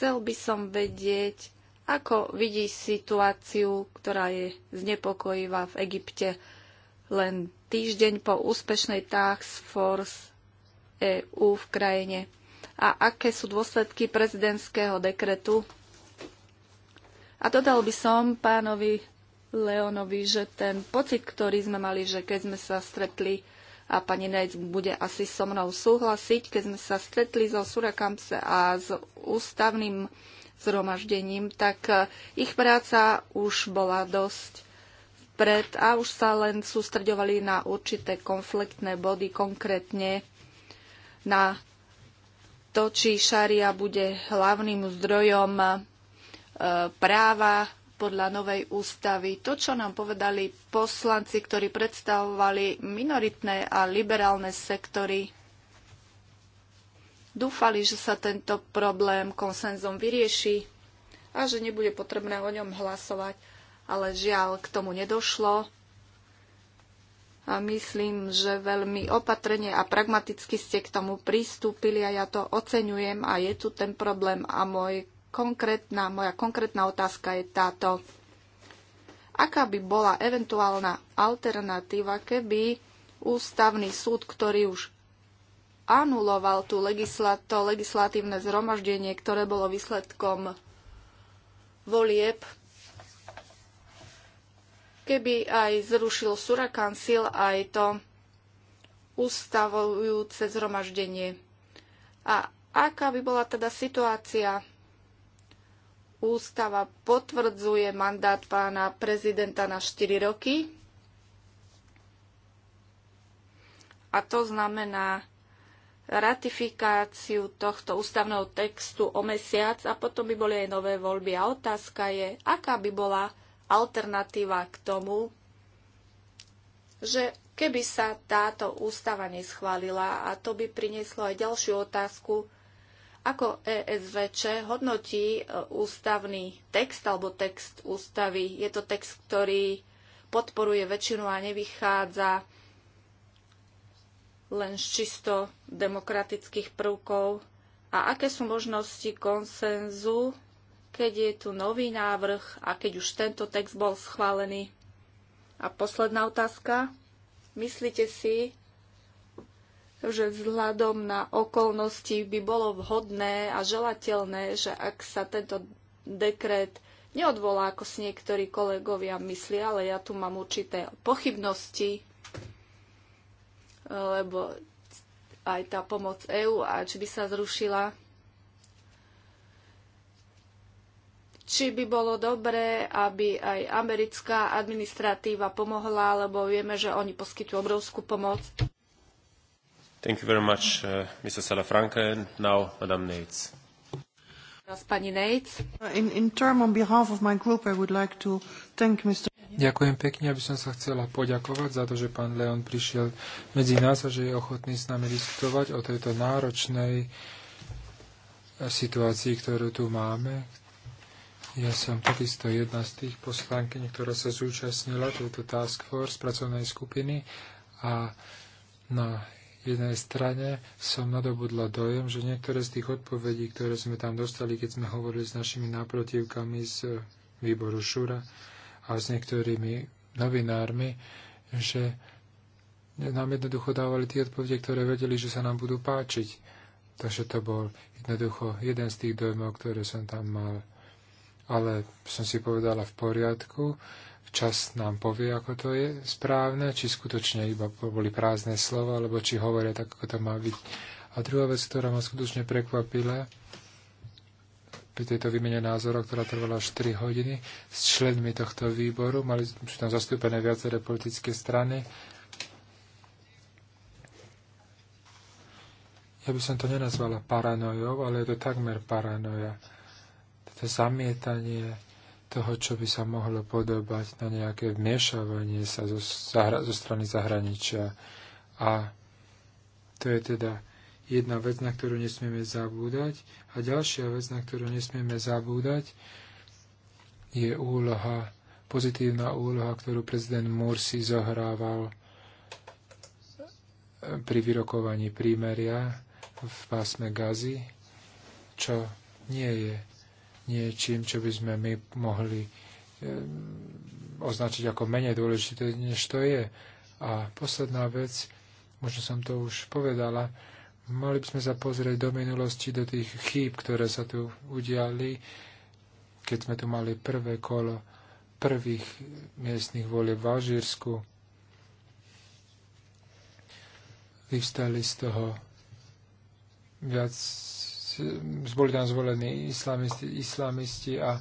Chcel by som vedieť, ako vidí situáciu, ktorá je znepokojivá v Egypte len týždeň po úspešnej Task Force EU v krajine a aké sú dôsledky prezidentského dekretu. A dodal by som pánovi Leonovi, že ten pocit, ktorý sme mali, že keď sme sa stretli a pani Nejc bude asi so mnou súhlasiť, keď sme sa stretli so Surakamse a s ústavným zhromaždením, tak e, ich práca už bola dosť vpred a už sa len sústreďovali na určité konfliktné body, konkrétne na to, či šaria bude hlavným zdrojom e, práva podľa novej ústavy. To, čo nám povedali poslanci, ktorí predstavovali minoritné a liberálne sektory, dúfali, že sa tento problém konsenzom vyrieši a že nebude potrebné o ňom hlasovať, ale žiaľ, k tomu nedošlo. A myslím, že veľmi opatrne a pragmaticky ste k tomu pristúpili a ja to oceňujem a je tu ten problém a môj konkrétna, moja konkrétna otázka je táto. Aká by bola eventuálna alternatíva, keby ústavný súd, ktorý už anuloval tú legisla- to legislatívne zhromaždenie, ktoré bolo výsledkom volieb, keby aj zrušil Surakan síl aj to ústavujúce zhromaždenie. A aká by bola teda situácia ústava potvrdzuje mandát pána prezidenta na 4 roky. A to znamená ratifikáciu tohto ústavného textu o mesiac a potom by boli aj nové voľby. A otázka je, aká by bola alternatíva k tomu, že keby sa táto ústava neschválila a to by prinieslo aj ďalšiu otázku, ako ESVČ hodnotí e, ústavný text alebo text ústavy? Je to text, ktorý podporuje väčšinu a nevychádza len z čisto demokratických prvkov? A aké sú možnosti konsenzu, keď je tu nový návrh a keď už tento text bol schválený? A posledná otázka. Myslíte si, že vzhľadom na okolnosti by bolo vhodné a želateľné, že ak sa tento dekret neodvolá, ako si niektorí kolegovia myslia, ale ja tu mám určité pochybnosti, eh, lebo aj tá pomoc EÚ, a či by sa zrušila, či by bolo dobré, aby aj americká administratíva pomohla, lebo vieme, že oni poskytujú obrovskú pomoc. Thank you very much, uh, Mr. Salafranca. And now, Madame Nates. In, in term on behalf of my group, I would like to thank Mr. Ďakujem pekne, aby som sa chcela poďakovať za to, že pán Leon prišiel medzi nás a že je ochotný s nami diskutovať o tejto náročnej situácii, ktorú tu máme. Ja som takisto jedna z tých poslankyň, ktorá sa zúčastnila tejto task force pracovnej skupiny a na jednej strane som nadobudla dojem, že niektoré z tých odpovedí, ktoré sme tam dostali, keď sme hovorili s našimi náprotivkami z výboru Šura a s niektorými novinármi, že nám jednoducho dávali tie odpovede, ktoré vedeli, že sa nám budú páčiť. Takže to bol jednoducho jeden z tých dojmov, ktoré som tam mal. Ale som si povedala v poriadku, Čas nám povie, ako to je správne, či skutočne iba boli prázdne slova, alebo či hovoria tak, ako to má byť. A druhá vec, ktorá ma skutočne prekvapila, pri tejto výmene názorov, ktorá trvala 4 hodiny, s členmi tohto výboru. Mali sú tam zastúpené viaceré politické strany. Ja by som to nenazvala paranojou, ale je to takmer paranoja. To zamietanie toho, čo by sa mohlo podobať na nejaké vmiešavanie sa zo, zahra, zo strany zahraničia. A to je teda jedna vec, na ktorú nesmieme zabúdať. A ďalšia vec, na ktorú nesmieme zabúdať, je úloha, pozitívna úloha, ktorú prezident Mursi zohrával eh, pri vyrokovaní prímeria v pásme Gazy, čo nie je niečím, čo by sme my mohli označiť ako menej dôležité, než to je. A posledná vec, možno som to už povedala, mali by sme sa pozrieť do minulosti, do tých chýb, ktoré sa tu udiali, keď sme tu mali prvé kolo prvých miestnych volieb v Alžírsku. Vyvstali z toho viac boli tam zvolení islamisti, islamisti a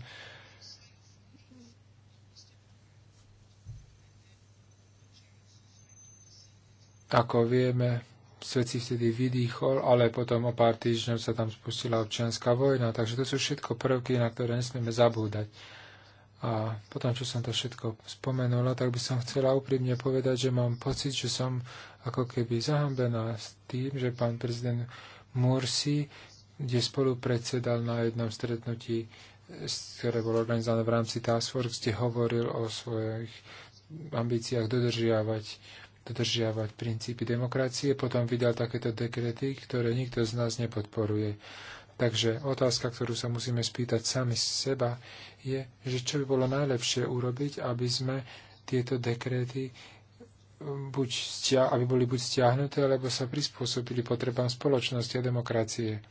ako vieme, svet si vtedy vydýchol, ale potom o pár týždňov sa tam spustila občianská vojna, takže to sú všetko prvky, na ktoré nesmieme zabúdať. A potom, čo som to všetko spomenula, tak by som chcela úprimne povedať, že mám pocit, že som ako keby zahambená s tým, že pán prezident Mursi kde spolu predsedal na jednom stretnutí, eh, ktoré bolo organizované v rámci Task Force, kde hovoril o svojich ambíciách dodržiavať dodržiavať princípy demokracie, potom vydal takéto dekrety, ktoré nikto z nás nepodporuje. Takže otázka, ktorú sa musíme spýtať sami seba, je, že čo by bolo najlepšie urobiť, aby sme tieto dekréty eh, buď stia- aby boli buď stiahnuté, alebo sa prispôsobili potrebám spoločnosti a demokracie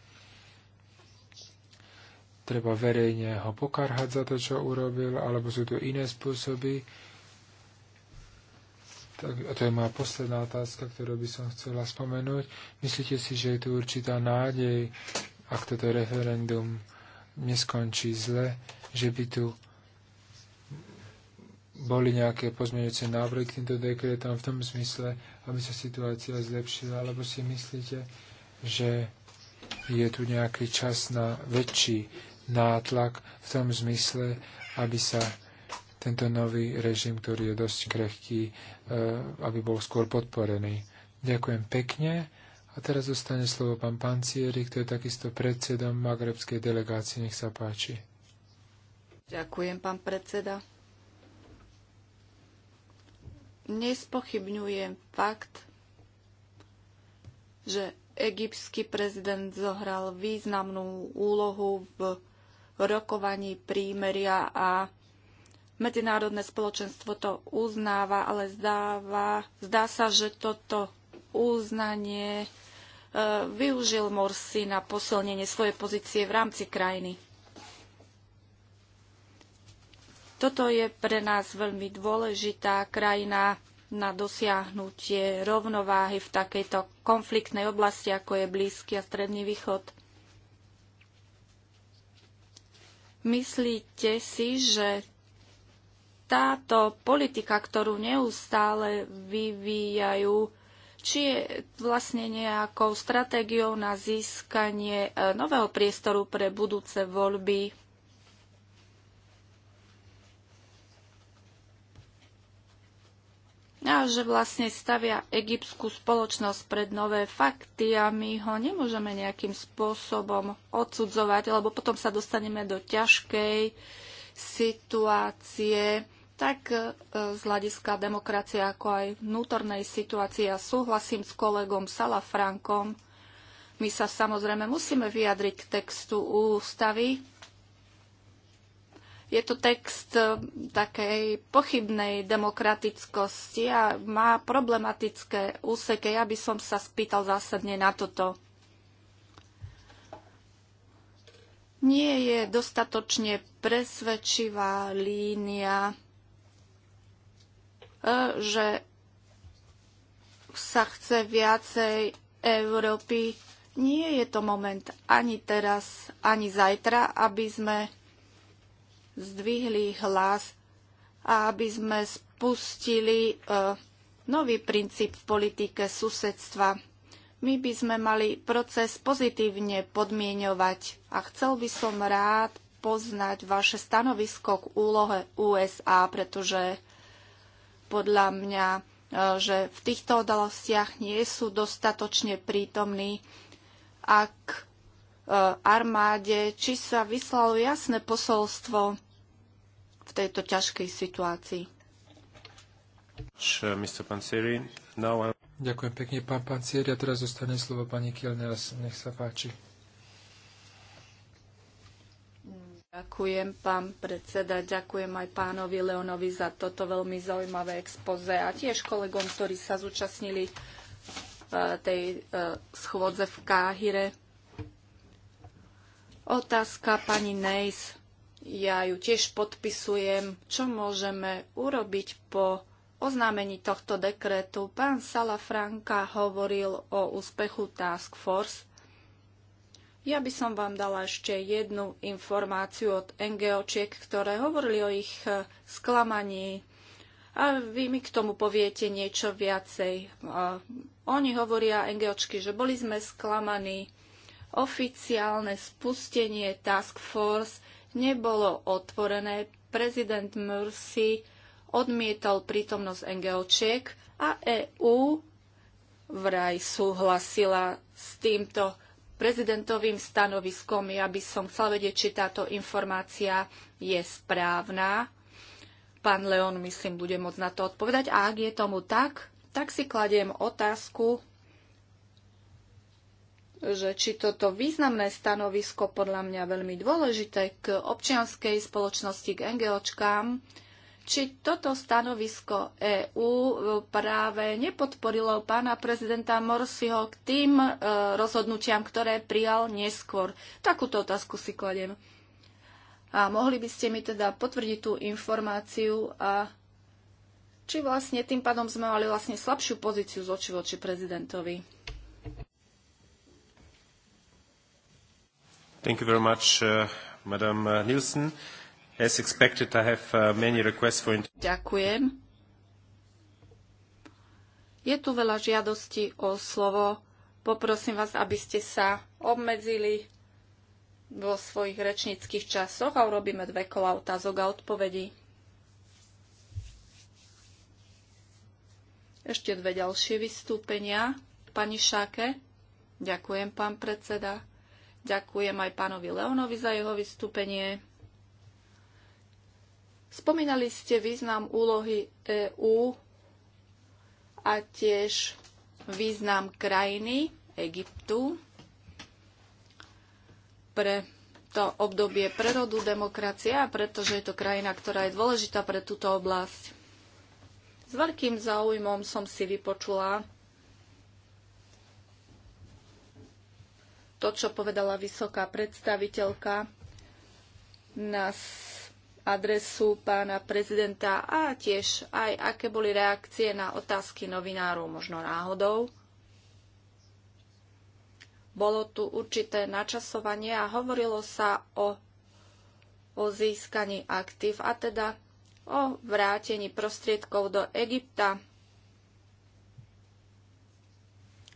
treba verejne ho pokarhať za to, čo urobil, alebo sú tu iné spôsoby. Tak, a to je moja posledná otázka, ktorú by som chcela spomenúť. Myslíte si, že je tu určitá nádej, ak toto referendum neskončí zle, že by tu boli nejaké pozmeňujúce návrhy k týmto dekretom v tom zmysle, aby sa situácia zlepšila, alebo si myslíte, že je tu nejaký čas na väčší nátlak v tom zmysle, aby sa tento nový režim, ktorý je dosť krehký, e, aby bol skôr podporený. Ďakujem pekne. A teraz zostane slovo pán Pancieri, ktorý je takisto predsedom magrebskej delegácie. Nech sa páči. Ďakujem, pán predseda. Nespochybňujem fakt, že egyptský prezident zohral významnú úlohu v rokovaní prímeria a medzinárodné spoločenstvo to uznáva, ale zdáva, zdá sa, že toto uznanie e, využil Morsi na posilnenie svojej pozície v rámci krajiny. Toto je pre nás veľmi dôležitá krajina na dosiahnutie rovnováhy v takejto konfliktnej oblasti, ako je Blízky a Stredný východ. Myslíte si, že táto politika, ktorú neustále vyvíjajú, či je vlastne nejakou stratégiou na získanie eh, nového priestoru pre budúce voľby a že vlastne stavia egyptskú spoločnosť pred nové fakty a my ho nemôžeme nejakým spôsobom odsudzovať, lebo potom sa dostaneme do ťažkej situácie, tak e, z hľadiska demokracie, ako aj vnútornej situácie. Ja súhlasím s kolegom Sala Frankom. My sa samozrejme musíme vyjadriť k textu ústavy, je to text eh, takej pochybnej demokratickosti a má problematické úseky, Ja by som sa spýtal zásadne na toto. Nie je dostatočne presvedčivá línia, eh, že sa chce viacej Európy. Nie je to moment ani teraz, ani zajtra, aby sme zdvihli hlas a aby sme spustili e, nový princíp v politike susedstva. My by sme mali proces pozitívne podmienovať a chcel by som rád poznať vaše stanovisko k úlohe USA, pretože podľa mňa, e, že v týchto odalostiach nie sú dostatočne prítomní, ak e, armáde, či sa vyslalo jasné posolstvo v tejto ťažkej situácii. Ďakujem pekne, pán Pancieri. A teraz zostane slovo pani Kielner. Nech sa páči. Ďakujem, pán predseda, ďakujem aj pánovi Leonovi za toto veľmi zaujímavé expoze a tiež kolegom, ktorí sa zúčastnili v e, tej e, schôdze v Káhire. Otázka pani Nejs. Ja ju tiež podpisujem, čo môžeme urobiť po oznámení tohto dekretu. Pán Salafranka hovoril o úspechu Task Force. Ja by som vám dala ešte jednu informáciu od NGOčiek, ktoré hovorili o ich eh, sklamaní a vy mi k tomu poviete niečo viacej. Eh, oni hovoria, NGOčky, že boli sme sklamaní. Oficiálne spustenie Task Force nebolo otvorené. Prezident Mursi odmietal prítomnosť NGOčiek a EÚ vraj súhlasila s týmto prezidentovým stanoviskom. Ja by som chcel vedieť, či táto informácia je správna. Pán Leon, myslím, bude môcť na to odpovedať. A ak je tomu tak, tak si kladiem otázku, že či toto významné stanovisko, podľa mňa veľmi dôležité, k občianskej spoločnosti, k NGOčkám, či toto stanovisko EÚ práve nepodporilo pána prezidenta Morsiho k tým e, rozhodnutiam, ktoré prijal neskôr. Takúto otázku si kladem. A mohli by ste mi teda potvrdiť tú informáciu a či vlastne tým pádom sme mali vlastne slabšiu pozíciu z oči voči prezidentovi. Thank you very much, uh, Madam uh, Nielsen. As expected, I have uh, many requests for... Ďakujem. Je tu veľa žiadosti o slovo. Poprosím vás, aby ste sa obmedzili vo svojich rečníckých časoch a urobíme dve kola otázok a odpovedí. Ešte dve ďalšie vystúpenia. Pani Šáke. Ďakujem, pán predseda. Ďakujem aj pánovi Leonovi za jeho vystúpenie. Spomínali ste význam úlohy EÚ a tiež význam krajiny Egyptu pre to obdobie prerodu demokracie a pretože je to krajina, ktorá je dôležitá pre túto oblasť. S veľkým záujmom som si vypočula to, čo povedala vysoká predstaviteľka na adresu pána prezidenta a tiež aj aké boli reakcie na otázky novinárov, možno náhodou. Bolo tu určité načasovanie a hovorilo sa o, o získaní aktív a teda o vrátení prostriedkov do Egypta.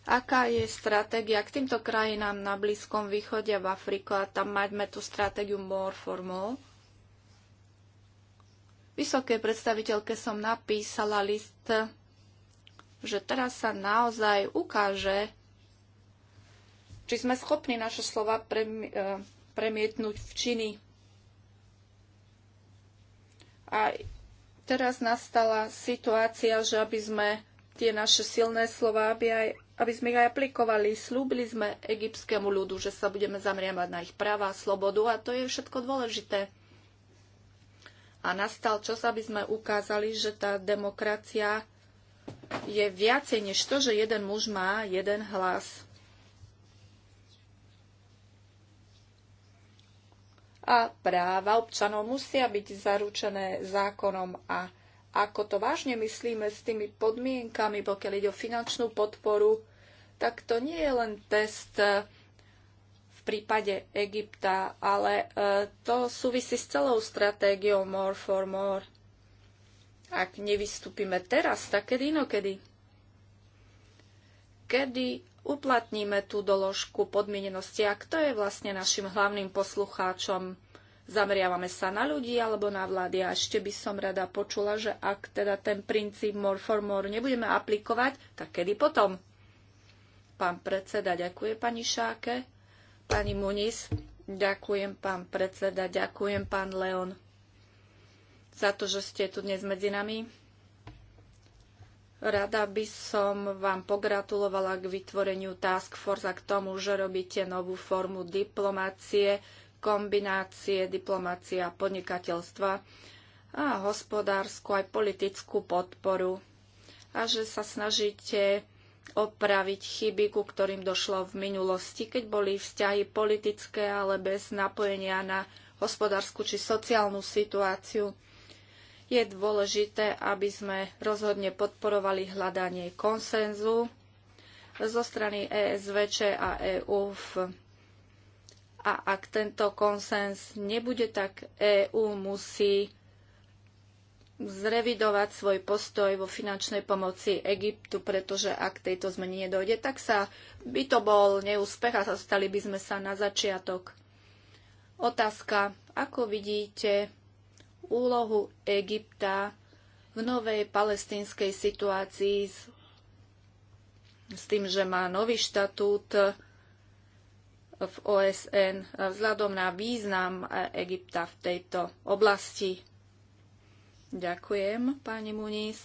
aká je stratégia k týmto krajinám na Blízkom východe v Afriku a tam máme tú stratégiu More for More. Vysokej predstaviteľke som napísala list, že teraz sa naozaj ukáže, či sme schopní naše slova e, premietnúť v činy. A teraz nastala situácia, že aby sme tie naše silné slova, aby aj aby sme ich aj aplikovali. Slúbili sme egyptskému ľudu, že sa budeme zamriamať na ich práva a slobodu a to je všetko dôležité. A nastal čas, aby sme ukázali, že tá demokracia je viacej než to, že jeden muž má jeden hlas. A práva občanov musia byť zaručené zákonom a ako to vážne myslíme s tými podmienkami, pokiaľ ide o finančnú podporu, tak to nie je len test eh, v prípade Egypta, ale eh, to súvisí s celou stratégiou More for More. Ak nevystúpime teraz, tak kedy inokedy? Kedy uplatníme tú doložku podmienenosti a kto je vlastne našim hlavným poslucháčom? Zameriavame sa na ľudí alebo na vlády. A ešte by som rada počula, že ak teda ten princíp more for more nebudeme aplikovať, tak kedy potom? Pán predseda, ďakuje pani Šáke. Pani Muniz, ďakujem pán predseda, ďakujem pán Leon za to, že ste tu dnes medzi nami. Rada by som vám pogratulovala k vytvoreniu Task Force a k tomu, že robíte novú formu diplomácie kombinácie diplomácia a podnikateľstva a hospodárskú aj politickú podporu a že sa snažíte opraviť chyby, ku ktorým došlo v minulosti, keď boli vzťahy politické, ale bez napojenia na hospodárskú či sociálnu situáciu. Je dôležité, aby sme rozhodne podporovali hľadanie konsenzu zo strany ESVČ a EÚ v a ak tento konsens nebude, tak EÚ musí zrevidovať svoj postoj vo finančnej pomoci Egyptu, pretože ak tejto zmeni nedojde, tak sa by to bol neúspech a zostali by sme sa na začiatok. Otázka, ako vidíte úlohu Egypta v novej palestínskej situácii s, s tým, že má nový štatút, v OSN vzhľadom na význam Egypta v tejto oblasti. Ďakujem, pani Muniz.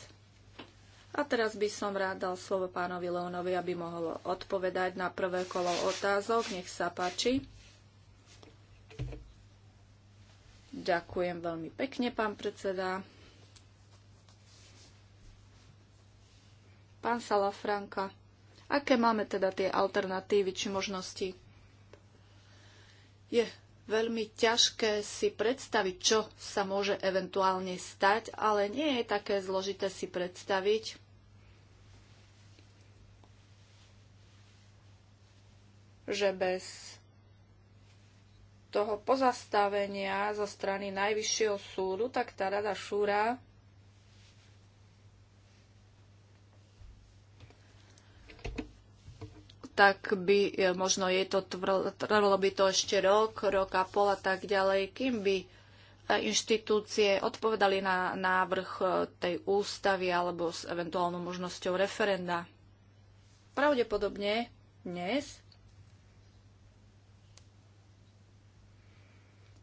A teraz by som rád dal slovo pánovi Leonovi, aby mohol odpovedať na prvé kolo otázok. Nech sa páči. Ďakujem veľmi pekne, pán predseda. Pán Salafranka, aké máme teda tie alternatívy či možnosti? Je veľmi ťažké si predstaviť, čo sa môže eventuálne stať, ale nie je také zložité si predstaviť, že bez toho pozastavenia zo strany Najvyššieho súdu, tak tá rada Šúra tak by e, možno je to trvalo by to ešte rok, rok a pol a tak ďalej, kým by e, inštitúcie odpovedali na návrh e, tej ústavy alebo s eventuálnou možnosťou referenda. Pravdepodobne dnes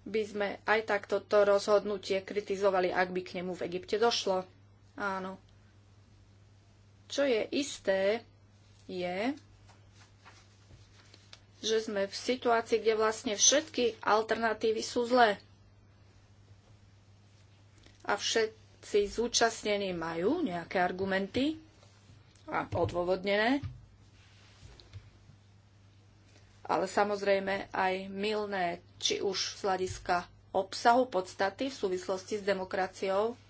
by sme aj takto toto rozhodnutie kritizovali, ak by k nemu v Egypte došlo. Áno. Čo je isté, je, že sme v situácii, kde vlastne všetky alternatívy sú zlé. A všetci zúčastnení majú nejaké argumenty a odôvodnené. Ale samozrejme aj milné, či už z hľadiska obsahu podstaty v súvislosti s demokraciou,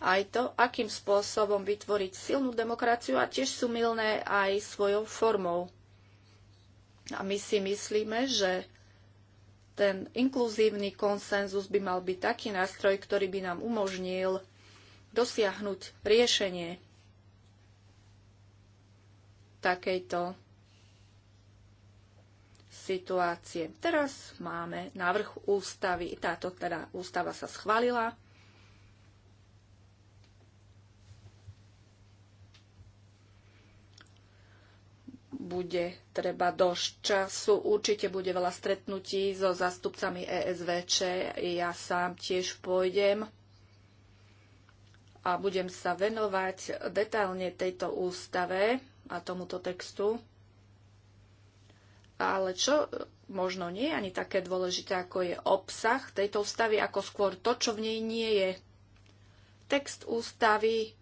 aj to, akým spôsobom vytvoriť silnú demokraciu a tiež sú milné aj svojou formou. A my si myslíme, že ten inkluzívny konsenzus by mal byť taký nástroj, ktorý by nám umožnil dosiahnuť riešenie takejto situácie. Teraz máme návrh ústavy. Táto teda ústava sa schválila bude treba dosť času. Určite bude veľa stretnutí so zastupcami ESVČ. Ja sám tiež pôjdem a budem sa venovať detailne tejto ústave a tomuto textu. Ale čo možno nie je ani také dôležité, ako je obsah tejto ústavy, ako skôr to, čo v nej nie je. Text ústavy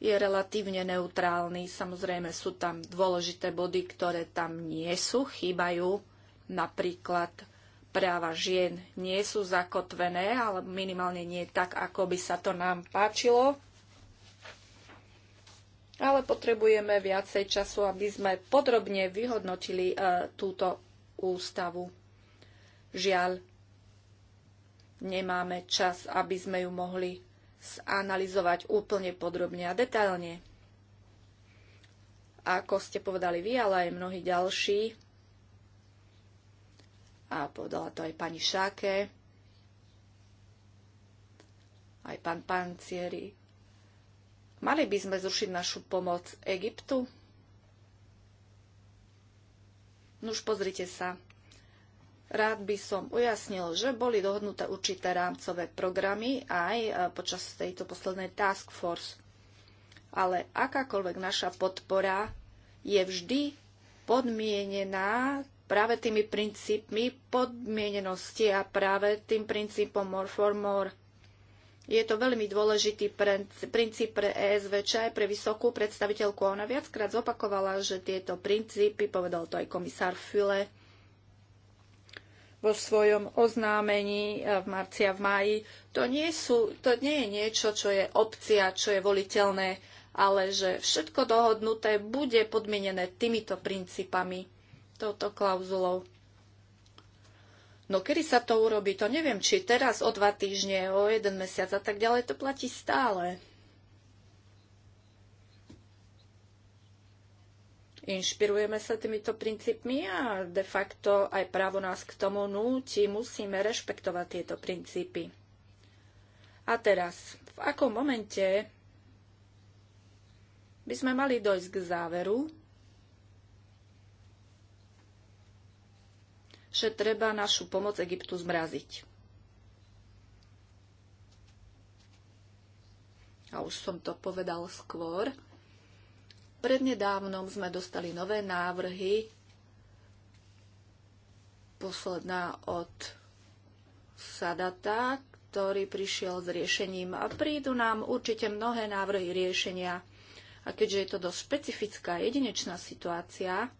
je relatívne neutrálny. Samozrejme sú tam dôležité body, ktoré tam nie sú, chýbajú. Napríklad práva žien nie sú zakotvené, ale minimálne nie tak, ako by sa to nám páčilo. Ale potrebujeme viacej času, aby sme podrobne vyhodnotili e, túto ústavu. Žiaľ, nemáme čas, aby sme ju mohli zanalizovať úplne podrobne a detailne. Ako ste povedali vy, ale aj mnohí ďalší, a povedala to aj pani Šáke, aj pán Pancieri. Mali by sme zrušiť našu pomoc Egyptu? Nuž pozrite sa. Rád by som ujasnil, že boli dohodnuté určité rámcové programy aj e, počas tejto poslednej task force. Ale akákoľvek naša podpora je vždy podmienená práve tými princípmi podmienenosti a práve tým princípom more for more. Je to veľmi dôležitý princíp pre ESV, aj pre vysokú predstaviteľku. Ona viackrát zopakovala, že tieto princípy, povedal to aj komisár Fülle vo svojom oznámení e, v marci a v máji. To nie, sú, to nie je niečo, čo je opcia, čo je voliteľné, ale že všetko dohodnuté bude podmienené týmito princípami, touto klauzulou. No kedy sa to urobí, to neviem, či teraz o dva týždne, o jeden mesiac a tak ďalej, to platí stále. Inšpirujeme sa týmito princípmi a de facto aj právo nás k tomu núti. Musíme rešpektovať tieto princípy. A teraz, v akom momente by sme mali dojsť k záveru, že treba našu pomoc Egyptu zmraziť. A už som to povedal skôr. Prednedávnom sme dostali nové návrhy, posledná od Sadata, ktorý prišiel s riešením a prídu nám určite mnohé návrhy riešenia. A keďže je to dosť špecifická, jedinečná situácia,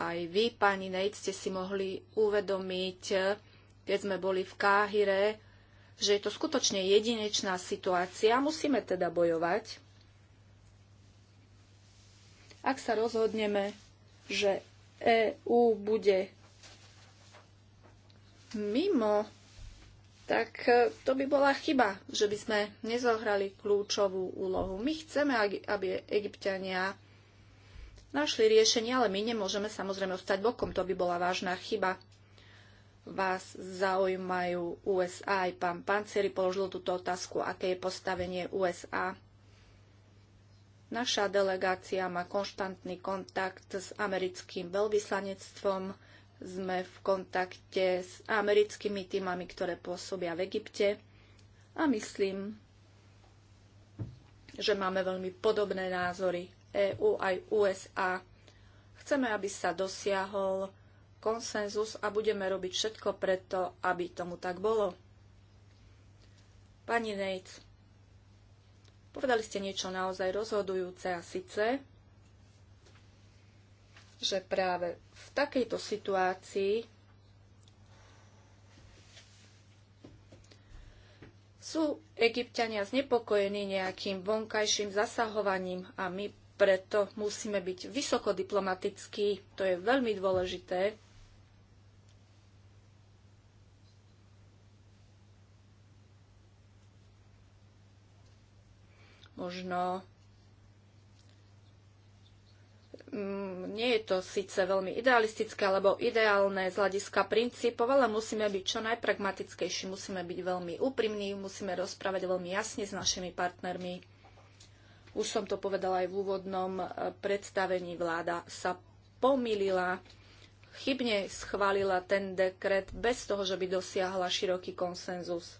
aj vy, pani Nejc, ste si mohli uvedomiť, keď sme boli v Káhire, že je to skutočne jedinečná situácia, musíme teda bojovať. Ak sa rozhodneme, že EÚ bude mimo, tak e, to by bola chyba, že by sme nezohrali kľúčovú úlohu. My chceme, aby egyptiania našli riešenie, ale my nemôžeme samozrejme ostať bokom. To by bola vážna chyba vás zaujímajú USA. Aj pán Panceri položil túto otázku, aké je postavenie USA. Naša delegácia má konštantný kontakt s americkým veľvyslanectvom. Sme v kontakte s americkými týmami, ktoré pôsobia v Egypte. A myslím, že máme veľmi podobné názory EÚ aj USA. Chceme, aby sa dosiahol konsenzus a budeme robiť všetko preto, aby tomu tak bolo. Pani Nates, povedali ste niečo naozaj rozhodujúce a síce, že práve v takejto situácii sú egyptiania znepokojení nejakým vonkajším zasahovaním a my preto musíme byť vysokodiplomatickí. To je veľmi dôležité. Možno mm, nie je to síce veľmi idealistické alebo ideálne z hľadiska princípov, ale musíme byť čo najpragmatickejší, musíme byť veľmi úprimní, musíme rozprávať veľmi jasne s našimi partnermi. Už som to povedala aj v úvodnom e, predstavení. Vláda sa pomýlila, chybne schválila ten dekret bez toho, že by dosiahla široký konsenzus.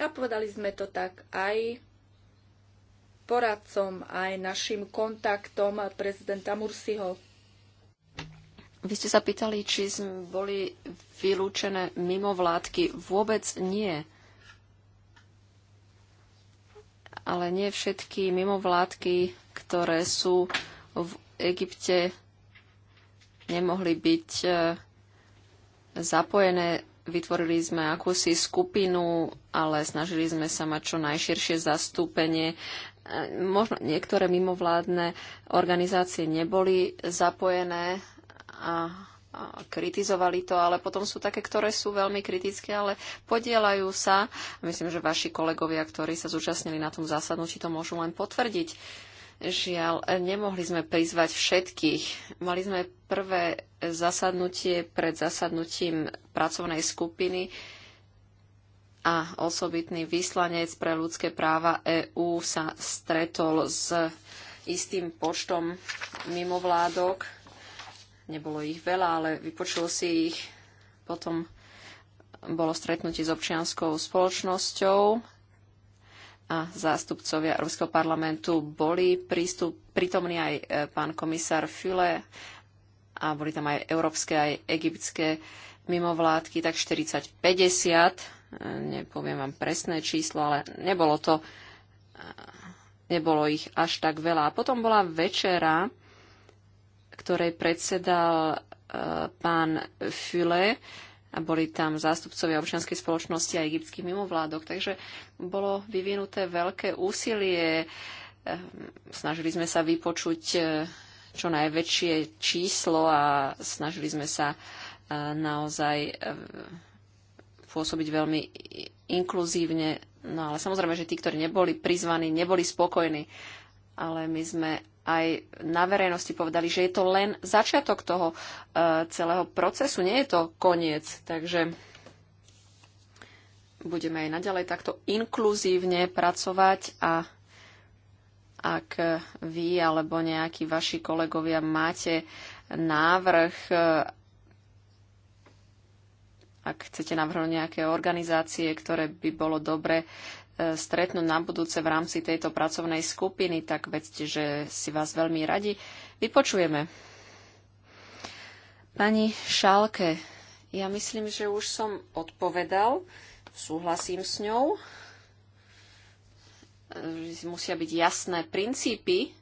A povedali sme to tak aj poradcom, aj našim kontaktom prezidenta Mursiho. Vy ste sa pýtali, či boli vylúčené mimovládky. Vôbec nie. Ale nie všetky mimovládky, ktoré sú v Egypte, nemohli byť eh, zapojené Vytvorili sme akúsi skupinu, ale snažili sme sa mať čo najširšie zastúpenie. E, možno niektoré mimovládne organizácie neboli zapojené a kritizovali to, ale potom sú také, ktoré sú veľmi kritické, ale podielajú sa. Myslím, že vaši kolegovia, ktorí sa zúčastnili na tom zásadnutí, to môžu len potvrdiť. Žiaľ, nemohli sme prizvať všetkých. Mali sme prvé zasadnutie pred zasadnutím pracovnej skupiny a osobitný vyslanec pre ľudské práva EÚ sa stretol s istým počtom mimovládok. Nebolo ich veľa, ale vypočul si ich. Potom bolo stretnutie s občianskou spoločnosťou a zástupcovia Európskeho parlamentu boli prístup, prítomní aj e, pán komisár Füle a boli tam aj európske, aj egyptské mimovládky, tak 40-50, e, nepoviem vám presné číslo, ale nebolo to, e, nebolo ich až tak veľa. A potom bola večera, ktorej predsedal pán Füle, a boli tam zástupcovia občianskej spoločnosti a egyptských mimovládok. Takže bolo vyvinuté veľké úsilie. Ehm, snažili sme sa vypočuť e, čo najväčšie číslo a snažili sme sa e, naozaj e, pôsobiť veľmi inkluzívne. No ale samozrejme, že tí, ktorí neboli prizvaní, neboli spokojní. Ale my sme aj na verejnosti povedali, že je to len začiatok toho e, celého procesu, nie je to koniec. Takže budeme aj naďalej takto inkluzívne pracovať a ak vy alebo nejakí vaši kolegovia máte návrh, e, ak chcete navrhnúť nejaké organizácie, ktoré by bolo dobre stretnúť na budúce v rámci tejto pracovnej skupiny, tak vedzte, že si vás veľmi radi vypočujeme. Pani Šálke, ja myslím, že už som odpovedal. Súhlasím s ňou. Musia byť jasné princípy.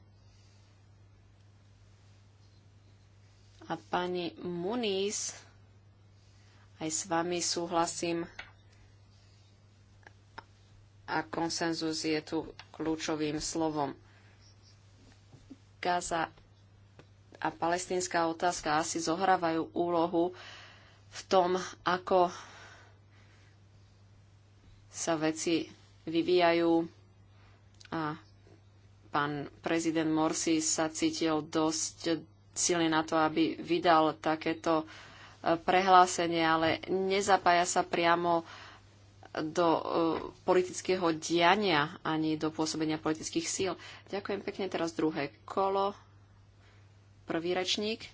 A pani Muniz, aj s vami súhlasím a konsenzus je tu kľúčovým slovom. Gaza a palestinská otázka asi zohrávajú úlohu v tom, ako sa veci vyvíjajú a pán prezident Morsi sa cítil dosť silný na to, aby vydal takéto e, prehlásenie, ale nezapája sa priamo do uh, politického diania ani do pôsobenia politických síl. Ďakujem pekne. Teraz druhé kolo. Prvý rečník.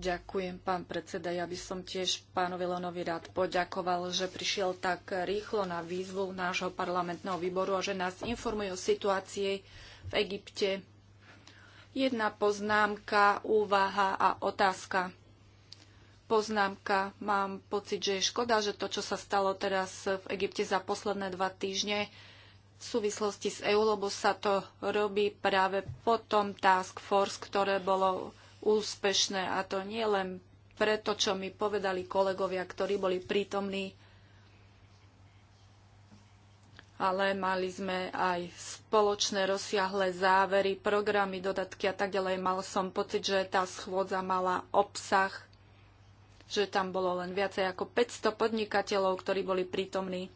Ďakujem, pán predseda. Ja by som tiež pánovi Lenovi rád poďakoval, že prišiel tak rýchlo na výzvu nášho parlamentného výboru a že nás informuje o situácii v Egypte. Jedna poznámka, úvaha a otázka poznámka. Mám pocit, že je škoda, že to, čo sa stalo teraz v Egypte za posledné dva týždne v súvislosti s EU, lebo sa to robí práve potom task force, ktoré bolo úspešné a to nie len preto, čo mi povedali kolegovia, ktorí boli prítomní, ale mali sme aj spoločné rozsiahle závery, programy, dodatky a tak ďalej. Mal som pocit, že tá schôdza mala obsah, že tam bolo len viacej ako 500 podnikateľov, ktorí boli prítomní.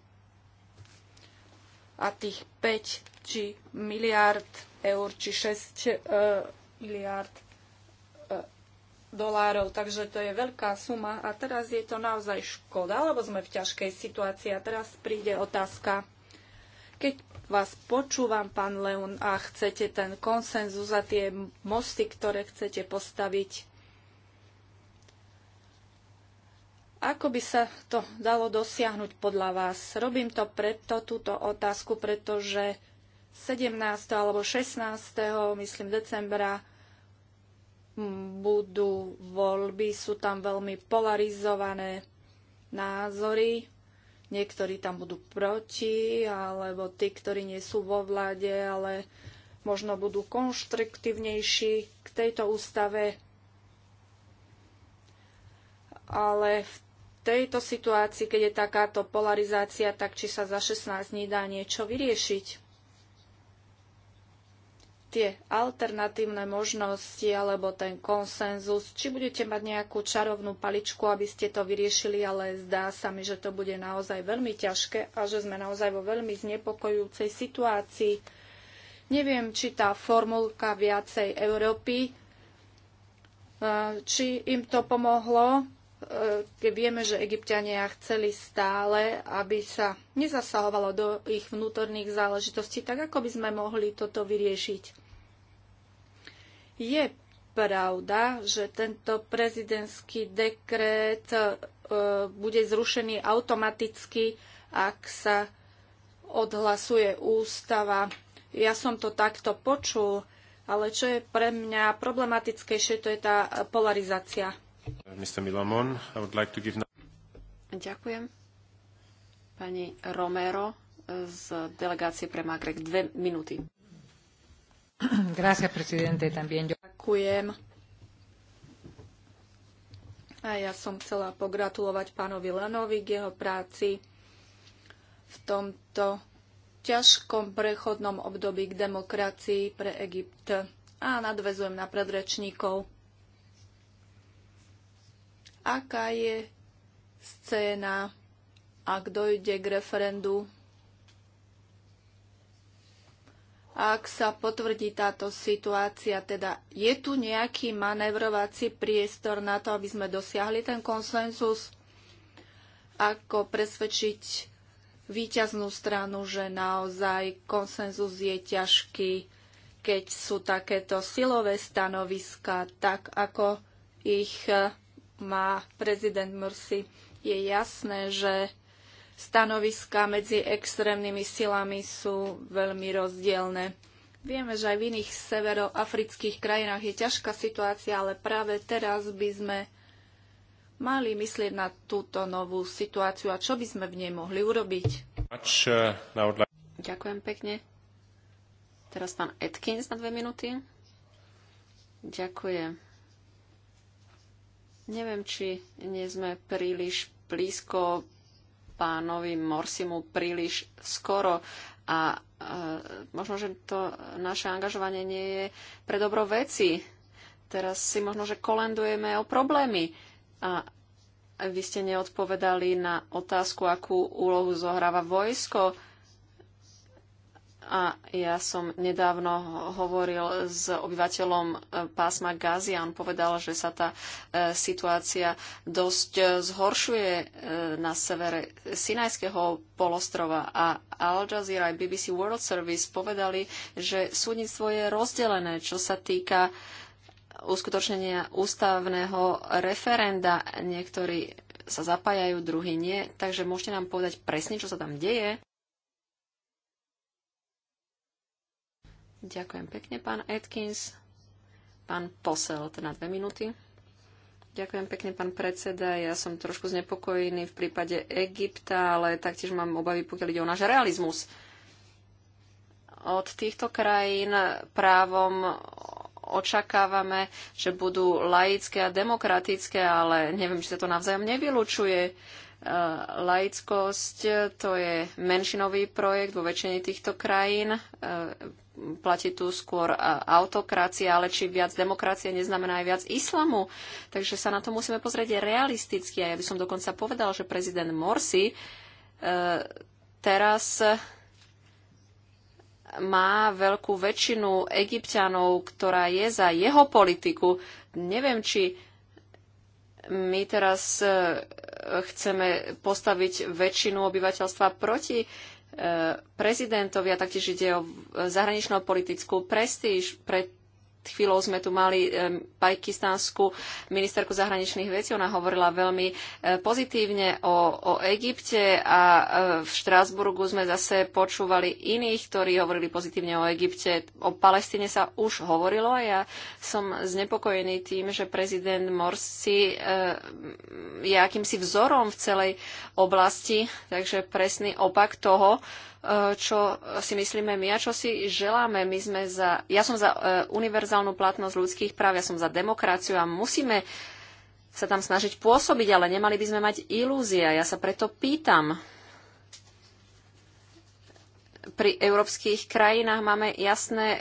A tých 5 či miliard eur, či 6 uh, e, miliard uh, e, dolárov, takže to je veľká suma a teraz je to naozaj škoda, lebo sme v ťažkej situácii a teraz príde otázka. Keď vás počúvam, pán Leon, a chcete ten konsenzus a tie mosty, ktoré chcete postaviť, Ako by sa to dalo dosiahnuť podľa vás? Robím to preto, túto otázku, pretože 17. alebo 16. myslím decembra budú voľby, sú tam veľmi polarizované názory. Niektorí tam budú proti, alebo tí, ktorí nie sú vo vláde, ale možno budú konštruktívnejší k tejto ústave ale v tejto situácii, keď je takáto polarizácia, tak či sa za 16 dní dá niečo vyriešiť? Tie alternatívne možnosti alebo ten konsenzus, či budete mať nejakú čarovnú paličku, aby ste to vyriešili, ale zdá sa mi, že to bude naozaj veľmi ťažké a že sme naozaj vo veľmi znepokojujúcej situácii. Neviem, či tá formulka viacej Európy, eh, či im to pomohlo, keď vieme, že egyptiania chceli stále, aby sa nezasahovalo do ich vnútorných záležitostí, tak ako by sme mohli toto vyriešiť? Je pravda, že tento prezidentský dekret e, bude zrušený automaticky, ak sa odhlasuje ústava. Ja som to takto počul, ale čo je pre mňa problematickejšie, to je tá polarizácia Milamon, like give... Ďakujem. Pani Romero z delegácie pre Magrek. Dve minúty. Gracias, presidente, también Ďakujem. A ja som chcela pogratulovať pánovi Lenovi k jeho práci v tomto ťažkom prechodnom období k demokracii pre Egypt. A nadvezujem na predrečníkov aká je scéna, ak dojde k referendu, ak sa potvrdí táto situácia, teda je tu nejaký manevrovací priestor na to, aby sme dosiahli ten konsenzus, ako presvedčiť výťaznú stranu, že naozaj konsenzus je ťažký, keď sú takéto silové stanoviska, tak ako ich eh, má prezident Morsi. Je jasné, že stanoviska medzi extrémnymi silami sú veľmi rozdielne. Vieme, že aj v iných severoafrických krajinách je ťažká situácia, ale práve teraz by sme mali myslieť na túto novú situáciu a čo by sme v nej mohli urobiť. Uh, Ďakujem pekne. Teraz pán Atkins na dve minúty. Ďakujem. Neviem, či nie sme príliš blízko pánovi Morsimu príliš skoro a e, možno, že to naše angažovanie nie je pre dobro veci. Teraz si možno, že kolendujeme o problémy a vy ste neodpovedali na otázku, akú úlohu zohráva vojsko. A ja som nedávno hovoril s obyvateľom e, pásma Gazi a on povedal, že sa tá e, situácia dosť e, zhoršuje na severe Sinajského polostrova a Al Jazeera aj BBC World Service povedali, že súdnictvo je rozdelené, čo sa týka uskutočnenia ústavného referenda. Niektorí sa zapájajú, druhí nie. Takže môžete nám povedať presne, čo sa tam deje? Ďakujem pekne, pán Atkins. Pán posel, teda dve minúty. Ďakujem pekne, pán predseda. Ja som trošku znepokojený v prípade Egypta, ale taktiež mám obavy, pokiaľ ide o náš realizmus. Od týchto krajín právom očakávame, že budú laické a demokratické, ale neviem, či sa to navzájom nevylučuje. E, laickosť to je menšinový projekt vo väčšine týchto krajín. E, platí tu skôr e, autokracia, ale či viac demokracie neznamená aj viac islamu. Takže sa na to musíme pozrieť realisticky. A ja by som dokonca povedal, že prezident Morsi e, teraz má veľkú väčšinu egyptianov, ktorá je za jeho politiku. Neviem, či my teraz e, chceme postaviť väčšinu obyvateľstva proti prezidentovi a taktiež ide o zahranično-politickú prestíž. pre chvíľou sme tu mali pakistánsku ministerku zahraničných vecí. Ona hovorila veľmi e, pozitívne o, o Egypte a e, v Štrásburgu sme zase počúvali iných, ktorí hovorili pozitívne o Egypte. O Palestíne sa už hovorilo a ja som znepokojený tým, že prezident Morsi e, je akýmsi vzorom v celej oblasti, takže presný opak toho, čo si myslíme my a čo si želáme. My sme za, ja som za e, univerzálnu platnosť ľudských práv, ja som za demokraciu a musíme sa tam snažiť pôsobiť, ale nemali by sme mať ilúzia. Ja sa preto pýtam, pri európskych krajinách máme jasné e,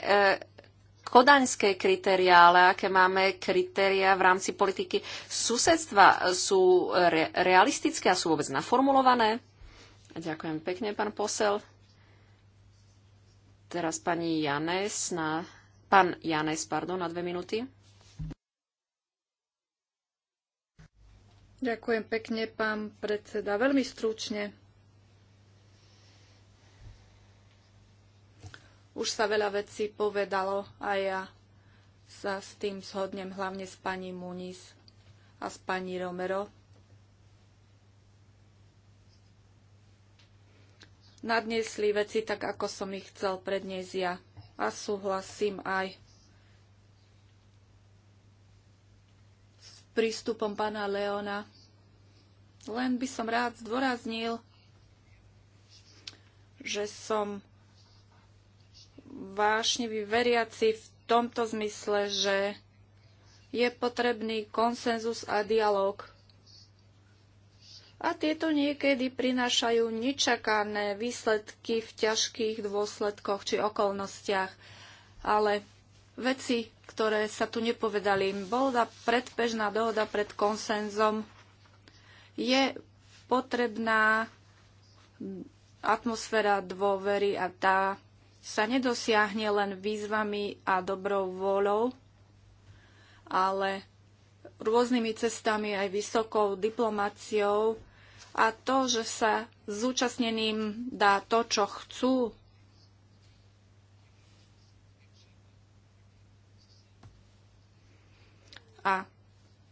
kodaňské kritériá, ale aké máme kritériá v rámci politiky susedstva sú re realistické a sú vôbec naformulované? Ďakujem pekne, pán posel. Teraz pani Janes na... Pán Janes, pardon, na dve minúty. Ďakujem pekne, pán predseda. Veľmi stručne. Už sa veľa vecí povedalo a ja sa s tým shodnem hlavne s pani Muniz a s pani Romero nadniesli veci tak, ako som ich chcel predniesť ja. A súhlasím aj s prístupom pána Leona. Len by som rád zdôraznil, že som vášne veriaci v tomto zmysle, že je potrebný konsenzus a dialog a tieto niekedy prinášajú nečakané výsledky v ťažkých dôsledkoch či okolnostiach. Ale veci, ktoré sa tu nepovedali, bola predpežná dohoda pred konsenzom, je potrebná atmosféra dôvery a tá sa nedosiahne len výzvami a dobrou vôľou, ale rôznymi cestami aj vysokou diplomáciou a to, že sa zúčastneným dá to, čo chcú, a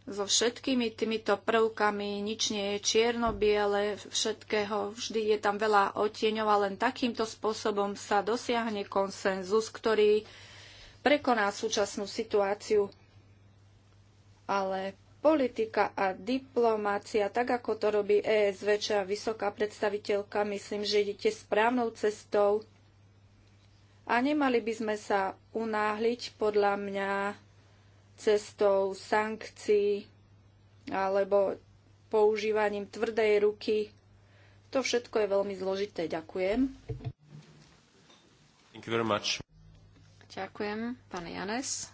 so všetkými týmito prvkami nič nie je čierno-biele, všetkého vždy je tam veľa oteňov, a len takýmto spôsobom sa dosiahne konsenzus, ktorý prekoná súčasnú situáciu. Ale politika a diplomácia, tak ako to robí ESV, a vysoká predstaviteľka, myslím, že idete správnou cestou a nemali by sme sa unáhliť podľa mňa cestou sankcií alebo používaním tvrdej ruky. To všetko je veľmi zložité. Ďakujem. Thank you very much. Ďakujem, pán Janes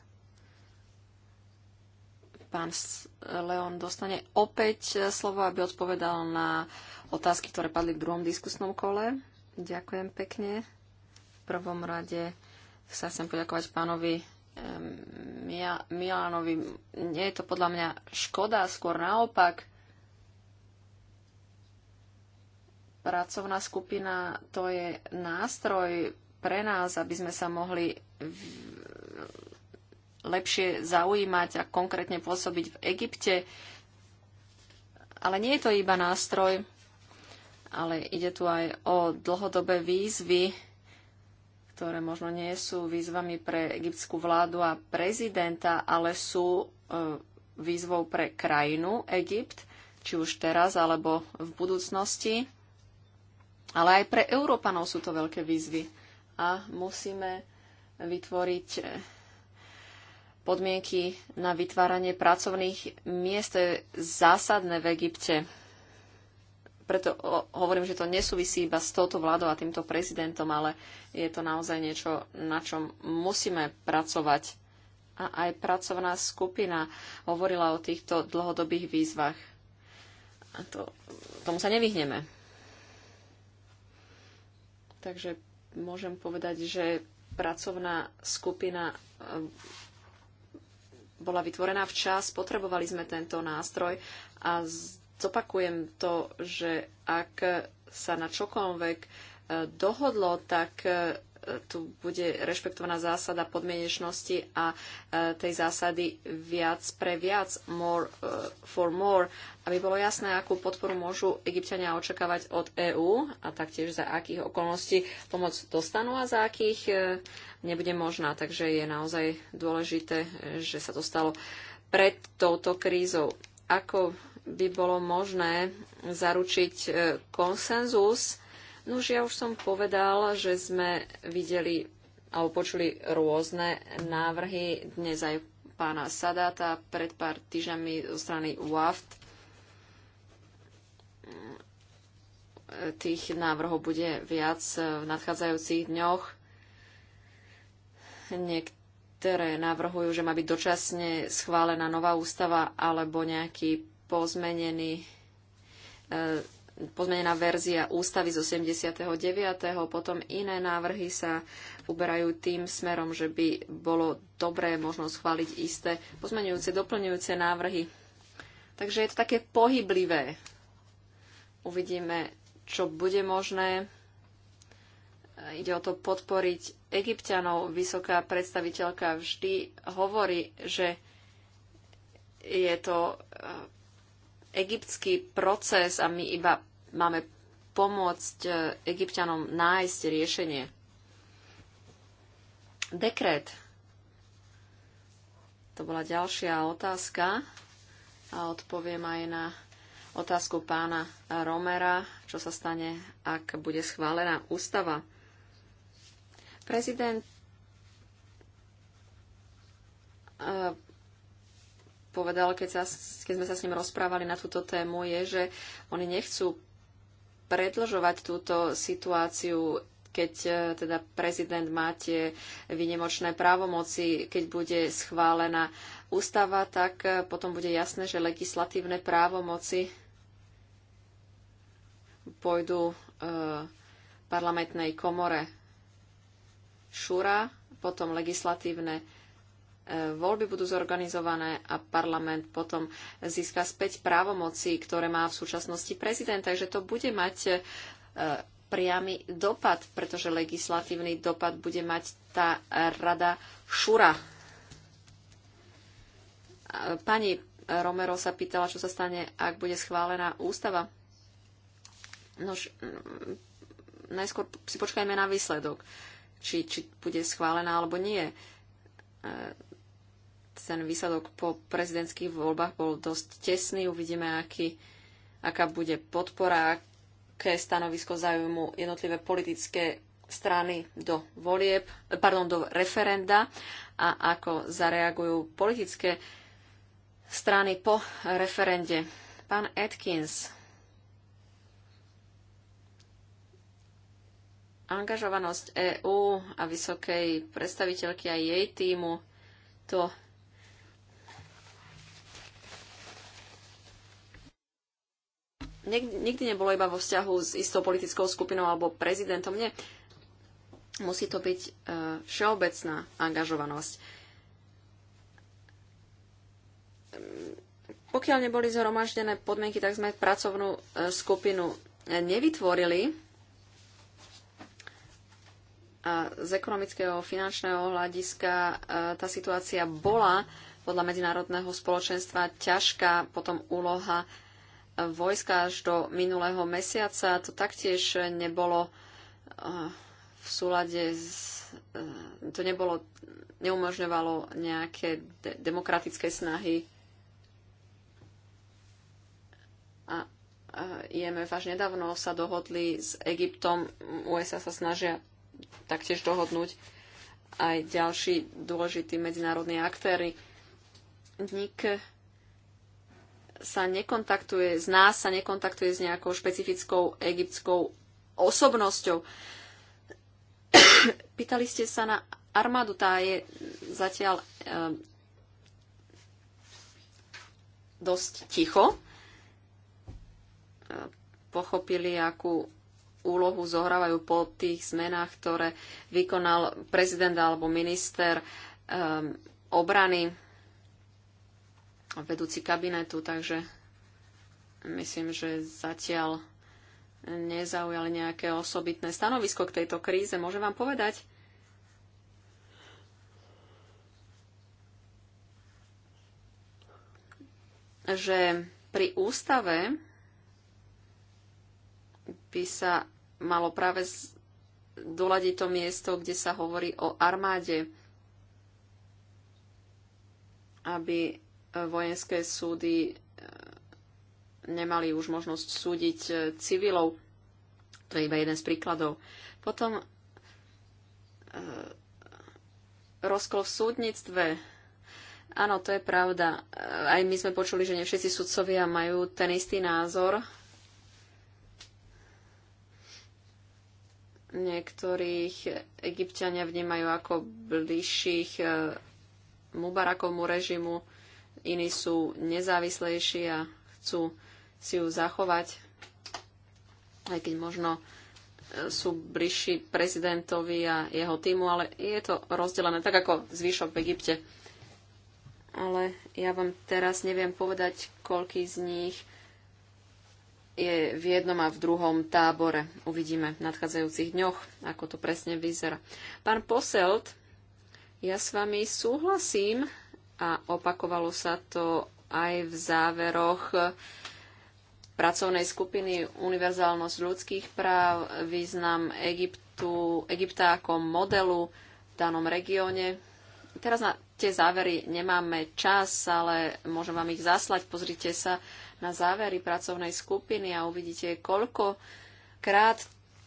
pán Leon dostane opäť slovo, aby odpovedal na otázky, ktoré padli v druhom diskusnom kole. Ďakujem pekne. V prvom rade sa chcem poďakovať pánovi Milánovi. Nie je to podľa mňa škoda, skôr naopak. Pracovná skupina to je nástroj pre nás, aby sme sa mohli lepšie zaujímať a konkrétne pôsobiť v Egypte. Ale nie je to iba nástroj, ale ide tu aj o dlhodobé výzvy, ktoré možno nie sú výzvami pre egyptskú vládu a prezidenta, ale sú e, výzvou pre krajinu Egypt, či už teraz alebo v budúcnosti. Ale aj pre Európanov sú to veľké výzvy. A musíme vytvoriť podmienky na vytváranie pracovných miest je zásadné v Egypte. Preto hovorím, že to nesúvisí iba s touto vládou a týmto prezidentom, ale je to naozaj niečo, na čom musíme pracovať. A aj pracovná skupina hovorila o týchto dlhodobých výzvach. A to, tomu sa nevyhneme. Takže môžem povedať, že pracovná skupina bola vytvorená včas, potrebovali sme tento nástroj a zopakujem to, že ak sa na čokoľvek eh, dohodlo, tak eh, tu bude rešpektovaná zásada podmienečnosti a e, tej zásady viac pre viac, more e, for more, aby bolo jasné, akú podporu môžu egyptiania očakávať od EÚ a taktiež za akých okolností pomoc dostanú a za akých e, nebude možná. Takže je naozaj dôležité, že sa to stalo pred touto krízou. Ako by bolo možné zaručiť konsenzus, No už ja už som povedal, že sme videli alebo počuli rôzne návrhy dnes aj pána Sadáta pred pár týždňami zo strany WAFT. Tých návrhov bude viac v nadchádzajúcich dňoch. Niektoré navrhujú, že má byť dočasne schválená nová ústava alebo nejaký pozmenený e, pozmenená verzia ústavy z 89. Potom iné návrhy sa uberajú tým smerom, že by bolo dobré možno schváliť isté pozmenujúce, doplňujúce návrhy. Takže je to také pohyblivé. Uvidíme, čo bude možné. Ide o to podporiť egyptianov. Vysoká predstaviteľka vždy hovorí, že je to eh, egyptský proces a my iba máme pomôcť e, egyptianom nájsť riešenie. Dekret. To bola ďalšia otázka. A odpoviem aj na otázku pána Romera, čo sa stane, ak bude schválená ústava. Prezident e, povedal, keď, sa, keď sme sa s ním rozprávali na túto tému, je, že oni nechcú predlžovať túto situáciu, keď e, teda prezident má tie vynimočné právomoci, keď bude schválená ústava, tak e, potom bude jasné, že legislatívne právomoci pôjdu e, parlamentnej komore Šura, potom legislatívne E, voľby budú zorganizované a parlament potom získa späť právomoci, ktoré má v súčasnosti prezident. Takže to bude mať e, priamy dopad, pretože legislatívny dopad bude mať tá rada Šura. E, pani Romero sa pýtala, čo sa stane, ak bude schválená ústava. Nož, mm, najskôr si počkajme na výsledok, či, či bude schválená alebo nie ten výsledok po prezidentských voľbách bol dosť tesný. Uvidíme, aký, aká bude podpora, aké stanovisko zaujímu jednotlivé politické strany do volieb, pardon, do referenda a ako zareagujú politické strany po referende. Pán Atkins, angažovanosť EÚ a vysokej predstaviteľky a jej týmu to nikdy nebolo iba vo vzťahu s istou politickou skupinou alebo prezidentom. Nie. Musí to byť e, všeobecná angažovanosť. Pokiaľ neboli zhromaždené podmienky, tak sme pracovnú e, skupinu e, nevytvorili. A z ekonomického, finančného hľadiska tá situácia bola podľa medzinárodného spoločenstva ťažká potom úloha vojska až do minulého mesiaca. To taktiež nebolo eh, v súlade s, eh, to nebolo, neumožňovalo nejaké de- demokratické snahy a eh, IMF až nedávno sa dohodli s Egyptom. USA sa snažia taktiež dohodnúť aj ďalší dôležitý medzinárodní aktéry. Nik sa nekontaktuje, z nás sa nekontaktuje s nejakou špecifickou egyptskou osobnosťou. *coughs* Pýtali ste sa na armádu, tá je zatiaľ um, dosť ticho. Ehm, pochopili, akú úlohu zohrávajú po tých zmenách, ktoré vykonal prezident alebo minister um, obrany vedúci kabinetu, takže myslím, že zatiaľ nezaujali nejaké osobitné stanovisko k tejto kríze. Môžem vám povedať? že pri ústave by sa malo práve doľadiť to miesto, kde sa hovorí o armáde, aby E, vojenské súdy e, nemali už možnosť súdiť e, civilov. To je iba jeden z príkladov. Potom rozkol v súdnictve. Áno, to je pravda. Aj my sme počuli, že nevšetci všetci sudcovia majú ten istý názor. Niektorých egyptiania vnímajú ako bližších Mubarakovmu režimu iní sú nezávislejší a chcú si ju zachovať, aj keď možno e, sú bližší prezidentovi a jeho týmu, ale je to rozdelené tak ako zvyšok v Egypte. Ale ja vám teraz neviem povedať, koľký z nich je v jednom a v druhom tábore. Uvidíme v nadchádzajúcich dňoch, ako to presne vyzerá. Pán Poselt, ja s vami súhlasím a opakovalo sa to aj v záveroch pracovnej skupiny Univerzálnosť ľudských práv, význam Egyptu, Egypta ako modelu v danom regióne. Teraz na tie závery nemáme čas, ale môžem vám ich zaslať. Pozrite sa na závery pracovnej skupiny a uvidíte, koľko krát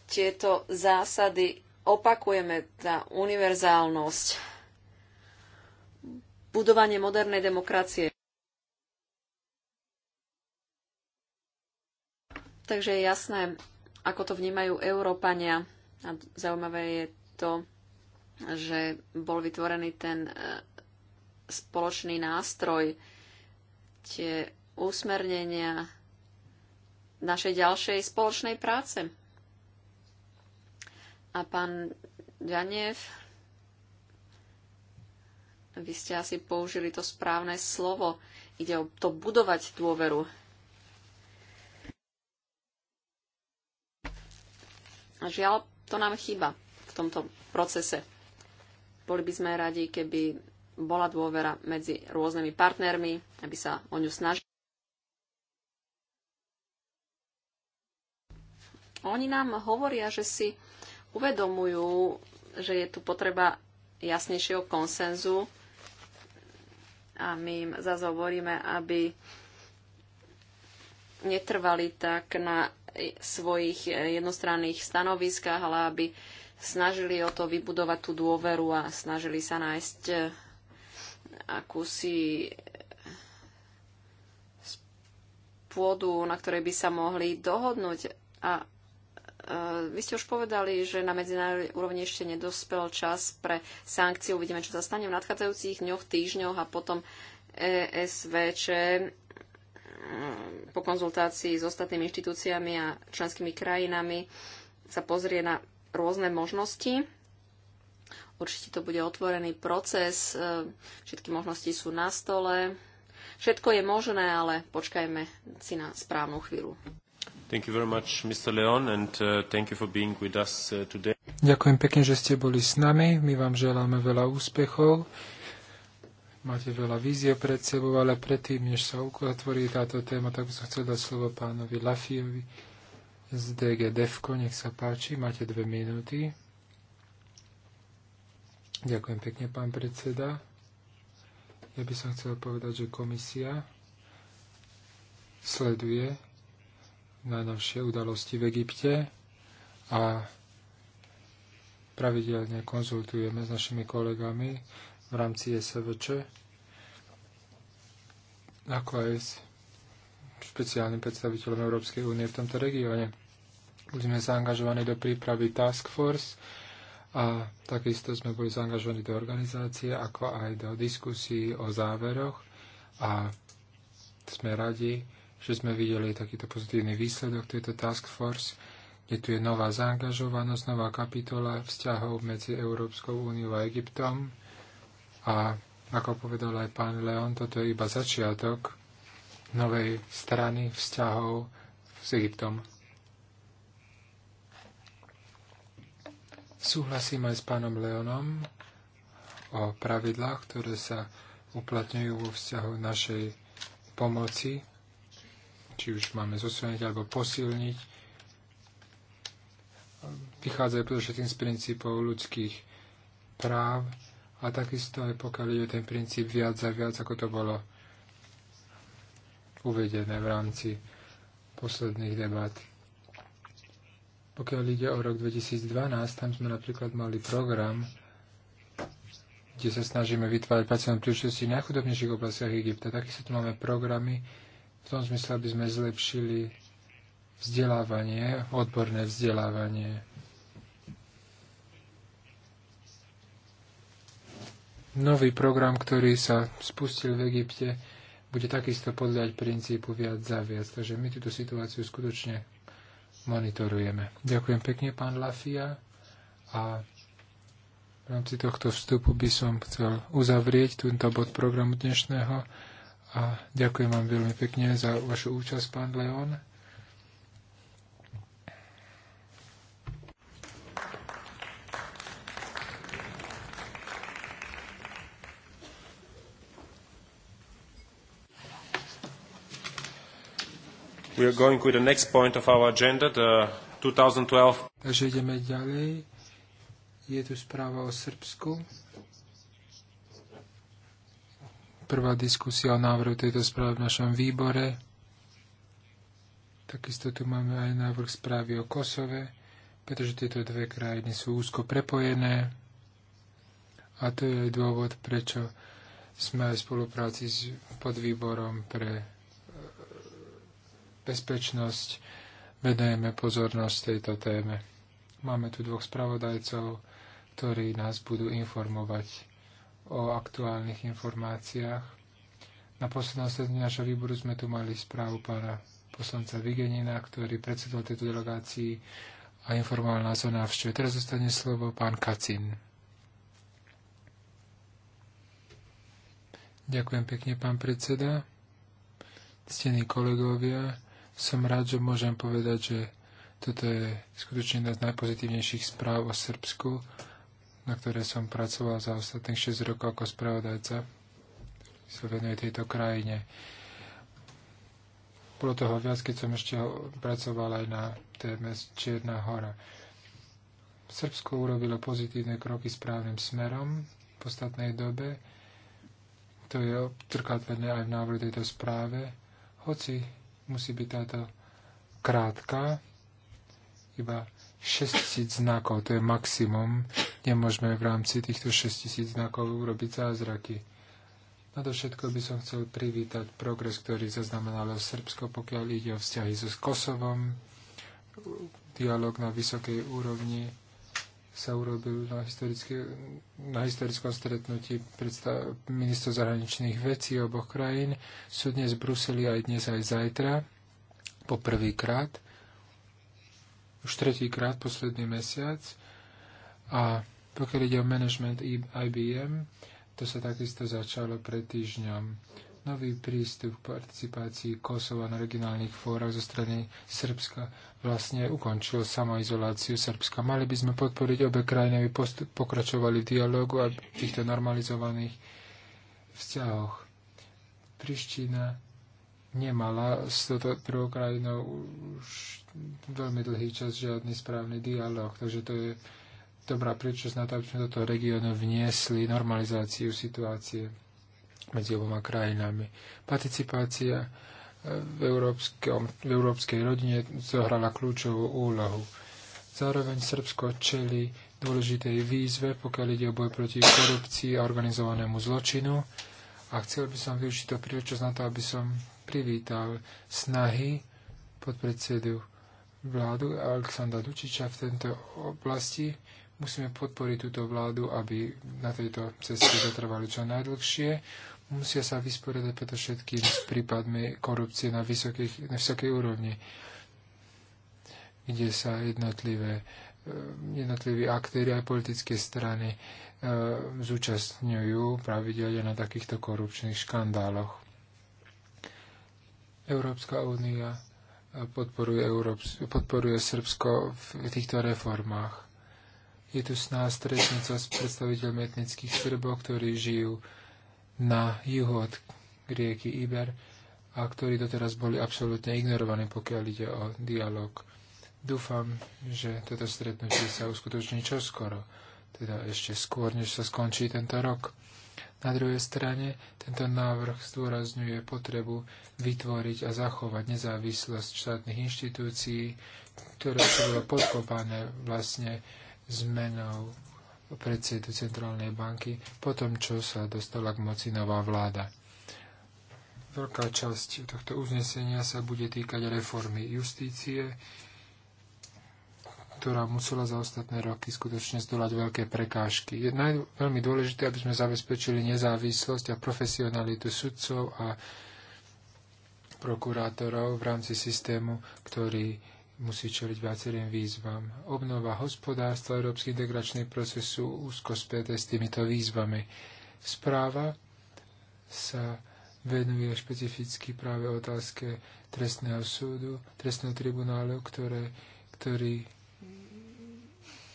tieto zásady opakujeme, tá univerzálnosť budovanie modernej demokracie. Takže je jasné, ako to vnímajú Európania. A zaujímavé je to, že bol vytvorený ten e, spoločný nástroj, tie usmernenia našej ďalšej spoločnej práce. A pán Ďaniev vy ste asi použili to správne slovo. Ide o to budovať dôveru. A žiaľ, to nám chýba v tomto procese. Boli by sme radi, keby bola dôvera medzi rôznymi partnermi, aby sa o ňu snažili. Oni nám hovoria, že si uvedomujú, že je tu potreba jasnejšieho konsenzu a my im zase hovoríme, aby netrvali tak na svojich jednostranných stanoviskách, ale aby snažili o to vybudovať tú dôveru a snažili sa nájsť eh, akúsi eh, pôdu, na ktorej by sa mohli dohodnúť. A Eh, vy ste už povedali, že na medzinárodnej úrovni ešte nedospel čas pre sankcie. Uvidíme, čo sa stane v nadchádzajúcich dňoch, týždňoch a potom ESVČ eh, po konzultácii s ostatnými inštitúciami a členskými krajinami sa pozrie na rôzne možnosti. Určite to bude otvorený proces, eh, všetky možnosti sú na stole. Všetko je možné, ale počkajme si na správnu chvíľu. Thank you very much, Mr. Leon, and uh, thank you for being with us uh, today. Ďakujem pekne, že ste boli s nami. My vám želáme veľa úspechov. Máte veľa vízie pred sebou, ale predtým, než sa otvorí táto téma, tak by som chcel dať slovo pánovi Lafiovi z DG Defko. Nech sa páči, máte dve minúty. Ďakujem pekne, pán predseda. Ja by som chcel povedať, že komisia sleduje najnovšie udalosti v Egypte a pravidelne konzultujeme s našimi kolegami v rámci SVČ, ako aj s špeciálnym predstaviteľom Európskej únie v tomto regióne. Už sme zaangažovaní do prípravy Task Force a takisto sme boli zaangažovaní do organizácie, ako aj do diskusí o záveroch a sme radi, že sme videli takýto pozitívny výsledok tejto task force, kde tu je nová zaangažovanosť, nová kapitola vzťahov medzi Európskou úniou a Egyptom. A ako povedal aj pán Leon, toto je iba začiatok novej strany vzťahov s Egyptom. Súhlasím aj s pánom Leonom o pravidlách, ktoré sa uplatňujú vo vzťahu našej pomoci či už máme zosilniť alebo posilniť, vychádzajú predovšetkým z princípov ľudských práv a takisto aj pokiaľ je ten princíp viac a viac, ako to bolo uvedené v rámci posledných debat. Pokiaľ ide o rok 2012, tam sme napríklad mali program, kde sa snažíme vytvárať pracovné príležitosti v najchudobnejších oblastiach Egypta. Takisto tu máme programy, v tom zmysle, aby sme zlepšili vzdelávanie, odborné vzdelávanie. Nový program, ktorý sa spustil v Egypte, bude takisto podľať princípu viac za viac. Takže my túto situáciu skutočne monitorujeme. Ďakujem pekne, pán Lafia. A v rámci tohto vstupu by som chcel uzavrieť tento bod programu dnešného. A ďakujem vám veľmi pekne za vašu účasť, pán Leon. We are going with the next point of our agenda, the 2012. Takže ideme ďalej. Je tu správa o Srbsku prvá diskusia o návrhu tejto správy v našom výbore. Takisto tu máme aj návrh správy o Kosove, pretože tieto dve krajiny sú úzko prepojené. A to je aj dôvod, prečo sme aj v spolupráci s podvýborom pre e, bezpečnosť venujeme pozornosť tejto téme. Máme tu dvoch spravodajcov, ktorí nás budú informovať o aktuálnych informáciách. Na poslednom stretnutí našho výboru sme tu mali správu pána poslanca Vigenina, ktorý predsedol tejto delegácii a informoval nás o návšteve. Teraz zostane slovo pán Kacin. Ďakujem pekne, pán predseda. Ctení kolegovia, som rád, že môžem povedať, že toto je skutočne jedna z najpozitívnejších správ o Srbsku na ktoré som pracoval za ostatných 6 rokov ako spravodajca, sa venuje tejto krajine. Bolo toho viac, keď som ešte pracoval aj na téme Čierna hora. Srbsko urobilo pozitívne kroky správnym smerom v ostatnej dobe. To je obtrkátvené aj v návrhu tejto správe. Hoci musí byť táto krátka, iba 6000 znakov, to je maximum, Nemôžeme môžeme v rámci týchto 6000 znakov urobiť zázraky. všetko by som chcel privítať progres, ktorý zaznamenalo Srbsko, pokiaľ ide o vzťahy so Kosovom. Dialóg na vysokej úrovni sa urobil na, na historickom stretnutí ministro zahraničných vecí oboch krajín. Sú dnes v Bruseli aj dnes aj zajtra, poprvýkrát už tretíkrát posledný mesiac a pokiaľ ide o management IBM, to sa takisto začalo pred týždňom. Nový prístup k participácii Kosova na regionálnych fórach zo strany Srbska vlastne ukončil samoizoláciu Srbska. Mali by sme podporiť obe krajiny, aby pokračovali v dialogu a v týchto normalizovaných vzťahoch. Priština nemala s touto prvou krajinou už veľmi dlhý čas žiadny správny dialog. Takže to je dobrá príčasť na to, aby sme do toho regiónu vniesli normalizáciu situácie medzi oboma krajinami. Participácia eh, v, európskom, v európskej rodine zohrala kľúčovú úlohu. Zároveň Srbsko čeli dôležitej výzve, pokiaľ ide o boj proti korupcii a organizovanému zločinu. A chcel by som využiť to príležitosť na to, aby som privítal snahy podpredsedu vládu Aleksandra Dučiča v tejto oblasti. Musíme podporiť túto vládu, aby na tejto ceste zatrvali čo najdlhšie. Musia sa vysporiadať preto všetkým s prípadmi korupcie na, vysokých, na vysokej úrovni, kde sa jednotlivé eh, jednotliví aktéry aj politické strany e, zúčastňujú pravidelne na takýchto korupčných škandáloch. Európska únia podporuje, Európs- podporuje Srbsko v týchto reformách. Je tu s nás sa s predstaviteľmi etnických Srbov, ktorí žijú na juhu od rieky Iber a ktorí doteraz boli absolútne ignorovaní, pokiaľ ide o dialog. Dúfam, že toto stretnutie sa uskutoční čoskoro, teda ešte skôr, než sa skončí tento rok. Na druhej strane, tento návrh zdôrazňuje potrebu vytvoriť a zachovať nezávislosť štátnych inštitúcií, ktoré sú bolo podkopané vlastne zmenou predsedu Centrálnej banky po tom, čo sa dostala k moci nová vláda. Veľká časť tohto uznesenia sa bude týkať reformy justície, ktorá musela za ostatné roky skutočne zdolať veľké prekážky. Je naj, veľmi dôležité, aby sme zabezpečili nezávislosť a profesionalitu sudcov a prokurátorov v rámci systému, ktorý musí čeliť viacerým výzvam. Obnova hospodárstva, európsky integračný proces sú úzko späté s týmito výzvami. Správa sa venuje špecificky práve otázke trestného súdu, trestného tribunálu, ktoré, ktorý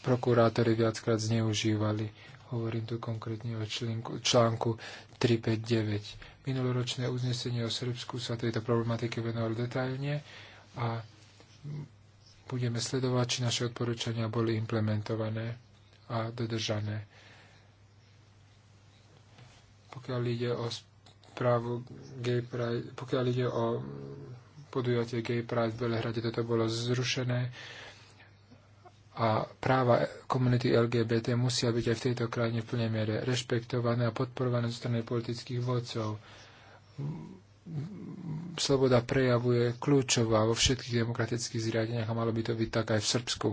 prokurátori viackrát zneužívali. Hovorím tu konkrétne o článku, článku 359. Minuloročné uznesenie o Srbsku sa tejto problematike venovalo detailne a budeme sledovať, či naše odporúčania boli implementované a dodržané. Pokiaľ ide o správu gay pride, pokiaľ ide o podujatie Gay Pride v Belehrade, toto bolo zrušené a práva komunity LGBT musia byť aj v tejto krajine v plnej miere rešpektované a podporované zo strany politických vodcov. Sloboda prejavu je kľúčová vo všetkých demokratických zriadeniach a malo by to byť tak aj v Srbsku.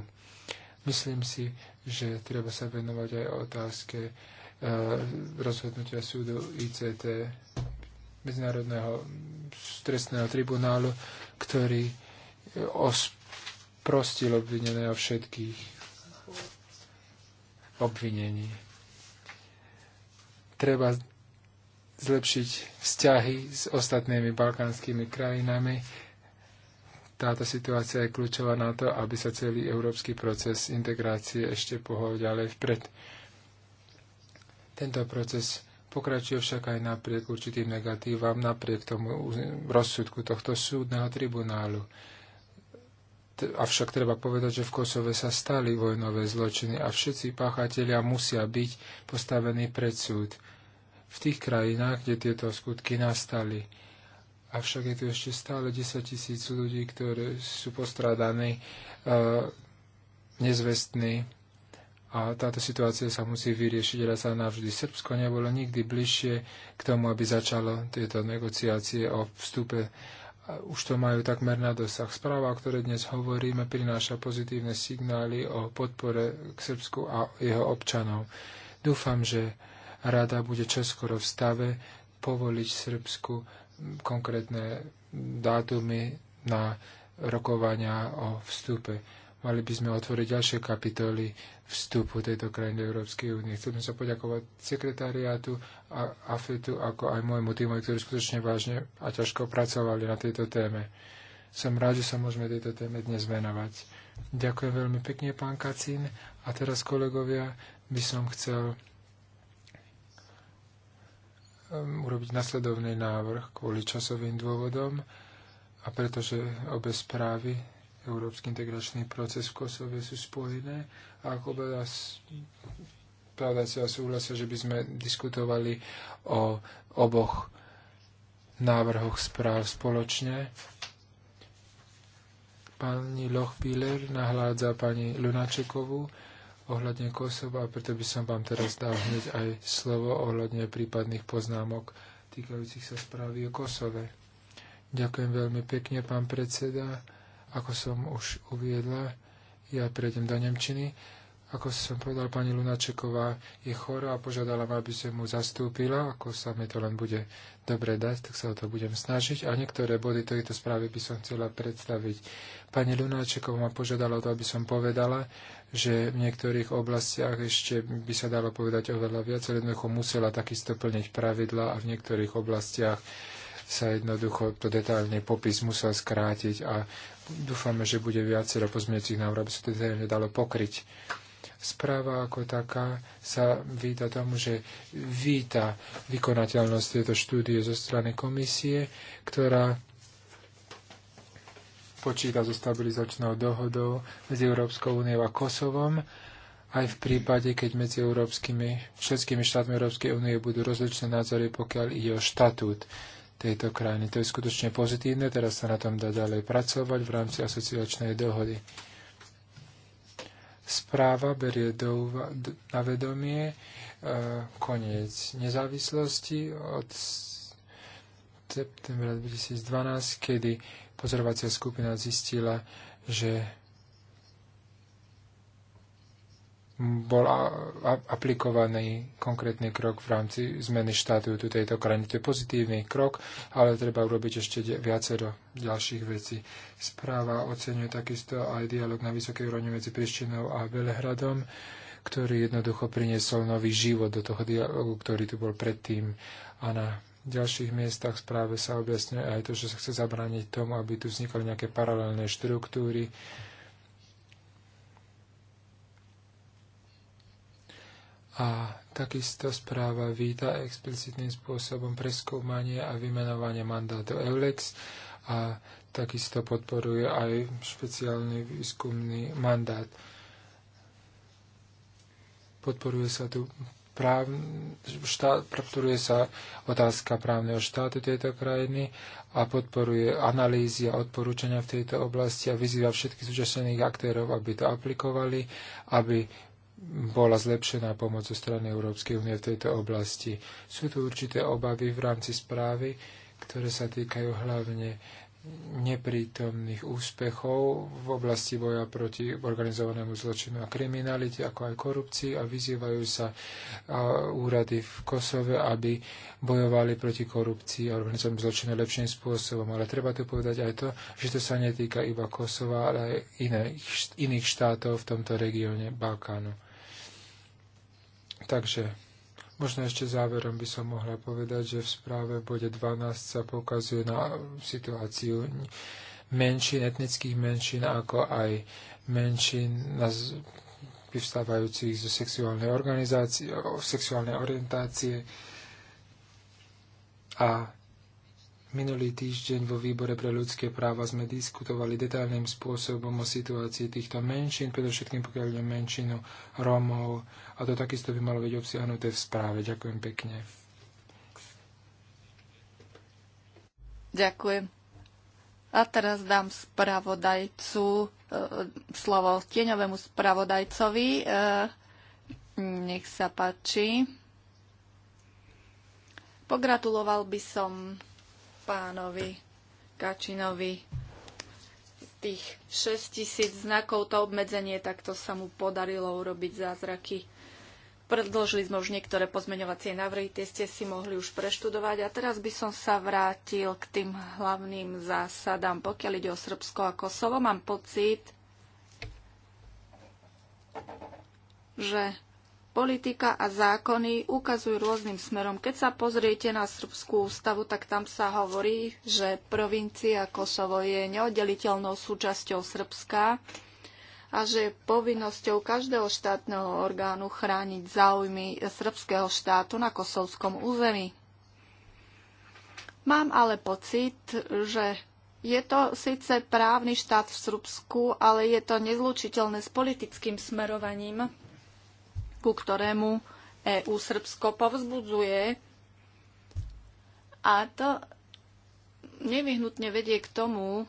Myslím si, že treba sa venovať aj otázke e, rozhodnutia súdu ICT Medzinárodného trestného tribunálu, ktorý osp- prostil obvineného všetkých obvinení. Treba zlepšiť vzťahy s ostatnými balkánskymi krajinami. Táto situácia je kľúčová na to, aby sa celý európsky proces integrácie ešte pohol ďalej vpred. Tento proces pokračuje však aj napriek určitým negatívam, napriek tomu rozsudku tohto súdneho tribunálu. Avšak treba povedať, že v Kosove sa stali vojnové zločiny a všetci páchatelia musia byť postavení pred súd v tých krajinách, kde tieto skutky nastali. Avšak je tu ešte stále 10 tisíc ľudí, ktorí sú postrádaní, e, nezvestní a táto situácia sa musí vyriešiť raz a navždy. Srbsko nebolo nikdy bližšie k tomu, aby začalo tieto negociácie o vstupe už to majú takmer na dosah. Správa, o ktorej dnes hovoríme, prináša pozitívne signály o podpore k Srbsku a jeho občanov. Dúfam, že rada bude čoskoro v stave povoliť Srbsku konkrétne dátumy na rokovania o vstupe. Mali by sme otvoriť ďalšie kapitoly vstupu tejto krajiny do Európskej únie. Chcem sa poďakovať sekretariátu a AFETu, ako aj môjmu týmu, ktorí skutočne vážne a ťažko pracovali na tejto téme. Som rád, že sa môžeme tejto téme dnes venovať. Ďakujem veľmi pekne, pán Kacín. A teraz, kolegovia, by som chcel um, urobiť nasledovný návrh kvôli časovým dôvodom a pretože obe správy európsky integračný proces v Kosove sú spojené a ako veľa pravdácia súhlasia, že by sme diskutovali o oboch návrhoch správ spoločne. Pani Lochbiller nahládza pani Lunačekovú ohľadne Kosova a preto by som vám teraz dal hneď aj slovo ohľadne prípadných poznámok týkajúcich sa správy o Kosove. Ďakujem veľmi pekne, pán predseda. Ako som už uviedla, ja prejdem do Nemčiny. Ako som povedal, pani Lunačeková je chorá a požiadala ma, aby som mu zastúpila. Ako sa mi to len bude dobre dať, tak sa o to budem snažiť. A niektoré body tejto správy by som chcela predstaviť. Pani Lunačeková ma požiadala o to, aby som povedala, že v niektorých oblastiach ešte by sa dalo povedať oveľa viac, ale jednoducho musela takisto plniť pravidla a v niektorých oblastiach sa jednoducho to detálne popis musel skrátiť a dúfame, že bude viacero pozmeňujúcich návrhov, aby sa to teda nedalo pokryť. Správa ako taká sa víta tomu, že víta vykonateľnosť tejto štúdie zo strany komisie, ktorá počíta so stabilizačnou dohodou medzi Európskou úniou a Kosovom, aj v prípade, keď medzi európskymi, všetkými štátmi Európskej únie budú rozličné názory, pokiaľ ide o štatút tejto krajiny. To je skutočne pozitívne, teraz sa na tom dá ďalej pracovať v rámci asociačnej dohody. Správa berie do, na vedomie e, koniec nezávislosti od septembra 2012, kedy pozorovacia skupina zistila, že bol aplikovaný konkrétny krok v rámci zmeny štátu tu tejto krajiny. To je pozitívny krok, ale treba urobiť ešte viacero ďalších vecí. Správa oceňuje takisto aj dialog na vysokej úrovni medzi Prištinou a Belehradom, ktorý jednoducho priniesol nový život do toho dialogu, ktorý tu bol predtým. A na ďalších miestach správe sa objasňuje aj to, že sa chce zabrániť tomu, aby tu vznikali nejaké paralelné štruktúry, A takisto správa víta explicitným spôsobom preskúmanie a vymenovanie mandátu EULEX a takisto podporuje aj špeciálny výskumný mandát. Podporuje sa tu práv, štát, podporuje sa otázka právneho štátu tejto krajiny a podporuje analýzy a odporúčania v tejto oblasti a vyzýva všetkých súčasných aktérov, aby to aplikovali, aby bola zlepšená pomoc zo strany Európskej únie v tejto oblasti. Sú tu určité obavy v rámci správy, ktoré sa týkajú hlavne neprítomných úspechov v oblasti boja proti organizovanému zločinu a kriminalite, ako aj korupcii a vyzývajú sa úrady v Kosove, aby bojovali proti korupcii a organizovanému zločinu lepším spôsobom. Ale treba tu povedať aj to, že to sa netýka iba Kosova, ale aj iných, iných štátov v tomto regióne Balkánu. Takže možno ešte záverom by som mohla povedať, že v správe v bode 12 sa pokazuje na situáciu menšin, etnických menšín, ako aj menšín na vyvstávajúcich zo sexuálnej, organizácie, sexuálnej orientácie. A Minulý týždeň vo výbore pre ľudské práva sme diskutovali detailným spôsobom o situácii týchto menšín, predovšetkým pokiaľ ide menšinu Rómov a to takisto by malo byť obsiahnuté v správe. Ďakujem pekne. Ďakujem. A teraz dám spravodajcu, e, slovo tieňovému spravodajcovi. E, nech sa páči. Pogratuloval by som pánovi Kačinovi tých 6000 znakov, to obmedzenie, tak to sa mu podarilo urobiť zázraky. Predložili sme už niektoré pozmeňovacie návrhy, tie ste si mohli už preštudovať a teraz by som sa vrátil k tým hlavným zásadám. Pokiaľ ide o Srbsko a Kosovo, mám pocit, že politika a zákony ukazujú rôznym smerom. Keď sa pozriete na Srbskú ústavu, tak tam sa hovorí, že provincia Kosovo je neoddeliteľnou súčasťou Srbska a že je povinnosťou každého štátneho orgánu chrániť záujmy srbského štátu na kosovskom území. Mám ale pocit, že je to síce právny štát v Srbsku, ale je to nezlučiteľné s politickým smerovaním ku ktorému EU Srbsko povzbudzuje. A to nevyhnutne vedie k tomu,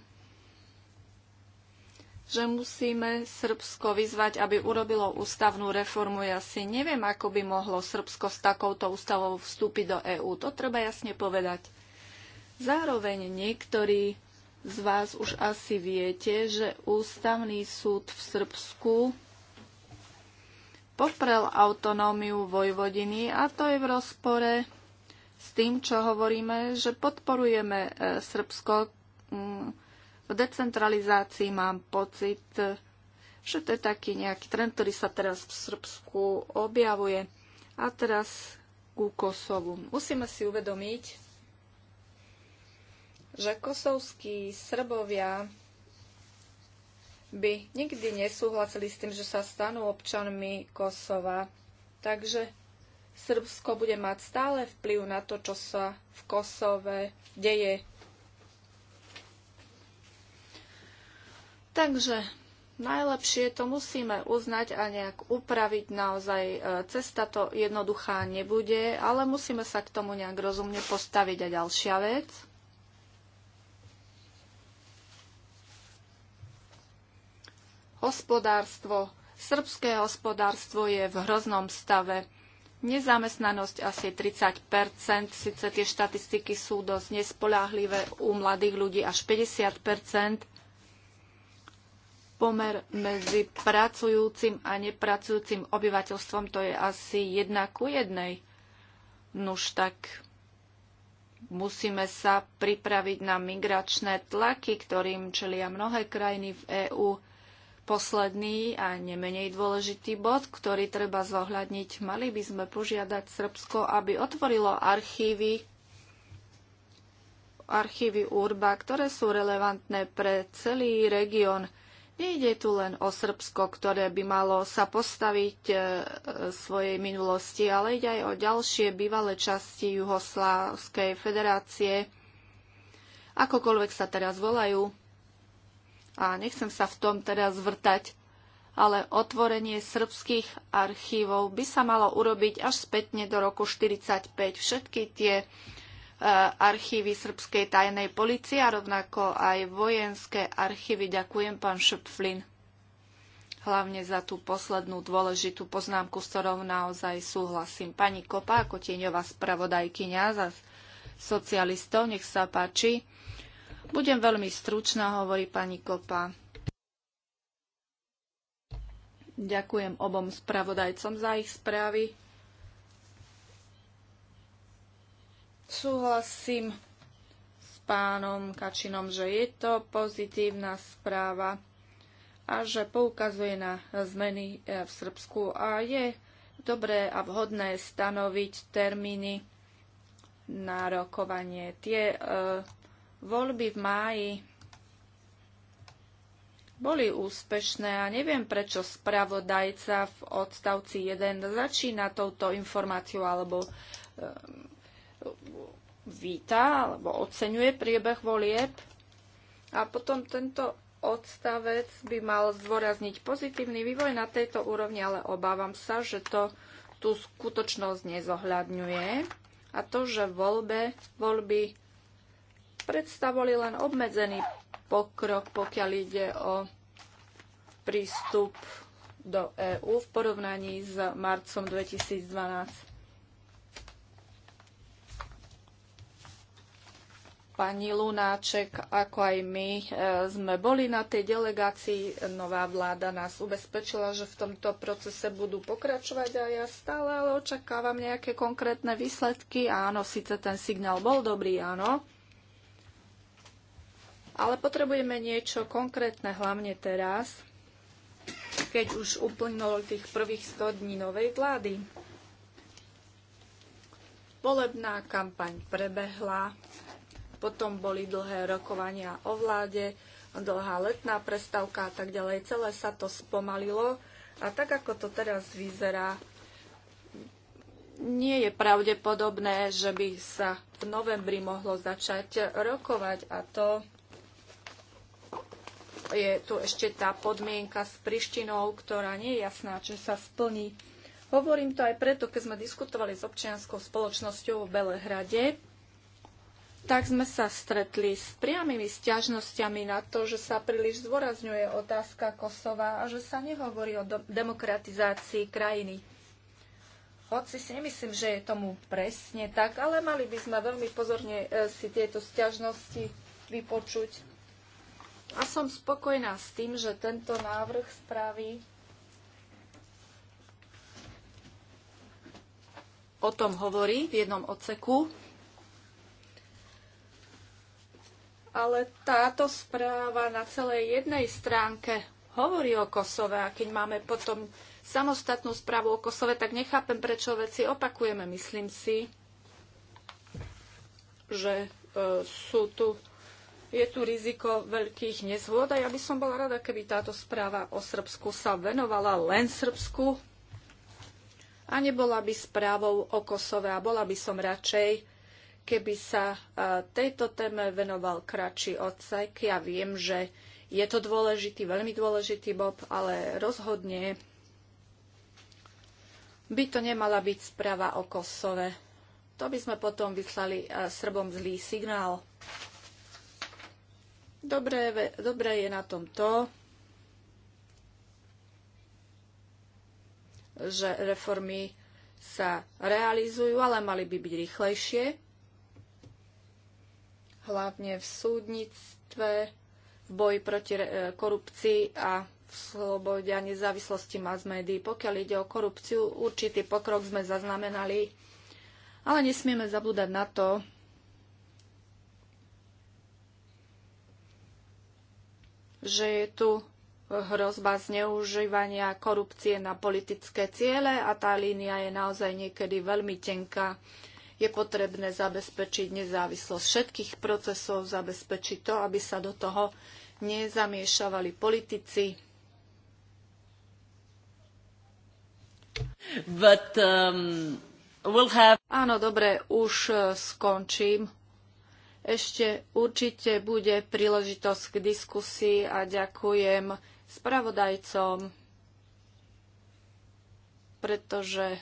že musíme Srbsko vyzvať, aby urobilo ústavnú reformu. Ja si neviem, ako by mohlo Srbsko s takouto ústavou vstúpiť do EÚ. To treba jasne povedať. Zároveň niektorí z vás už asi viete, že ústavný súd v Srbsku poprel autonómiu Vojvodiny a to je v rozpore s tým, čo hovoríme, že podporujeme e, Srbsko mm, v decentralizácii. Mám pocit, že to je taký nejaký trend, ktorý sa teraz v Srbsku objavuje. A teraz ku Kosovu. Musíme si uvedomiť, že kosovskí Srbovia by nikdy nesúhlasili s tým, že sa stanú občanmi Kosova. Takže Srbsko bude mať stále vplyv na to, čo sa v Kosove deje. Takže najlepšie to musíme uznať a nejak upraviť. Naozaj e, cesta to jednoduchá nebude, ale musíme sa k tomu nejak rozumne postaviť. A ďalšia vec – hospodárstvo, srbské hospodárstvo je v hroznom stave. Nezamestnanosť asi 30 síce tie štatistiky sú dosť nespoľahlivé u mladých ľudí až 50 Pomer medzi pracujúcim a nepracujúcim obyvateľstvom to je asi jedna ku jednej. Nuž tak musíme sa pripraviť na migračné tlaky, ktorým čelia mnohé krajiny v EÚ posledný a nemenej dôležitý bod, ktorý treba zohľadniť. Mali by sme požiadať Srbsko, aby otvorilo archívy archívy Urba, ktoré sú relevantné pre celý región. Nejde tu len o Srbsko, ktoré by malo sa postaviť e, e, svojej minulosti, ale ide aj o ďalšie bývalé časti Juhoslávskej federácie, akokoľvek sa teraz volajú a nechcem sa v tom teraz zvrtať, ale otvorenie srbských archívov by sa malo urobiť až spätne do roku 1945. Všetky tie e, archívy srbskej tajnej policie a rovnako aj vojenské archívy. Ďakujem, pán Šepflin, hlavne za tú poslednú dôležitú poznámku, s ktorou naozaj súhlasím. Pani Kopa, ako tieňová spravodajkyňa za socialistov, nech sa páči. Budem veľmi stručná, hovorí pani Kopa. Ďakujem obom spravodajcom za ich správy. Súhlasím s pánom Kačinom, že je to pozitívna správa a že poukazuje na zmeny v Srbsku a je dobré a vhodné stanoviť termíny na rokovanie. Tie eh, voľby v máji boli úspešné a neviem, prečo spravodajca v odstavci 1 začína touto informáciou alebo e, víta alebo oceňuje priebeh volieb. A potom tento odstavec by mal zdôrazniť pozitívny vývoj na tejto úrovni, ale obávam sa, že to tú skutočnosť nezohľadňuje a to, že voľbe, voľby predstavovali len obmedzený pokrok, pokiaľ ide o prístup do EÚ v porovnaní s marcom 2012. Pani Lunáček, ako aj my, e, sme boli na tej delegácii. Nová vláda nás ubezpečila, že v tomto procese budú pokračovať a ja stále ale očakávam nejaké konkrétne výsledky. Áno, síce ten signál bol dobrý, áno ale potrebujeme niečo konkrétne, hlavne teraz, keď už uplynulo tých prvých 100 dní novej vlády. Volebná kampaň prebehla, potom boli dlhé rokovania o vláde, dlhá letná prestávka a tak ďalej. Celé sa to spomalilo a tak, ako to teraz vyzerá, nie je pravdepodobné, že by sa v novembri mohlo začať rokovať a to je tu ešte tá podmienka s Prištinou, ktorá nie je jasná, či sa splní. Hovorím to aj preto, keď sme diskutovali s občianskou spoločnosťou v Belehrade, tak sme sa stretli s priamými stiažnosťami na to, že sa príliš zdôrazňuje otázka Kosova a že sa nehovorí o demokratizácii krajiny. Hoci si nemyslím, že je tomu presne tak, ale mali by sme veľmi pozorne e, si tieto stiažnosti vypočuť a som spokojná s tým, že tento návrh správy o tom hovorí v jednom oceku. Ale táto správa na celej jednej stránke hovorí o Kosove a keď máme potom samostatnú správu o Kosove, tak nechápem, prečo veci opakujeme. Myslím si, že e, sú tu je tu riziko veľkých nezhôd a ja by som bola rada, keby táto správa o Srbsku sa venovala len Srbsku a nebola by správou o Kosove a bola by som radšej, keby sa e, tejto téme venoval kratší odsek. Ja viem, že je to dôležitý, veľmi dôležitý bob, ale rozhodne by to nemala byť správa o Kosove. To by sme potom vyslali e, Srbom zlý signál. Dobré, dobré je na tom to, že reformy sa realizujú, ale mali by byť rýchlejšie, hlavne v súdnictve, v boji proti e, korupcii a v slobode a nezávislosti mass médií. Pokiaľ ide o korupciu, určitý pokrok sme zaznamenali, ale nesmieme zabúdať na to, že je tu hrozba zneužívania korupcie na politické ciele a tá línia je naozaj niekedy veľmi tenká. Je potrebné zabezpečiť nezávislosť všetkých procesov, zabezpečiť to, aby sa do toho nezamiešavali politici. But, um, we'll have... Áno, dobre, už eh, skončím. Ešte určite bude príležitosť k diskusii a ďakujem spravodajcom, pretože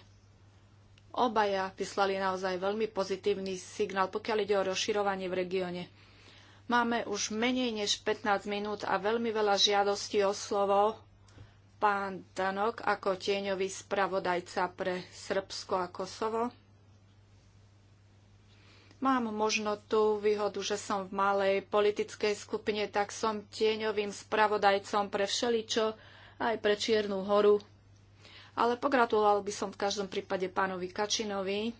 obaja vyslali naozaj veľmi pozitívny signál, pokiaľ ide o rozširovanie v regióne. Máme už menej než 15 minút a veľmi veľa žiadostí o slovo. Pán Danok ako tieňový spravodajca pre Srbsko a Kosovo. Mám možno tú výhodu, že som v malej politickej skupine, tak som tieňovým spravodajcom pre všeličo, aj pre Čiernu horu. Ale pogratuloval by som v každom prípade pánovi Kačinovi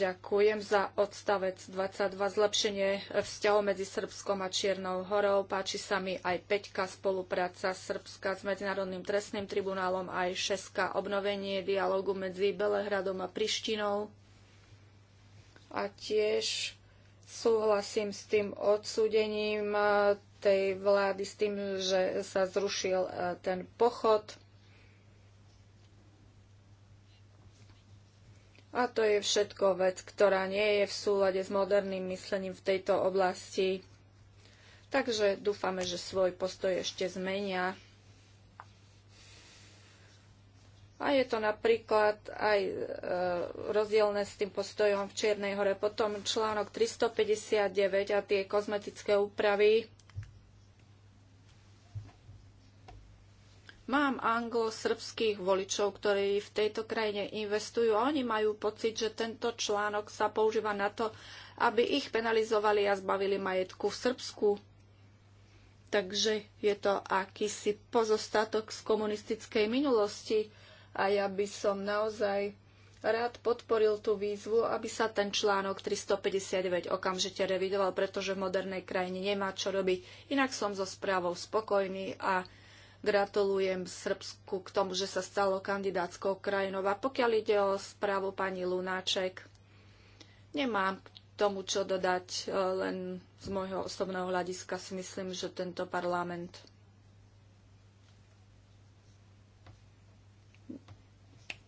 Ďakujem za odstavec 22, zlepšenie vzťahov medzi Srbskom a Čiernou horou. Páči sa mi aj 5 spolupráca Srbska s Medzinárodným trestným tribunálom, aj 6 obnovenie dialogu medzi Belehradom a Prištinou. A tiež súhlasím s tým odsúdením tej vlády, s tým, že sa zrušil eh, ten pochod A to je všetko vec, ktorá nie je v súlade s moderným myslením v tejto oblasti. Takže dúfame, že svoj postoj ešte zmenia. A je to napríklad aj e, rozdielne s tým postojom v Čiernej hore. Potom článok 359 a tie kozmetické úpravy. Mám anglo-srbských voličov, ktorí v tejto krajine investujú a oni majú pocit, že tento článok sa používa na to, aby ich penalizovali a zbavili majetku v Srbsku. Takže je to akýsi pozostatok z komunistickej minulosti a ja by som naozaj rád podporil tú výzvu, aby sa ten článok 359 okamžite revidoval, pretože v modernej krajine nemá čo robiť. Inak som so správou spokojný a Gratulujem Srbsku k tomu, že sa stalo kandidátskou krajinou. A pokiaľ ide o správu pani Lunáček, nemám k tomu, čo dodať, e, len z môjho osobného hľadiska si myslím, že tento parlament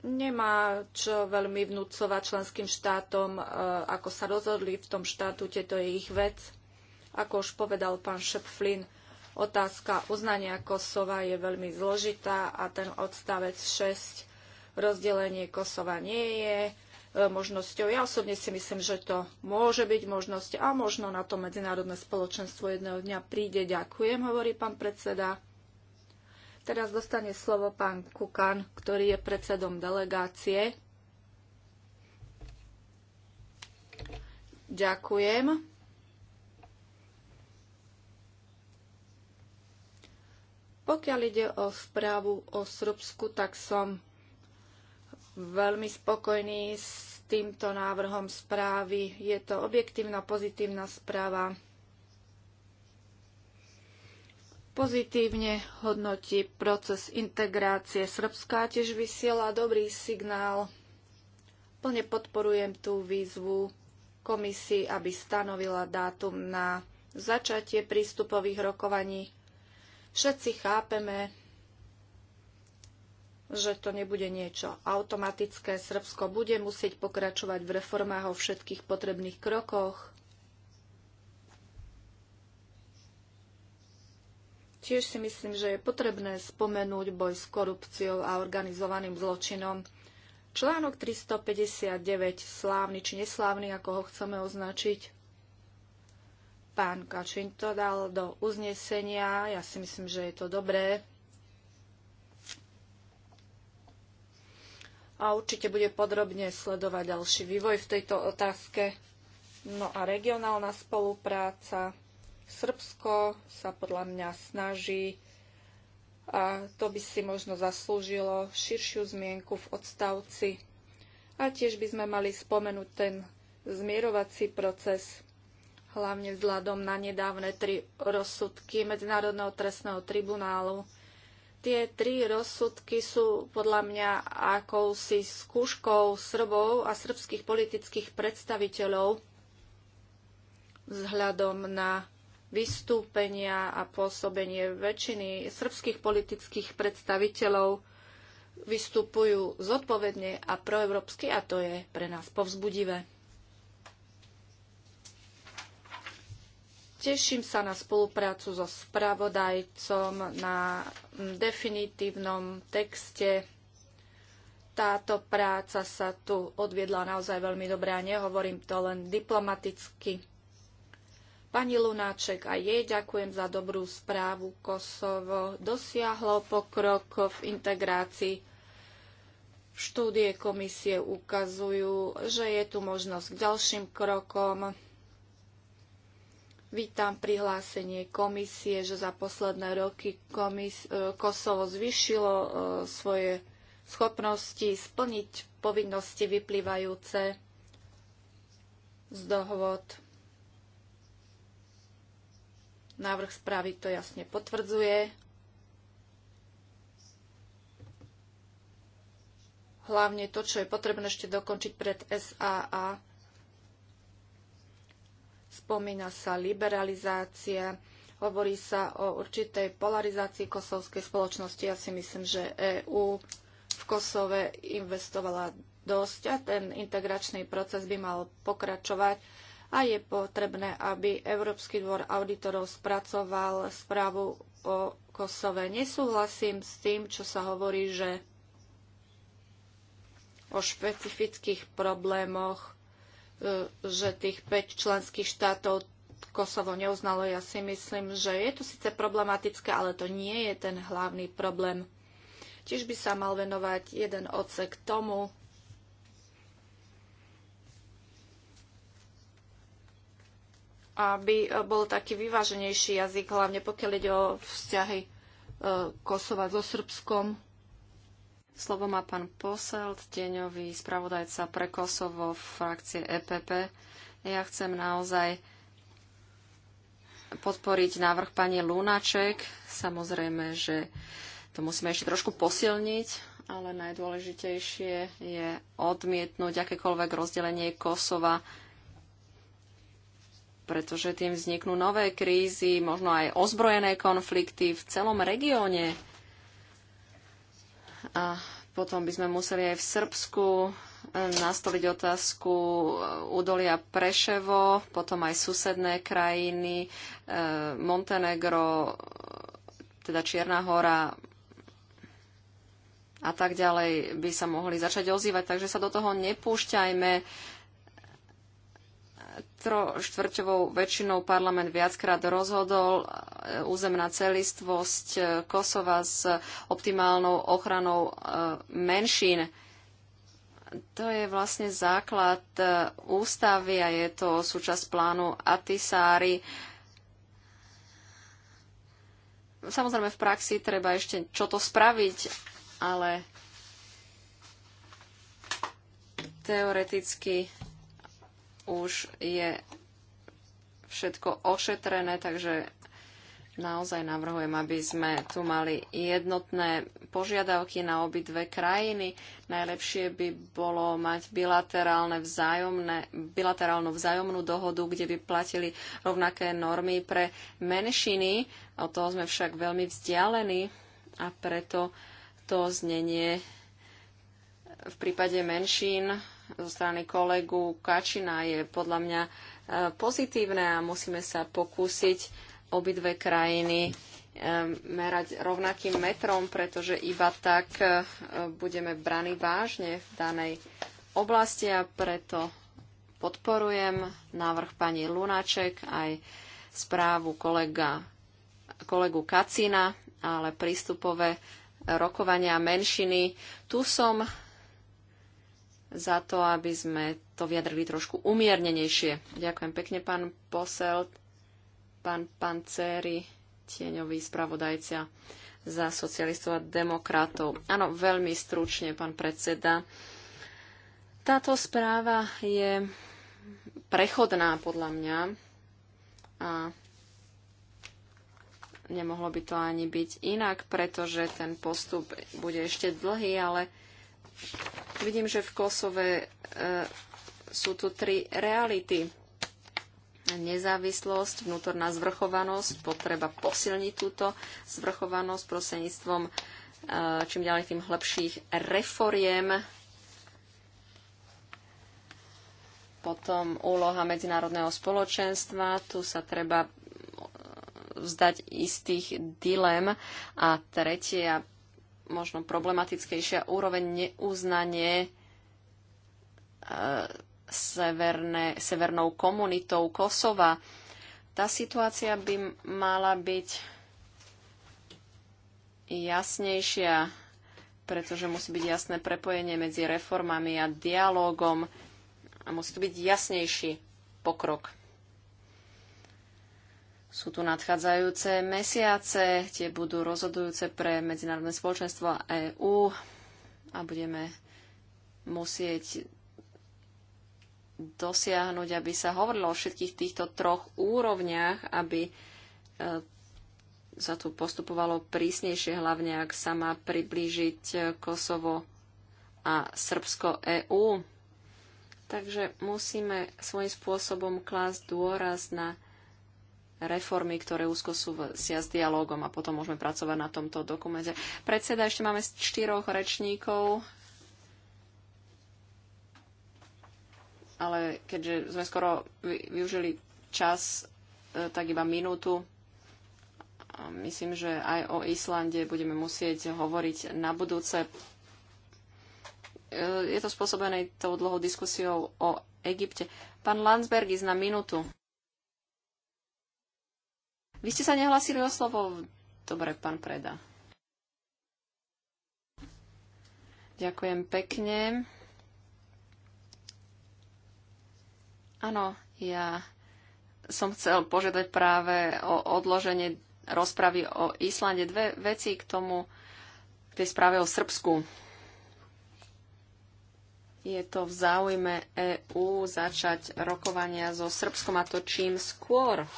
nemá čo veľmi vnúcovať členským štátom, e, ako sa rozhodli v tom štátu, to je ich vec. Ako už povedal pán Šepflin, Otázka uznania Kosova je veľmi zložitá a ten odstavec 6 rozdelenie Kosova nie je e, možnosťou. Ja osobne si myslím, že to môže byť možnosť a možno na to medzinárodné spoločenstvo jedného dňa príde. Ďakujem, hovorí pán predseda. Teraz dostane slovo pán Kukan, ktorý je predsedom delegácie. Ďakujem. Pokiaľ ide o správu o Srbsku, tak som veľmi spokojný s týmto návrhom správy. Je to objektívna, pozitívna správa. Pozitívne hodnotí proces integrácie Srbska tiež vysiela dobrý signál. Plne podporujem tú výzvu komisii, aby stanovila dátum na začatie prístupových rokovaní Všetci chápeme, že to nebude niečo automatické. Srbsko bude musieť pokračovať v reformách o všetkých potrebných krokoch. Tiež si myslím, že je potrebné spomenúť boj s korupciou a organizovaným zločinom. Článok 359, slávny či neslávny, ako ho chceme označiť, Pán Kačin to dal do uznesenia. Ja si myslím, že je to dobré. A určite bude podrobne sledovať ďalší vývoj v tejto otázke. No a regionálna spolupráca. Srbsko sa podľa mňa snaží a to by si možno zaslúžilo širšiu zmienku v odstavci. A tiež by sme mali spomenúť ten zmierovací proces hlavne vzhľadom na nedávne tri rozsudky Medzinárodného trestného tribunálu. Tie tri rozsudky sú podľa mňa akousi skúškou Srbov a srbských politických predstaviteľov vzhľadom na vystúpenia a pôsobenie väčšiny srbských politických predstaviteľov vystupujú zodpovedne a proevropsky, a to je pre nás povzbudivé. Teším sa na spoluprácu so spravodajcom na definitívnom texte. Táto práca sa tu odviedla naozaj veľmi dobre a nehovorím to len diplomaticky. Pani Lunáček a jej ďakujem za dobrú správu. Kosovo dosiahlo pokrok v integrácii Štúdie komisie ukazujú, že je tu možnosť k ďalším krokom. Vítam prihlásenie komisie, že za posledné roky komis- e, Kosovo zvyšilo e, svoje schopnosti splniť povinnosti vyplývajúce z dohovod. Návrh správy to jasne potvrdzuje. Hlavne to, čo je potrebné ešte dokončiť pred SAA spomína sa liberalizácia, hovorí sa o určitej polarizácii kosovskej spoločnosti. Ja si myslím, že EÚ v Kosove investovala dosť a ten integračný proces by mal pokračovať a je potrebné, aby Európsky dvor auditorov spracoval správu o Kosove. Nesúhlasím s tým, čo sa hovorí, že o špecifických problémoch E, že tých 5 členských štátov Kosovo neuznalo. Ja si myslím, že je to síce problematické, ale to nie je ten hlavný problém. Tiež by sa mal venovať jeden odsek tomu, aby bol taký vyváženejší jazyk, hlavne pokiaľ ide o vzťahy e, Kosova so Srbskom. Slovo má pán Posel, deňový spravodajca pre Kosovo frakcie EPP. Ja chcem naozaj podporiť návrh pani Lunaček. Samozrejme, že to musíme ešte trošku posilniť, ale najdôležitejšie je odmietnúť akékoľvek rozdelenie Kosova, pretože tým vzniknú nové krízy, možno aj ozbrojené konflikty v celom regióne. A potom by sme museli aj v Srbsku eh, nastoliť otázku eh, údolia Preševo, potom aj susedné krajiny, eh, Montenegro, teda Čierna hora a tak ďalej by sa mohli začať ozývať. Takže sa do toho nepúšťajme troštvrťovou väčšinou parlament viackrát rozhodol e, územná celistvosť e, Kosova s optimálnou ochranou e, menšín. To je vlastne základ ústavy a je to súčasť plánu Atisári. Samozrejme v praxi treba ešte čo to spraviť, ale teoreticky už je všetko ošetrené, takže naozaj navrhujem, aby sme tu mali jednotné požiadavky na obidve krajiny. Najlepšie by bolo mať bilaterálne vzájomné, bilaterálnu vzájomnú dohodu, kde by platili rovnaké normy pre menšiny. Od toho sme však veľmi vzdialení a preto to znenie v prípade menšín zo strany kolegu Kačina je podľa mňa e, pozitívne a musíme sa pokúsiť obidve krajiny e, merať rovnakým metrom, pretože iba tak e, budeme braní vážne v danej oblasti a preto podporujem návrh pani Lunaček aj správu kolega, kolegu Kacina, ale prístupové rokovania menšiny. Tu som za to, aby sme to vyjadrili trošku umiernenejšie. Ďakujem pekne, pán Posel, pán Pancéry, tieňový spravodajca za socialistov a demokratov. Áno, veľmi stručne, pán predseda. Táto správa je prechodná podľa mňa a nemohlo by to ani byť inak, pretože ten postup bude ešte dlhý, ale Vidím, že v Kosove e, sú tu tri reality. Nezávislosť, vnútorná zvrchovanosť, potreba posilniť túto zvrchovanosť prostredníctvom e, čím ďalej tým lepších reforiem Potom úloha medzinárodného spoločenstva, tu sa treba vzdať istých dilem. A tretia možno problematickejšia úroveň neuznanie e, severné, severnou komunitou Kosova. Tá situácia by mala byť jasnejšia, pretože musí byť jasné prepojenie medzi reformami a dialógom a musí to byť jasnejší pokrok sú tu nadchádzajúce mesiace, tie budú rozhodujúce pre medzinárodné spoločenstvo a EÚ a budeme musieť dosiahnuť, aby sa hovorilo o všetkých týchto troch úrovniach, aby e, sa tu postupovalo prísnejšie, hlavne ak sa má priblížiť e, Kosovo a Srbsko EÚ. Takže musíme svojím spôsobom klásť dôraz na reformy, ktoré úzko súvisia s dialogom a potom môžeme pracovať na tomto dokumente. Predseda, ešte máme štyroch rečníkov. Ale keďže sme skoro využili čas, e, tak iba minútu. Myslím, že aj o Islande budeme musieť hovoriť na budúce. E, je to spôsobené tou dlhou diskusiou o Egypte. Pán Landsberg, na minútu. Vy ste sa nehlasili o slovo? Dobre, pán Preda. Ďakujem pekne. Áno, ja som chcel požiadať práve o odloženie rozpravy o Islande. Dve veci k tomu, k tej správe o Srbsku. Je to v záujme EÚ začať rokovania so Srbskom a to čím skôr.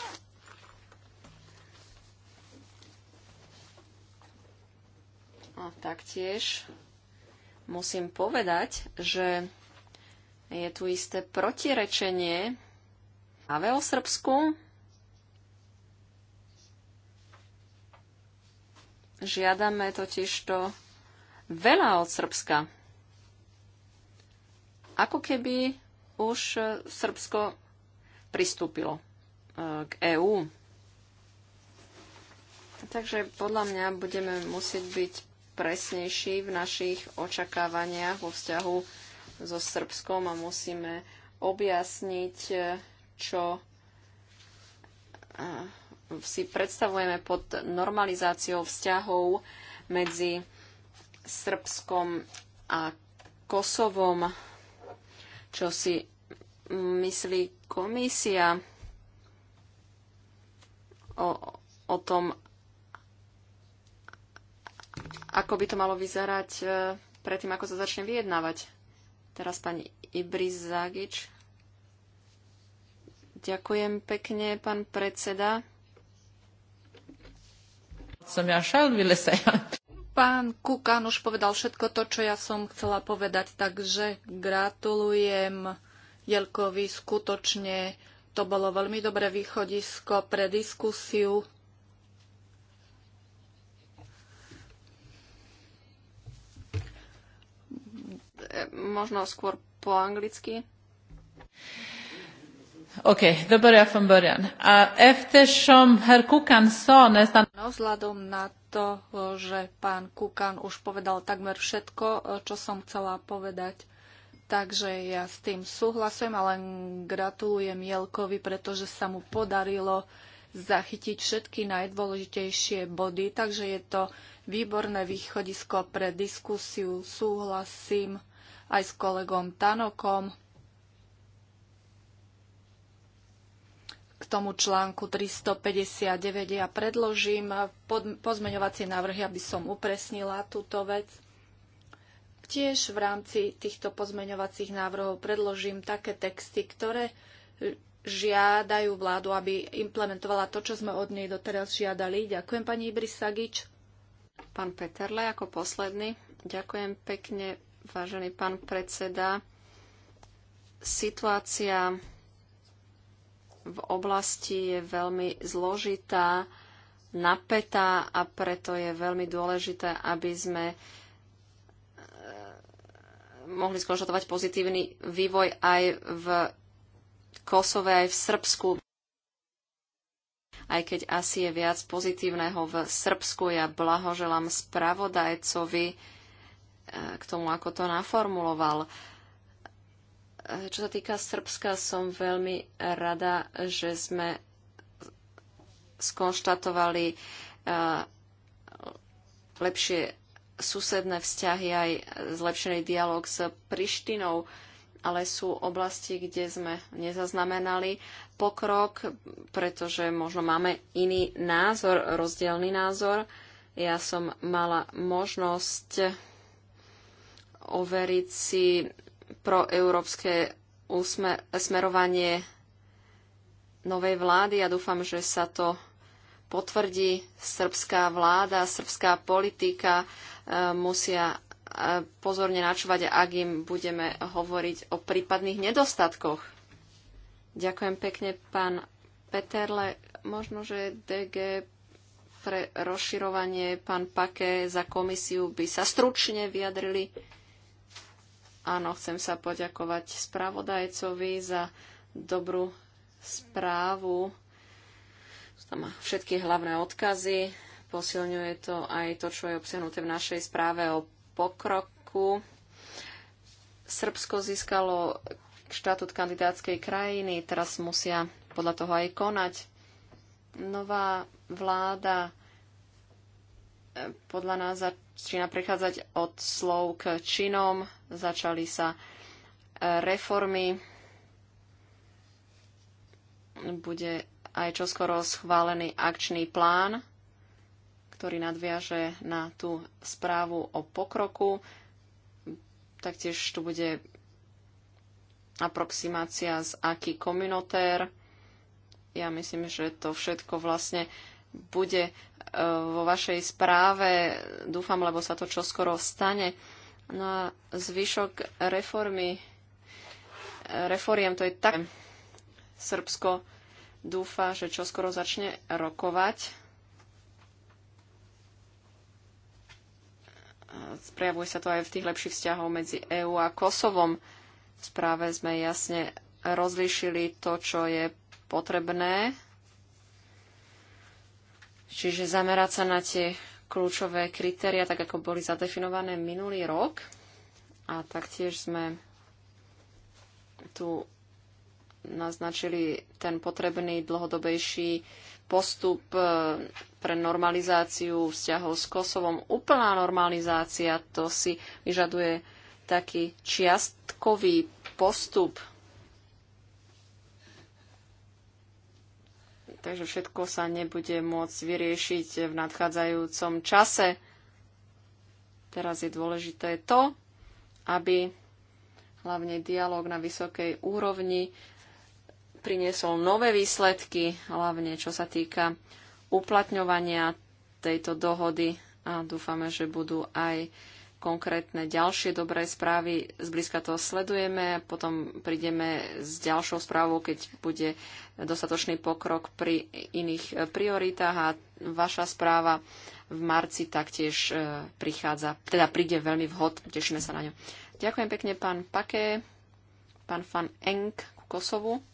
A taktiež musím povedať, že je tu isté protirečenie a o Srbsku. Žiadame totiž to veľa od Srbska. Ako keby už Srbsko pristúpilo e, k EÚ. Takže podľa mňa budeme musieť byť presnejší v našich očakávaniach vo vzťahu so Srbskom a musíme objasniť, čo si predstavujeme pod normalizáciou vzťahov medzi Srbskom a Kosovom, čo si myslí komisia o, o tom, ako by to malo vyzerať e, predtým, ako sa začne vyjednávať. Teraz pani Ibris Zagič. Ďakujem pekne, pán predseda. Som ja Pán Kukan už povedal všetko to, čo ja som chcela povedať, takže gratulujem Jelkovi skutočne. To bolo veľmi dobré východisko pre diskusiu možno skôr po anglicky. Ok, då börjar från början. Eftersom herr Kukan sa nästan... No, vzhľadom na to, že pán Kukan už povedal takmer všetko, čo som chcela povedať, takže ja s tým súhlasujem, ale gratulujem Jelkovi, pretože sa mu podarilo zachytiť všetky najdôležitejšie body, takže je to výborné východisko pre diskusiu. Súhlasím aj s kolegom Tanokom k tomu článku 359. Ja predložím pozmeňovacie návrhy, aby som upresnila túto vec. Tiež v rámci týchto pozmeňovacích návrhov predložím také texty, ktoré žiadajú vládu, aby implementovala to, čo sme od nej doteraz žiadali. Ďakujem pani Ibris Sagič. Pán Peterle ako posledný. Ďakujem pekne, vážený pán predseda. Situácia v oblasti je veľmi zložitá, napätá a preto je veľmi dôležité, aby sme e, mohli skonštatovať pozitívny vývoj aj v Kosove, aj v Srbsku. Aj keď asi je viac pozitívneho v Srbsku, ja blahoželám spravodajcovi k tomu, ako to naformuloval. Čo sa týka Srbska, som veľmi rada, že sme skonštatovali e, lepšie susedné vzťahy, aj zlepšený dialog s Prištinou, ale sú oblasti, kde sme nezaznamenali pokrok, pretože možno máme iný názor, rozdielný názor. Ja som mala možnosť overiť si pro európske smerovanie novej vlády. Ja dúfam, že sa to potvrdí. Srbská vláda, srbská politika e, musia e, pozorne načúvať, ak im budeme hovoriť o prípadných nedostatkoch. Ďakujem pekne, pán Peterle. Možno, že DG pre rozširovanie pán Pake za komisiu by sa stručne vyjadrili. Áno, chcem sa poďakovať spravodajcovi za dobrú správu. Tam má všetky hlavné odkazy. Posilňuje to aj to, čo je obsiahnuté v našej správe o pokroku. Srbsko získalo štatút kandidátskej krajiny, teraz musia podľa toho aj konať. Nová vláda podľa nás začína prechádzať od slov k činom. Začali sa e, reformy. Bude aj čoskoro schválený akčný plán, ktorý nadviaže na tú správu o pokroku. Taktiež tu bude aproximácia z aký komunitér. Ja myslím, že to všetko vlastne bude vo vašej správe, dúfam, lebo sa to čoskoro stane. No a zvyšok reformy, reforiem to je tak. Srbsko dúfa, že čoskoro začne rokovať. Prejavuje sa to aj v tých lepších vzťahov medzi EÚ a Kosovom. V správe sme jasne rozlišili to, čo je potrebné Čiže zamerať sa na tie kľúčové kritéria, tak ako boli zadefinované minulý rok. A taktiež sme tu naznačili ten potrebný dlhodobejší postup e, pre normalizáciu vzťahov s Kosovom. Úplná normalizácia to si vyžaduje taký čiastkový postup Takže všetko sa nebude môcť vyriešiť v nadchádzajúcom čase. Teraz je dôležité to, aby hlavne dialog na vysokej úrovni priniesol nové výsledky, hlavne čo sa týka uplatňovania tejto dohody a dúfame, že budú aj konkrétne ďalšie dobré správy. Zblízka to sledujeme, potom prídeme s ďalšou správou, keď bude dostatočný pokrok pri iných prioritách a vaša správa v marci taktiež e, prichádza, teda príde veľmi vhod, tešíme sa na ňu. Ďakujem pekne pán Pake, pán Fan Enk ku Kosovu.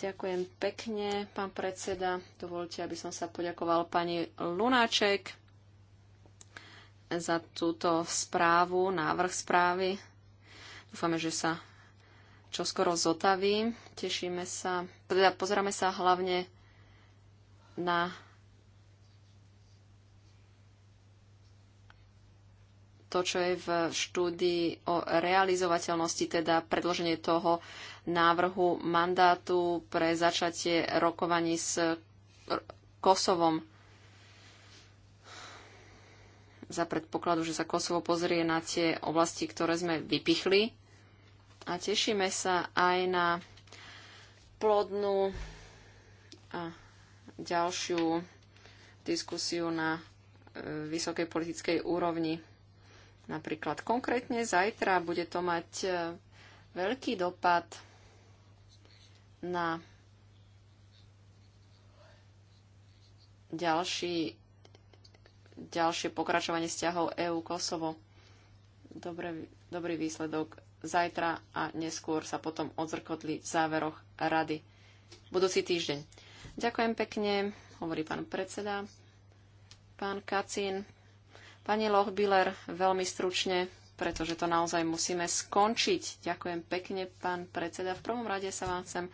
Ďakujem pekne, pán predseda. Dovolte, aby som sa poďakoval pani Lunáček za túto správu, návrh správy. Dúfame, že sa čoskoro zotaví. Tešíme sa, teda pozeráme sa hlavne na to, čo je v štúdii o realizovateľnosti, teda predloženie toho návrhu mandátu pre začatie rokovaní s Kosovom za predpokladu, že sa Kosovo pozrie na tie oblasti, ktoré sme vypichli. A tešíme sa aj na plodnú a ďalšiu diskusiu na e, vysokej politickej úrovni. Napríklad konkrétne zajtra bude to mať e, veľký dopad na ďalší, ďalšie pokračovanie vzťahov EU-Kosovo. dobrý výsledok zajtra a neskôr sa potom odzrkotli v záveroch rady. Budúci týždeň. Ďakujem pekne, hovorí pán predseda. Pán Kacín. Pani Lochbiller, veľmi stručne, pretože to naozaj musíme skončiť. Ďakujem pekne, pán predseda. V prvom rade sa vám chcem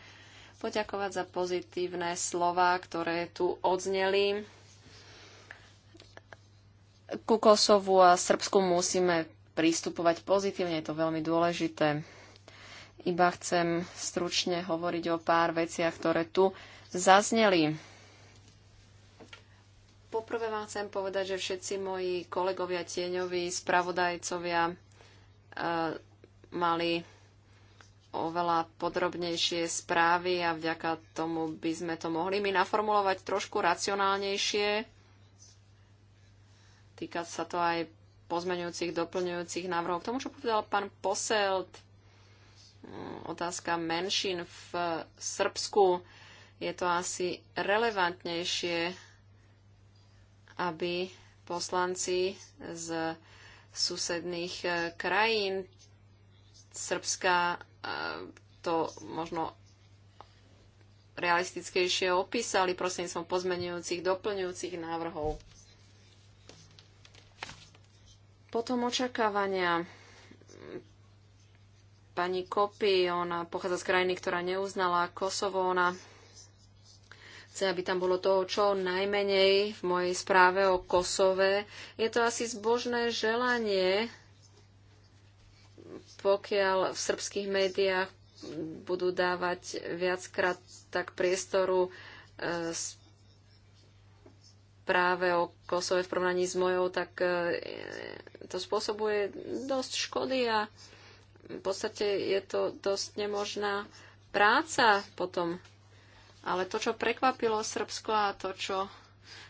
poďakovať za pozitívne slova, ktoré tu odzneli. Ku Kosovu a Srbsku musíme prístupovať pozitívne, je to veľmi dôležité. Iba chcem stručne hovoriť o pár veciach, ktoré tu zazneli Poprvé vám chcem povedať, že všetci moji kolegovia tieňoví, spravodajcovia e, mali oveľa podrobnejšie správy a vďaka tomu by sme to mohli my naformulovať trošku racionálnejšie. Týka sa to aj pozmeňujúcich, doplňujúcich návrhov. K tomu, čo povedal pán Poselt, mm, otázka menšín v Srbsku, je to asi relevantnejšie aby poslanci z susedných eh, krajín Srbska eh, to možno realistickejšie opísali prostredníctvom pozmenujúcich, doplňujúcich návrhov. Potom očakávania pani Kopy, ona pochádza z krajiny, ktorá neuznala Kosovo, ona Chcem, aby tam bolo toho čo najmenej v mojej správe o Kosove. Je to asi zbožné želanie, pokiaľ v srbských médiách budú dávať viackrát tak priestoru e, práve o Kosove v porovnaní s mojou, tak e, to spôsobuje dosť škody a v podstate je to dosť nemožná práca potom ale to, čo prekvapilo Srbsko a to, čo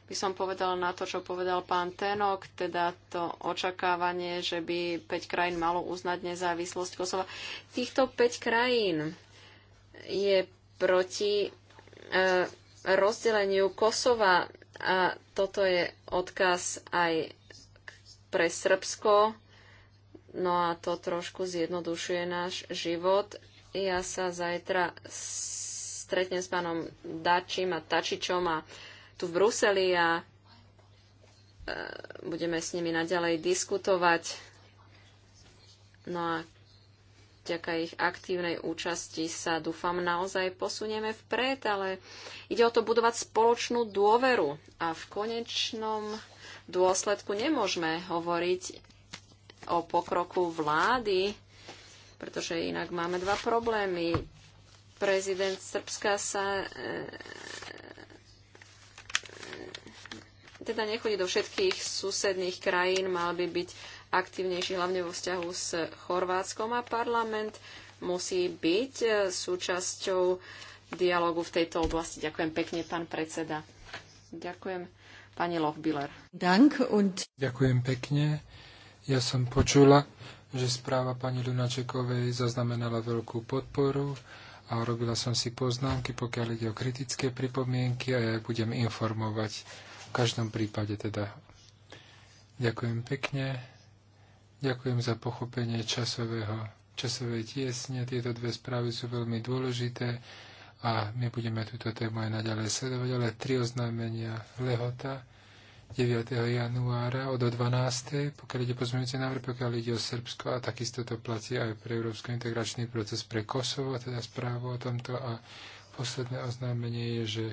by som povedal na to, čo povedal pán Tenok, teda to očakávanie, že by 5 krajín malo uznať nezávislosť Kosova. Týchto 5 krajín je proti e, rozdeleniu Kosova a toto je odkaz aj pre Srbsko. No a to trošku zjednodušuje náš život. Ja sa zajtra stretnem s pánom Dačím a Tačičom a tu v Bruseli a e, budeme s nimi naďalej diskutovať. No a vďaka ich aktívnej účasti sa, dúfam, naozaj posunieme vpred, ale ide o to budovať spoločnú dôveru. A v konečnom dôsledku nemôžeme hovoriť o pokroku vlády, pretože inak máme dva problémy prezident Srbska sa e, e, teda nechodí do všetkých susedných krajín, mal by byť aktívnejší hlavne vo vzťahu s Chorvátskom a parlament musí byť e, súčasťou dialogu v tejto oblasti. Ďakujem pekne, pán predseda. Ďakujem, pani Lochbiller. Ďakujem pekne. Ja som počula, že správa pani Lunačekovej zaznamenala veľkú podporu a robila som si poznámky, pokiaľ ide o kritické pripomienky a ja budem informovať v každom prípade teda. Ďakujem pekne, ďakujem za pochopenie časového, časovej tiesne. Tieto dve správy sú veľmi dôležité a my budeme túto tému aj naďalej sledovať, ale tri oznámenia lehota. 9. januára od 12. pokiaľ ide pozmeňujúce návrh, pokiaľ ide o Srbsko a takisto to platí aj pre Európsko integračný proces pre Kosovo, teda správu o tomto a posledné oznámenie je, že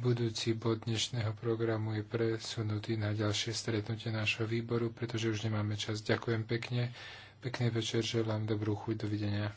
budúci bod dnešného programu je presunutý na ďalšie stretnutie nášho výboru, pretože už nemáme čas. Ďakujem pekne, pekný večer, želám dobrú chuť, dovidenia.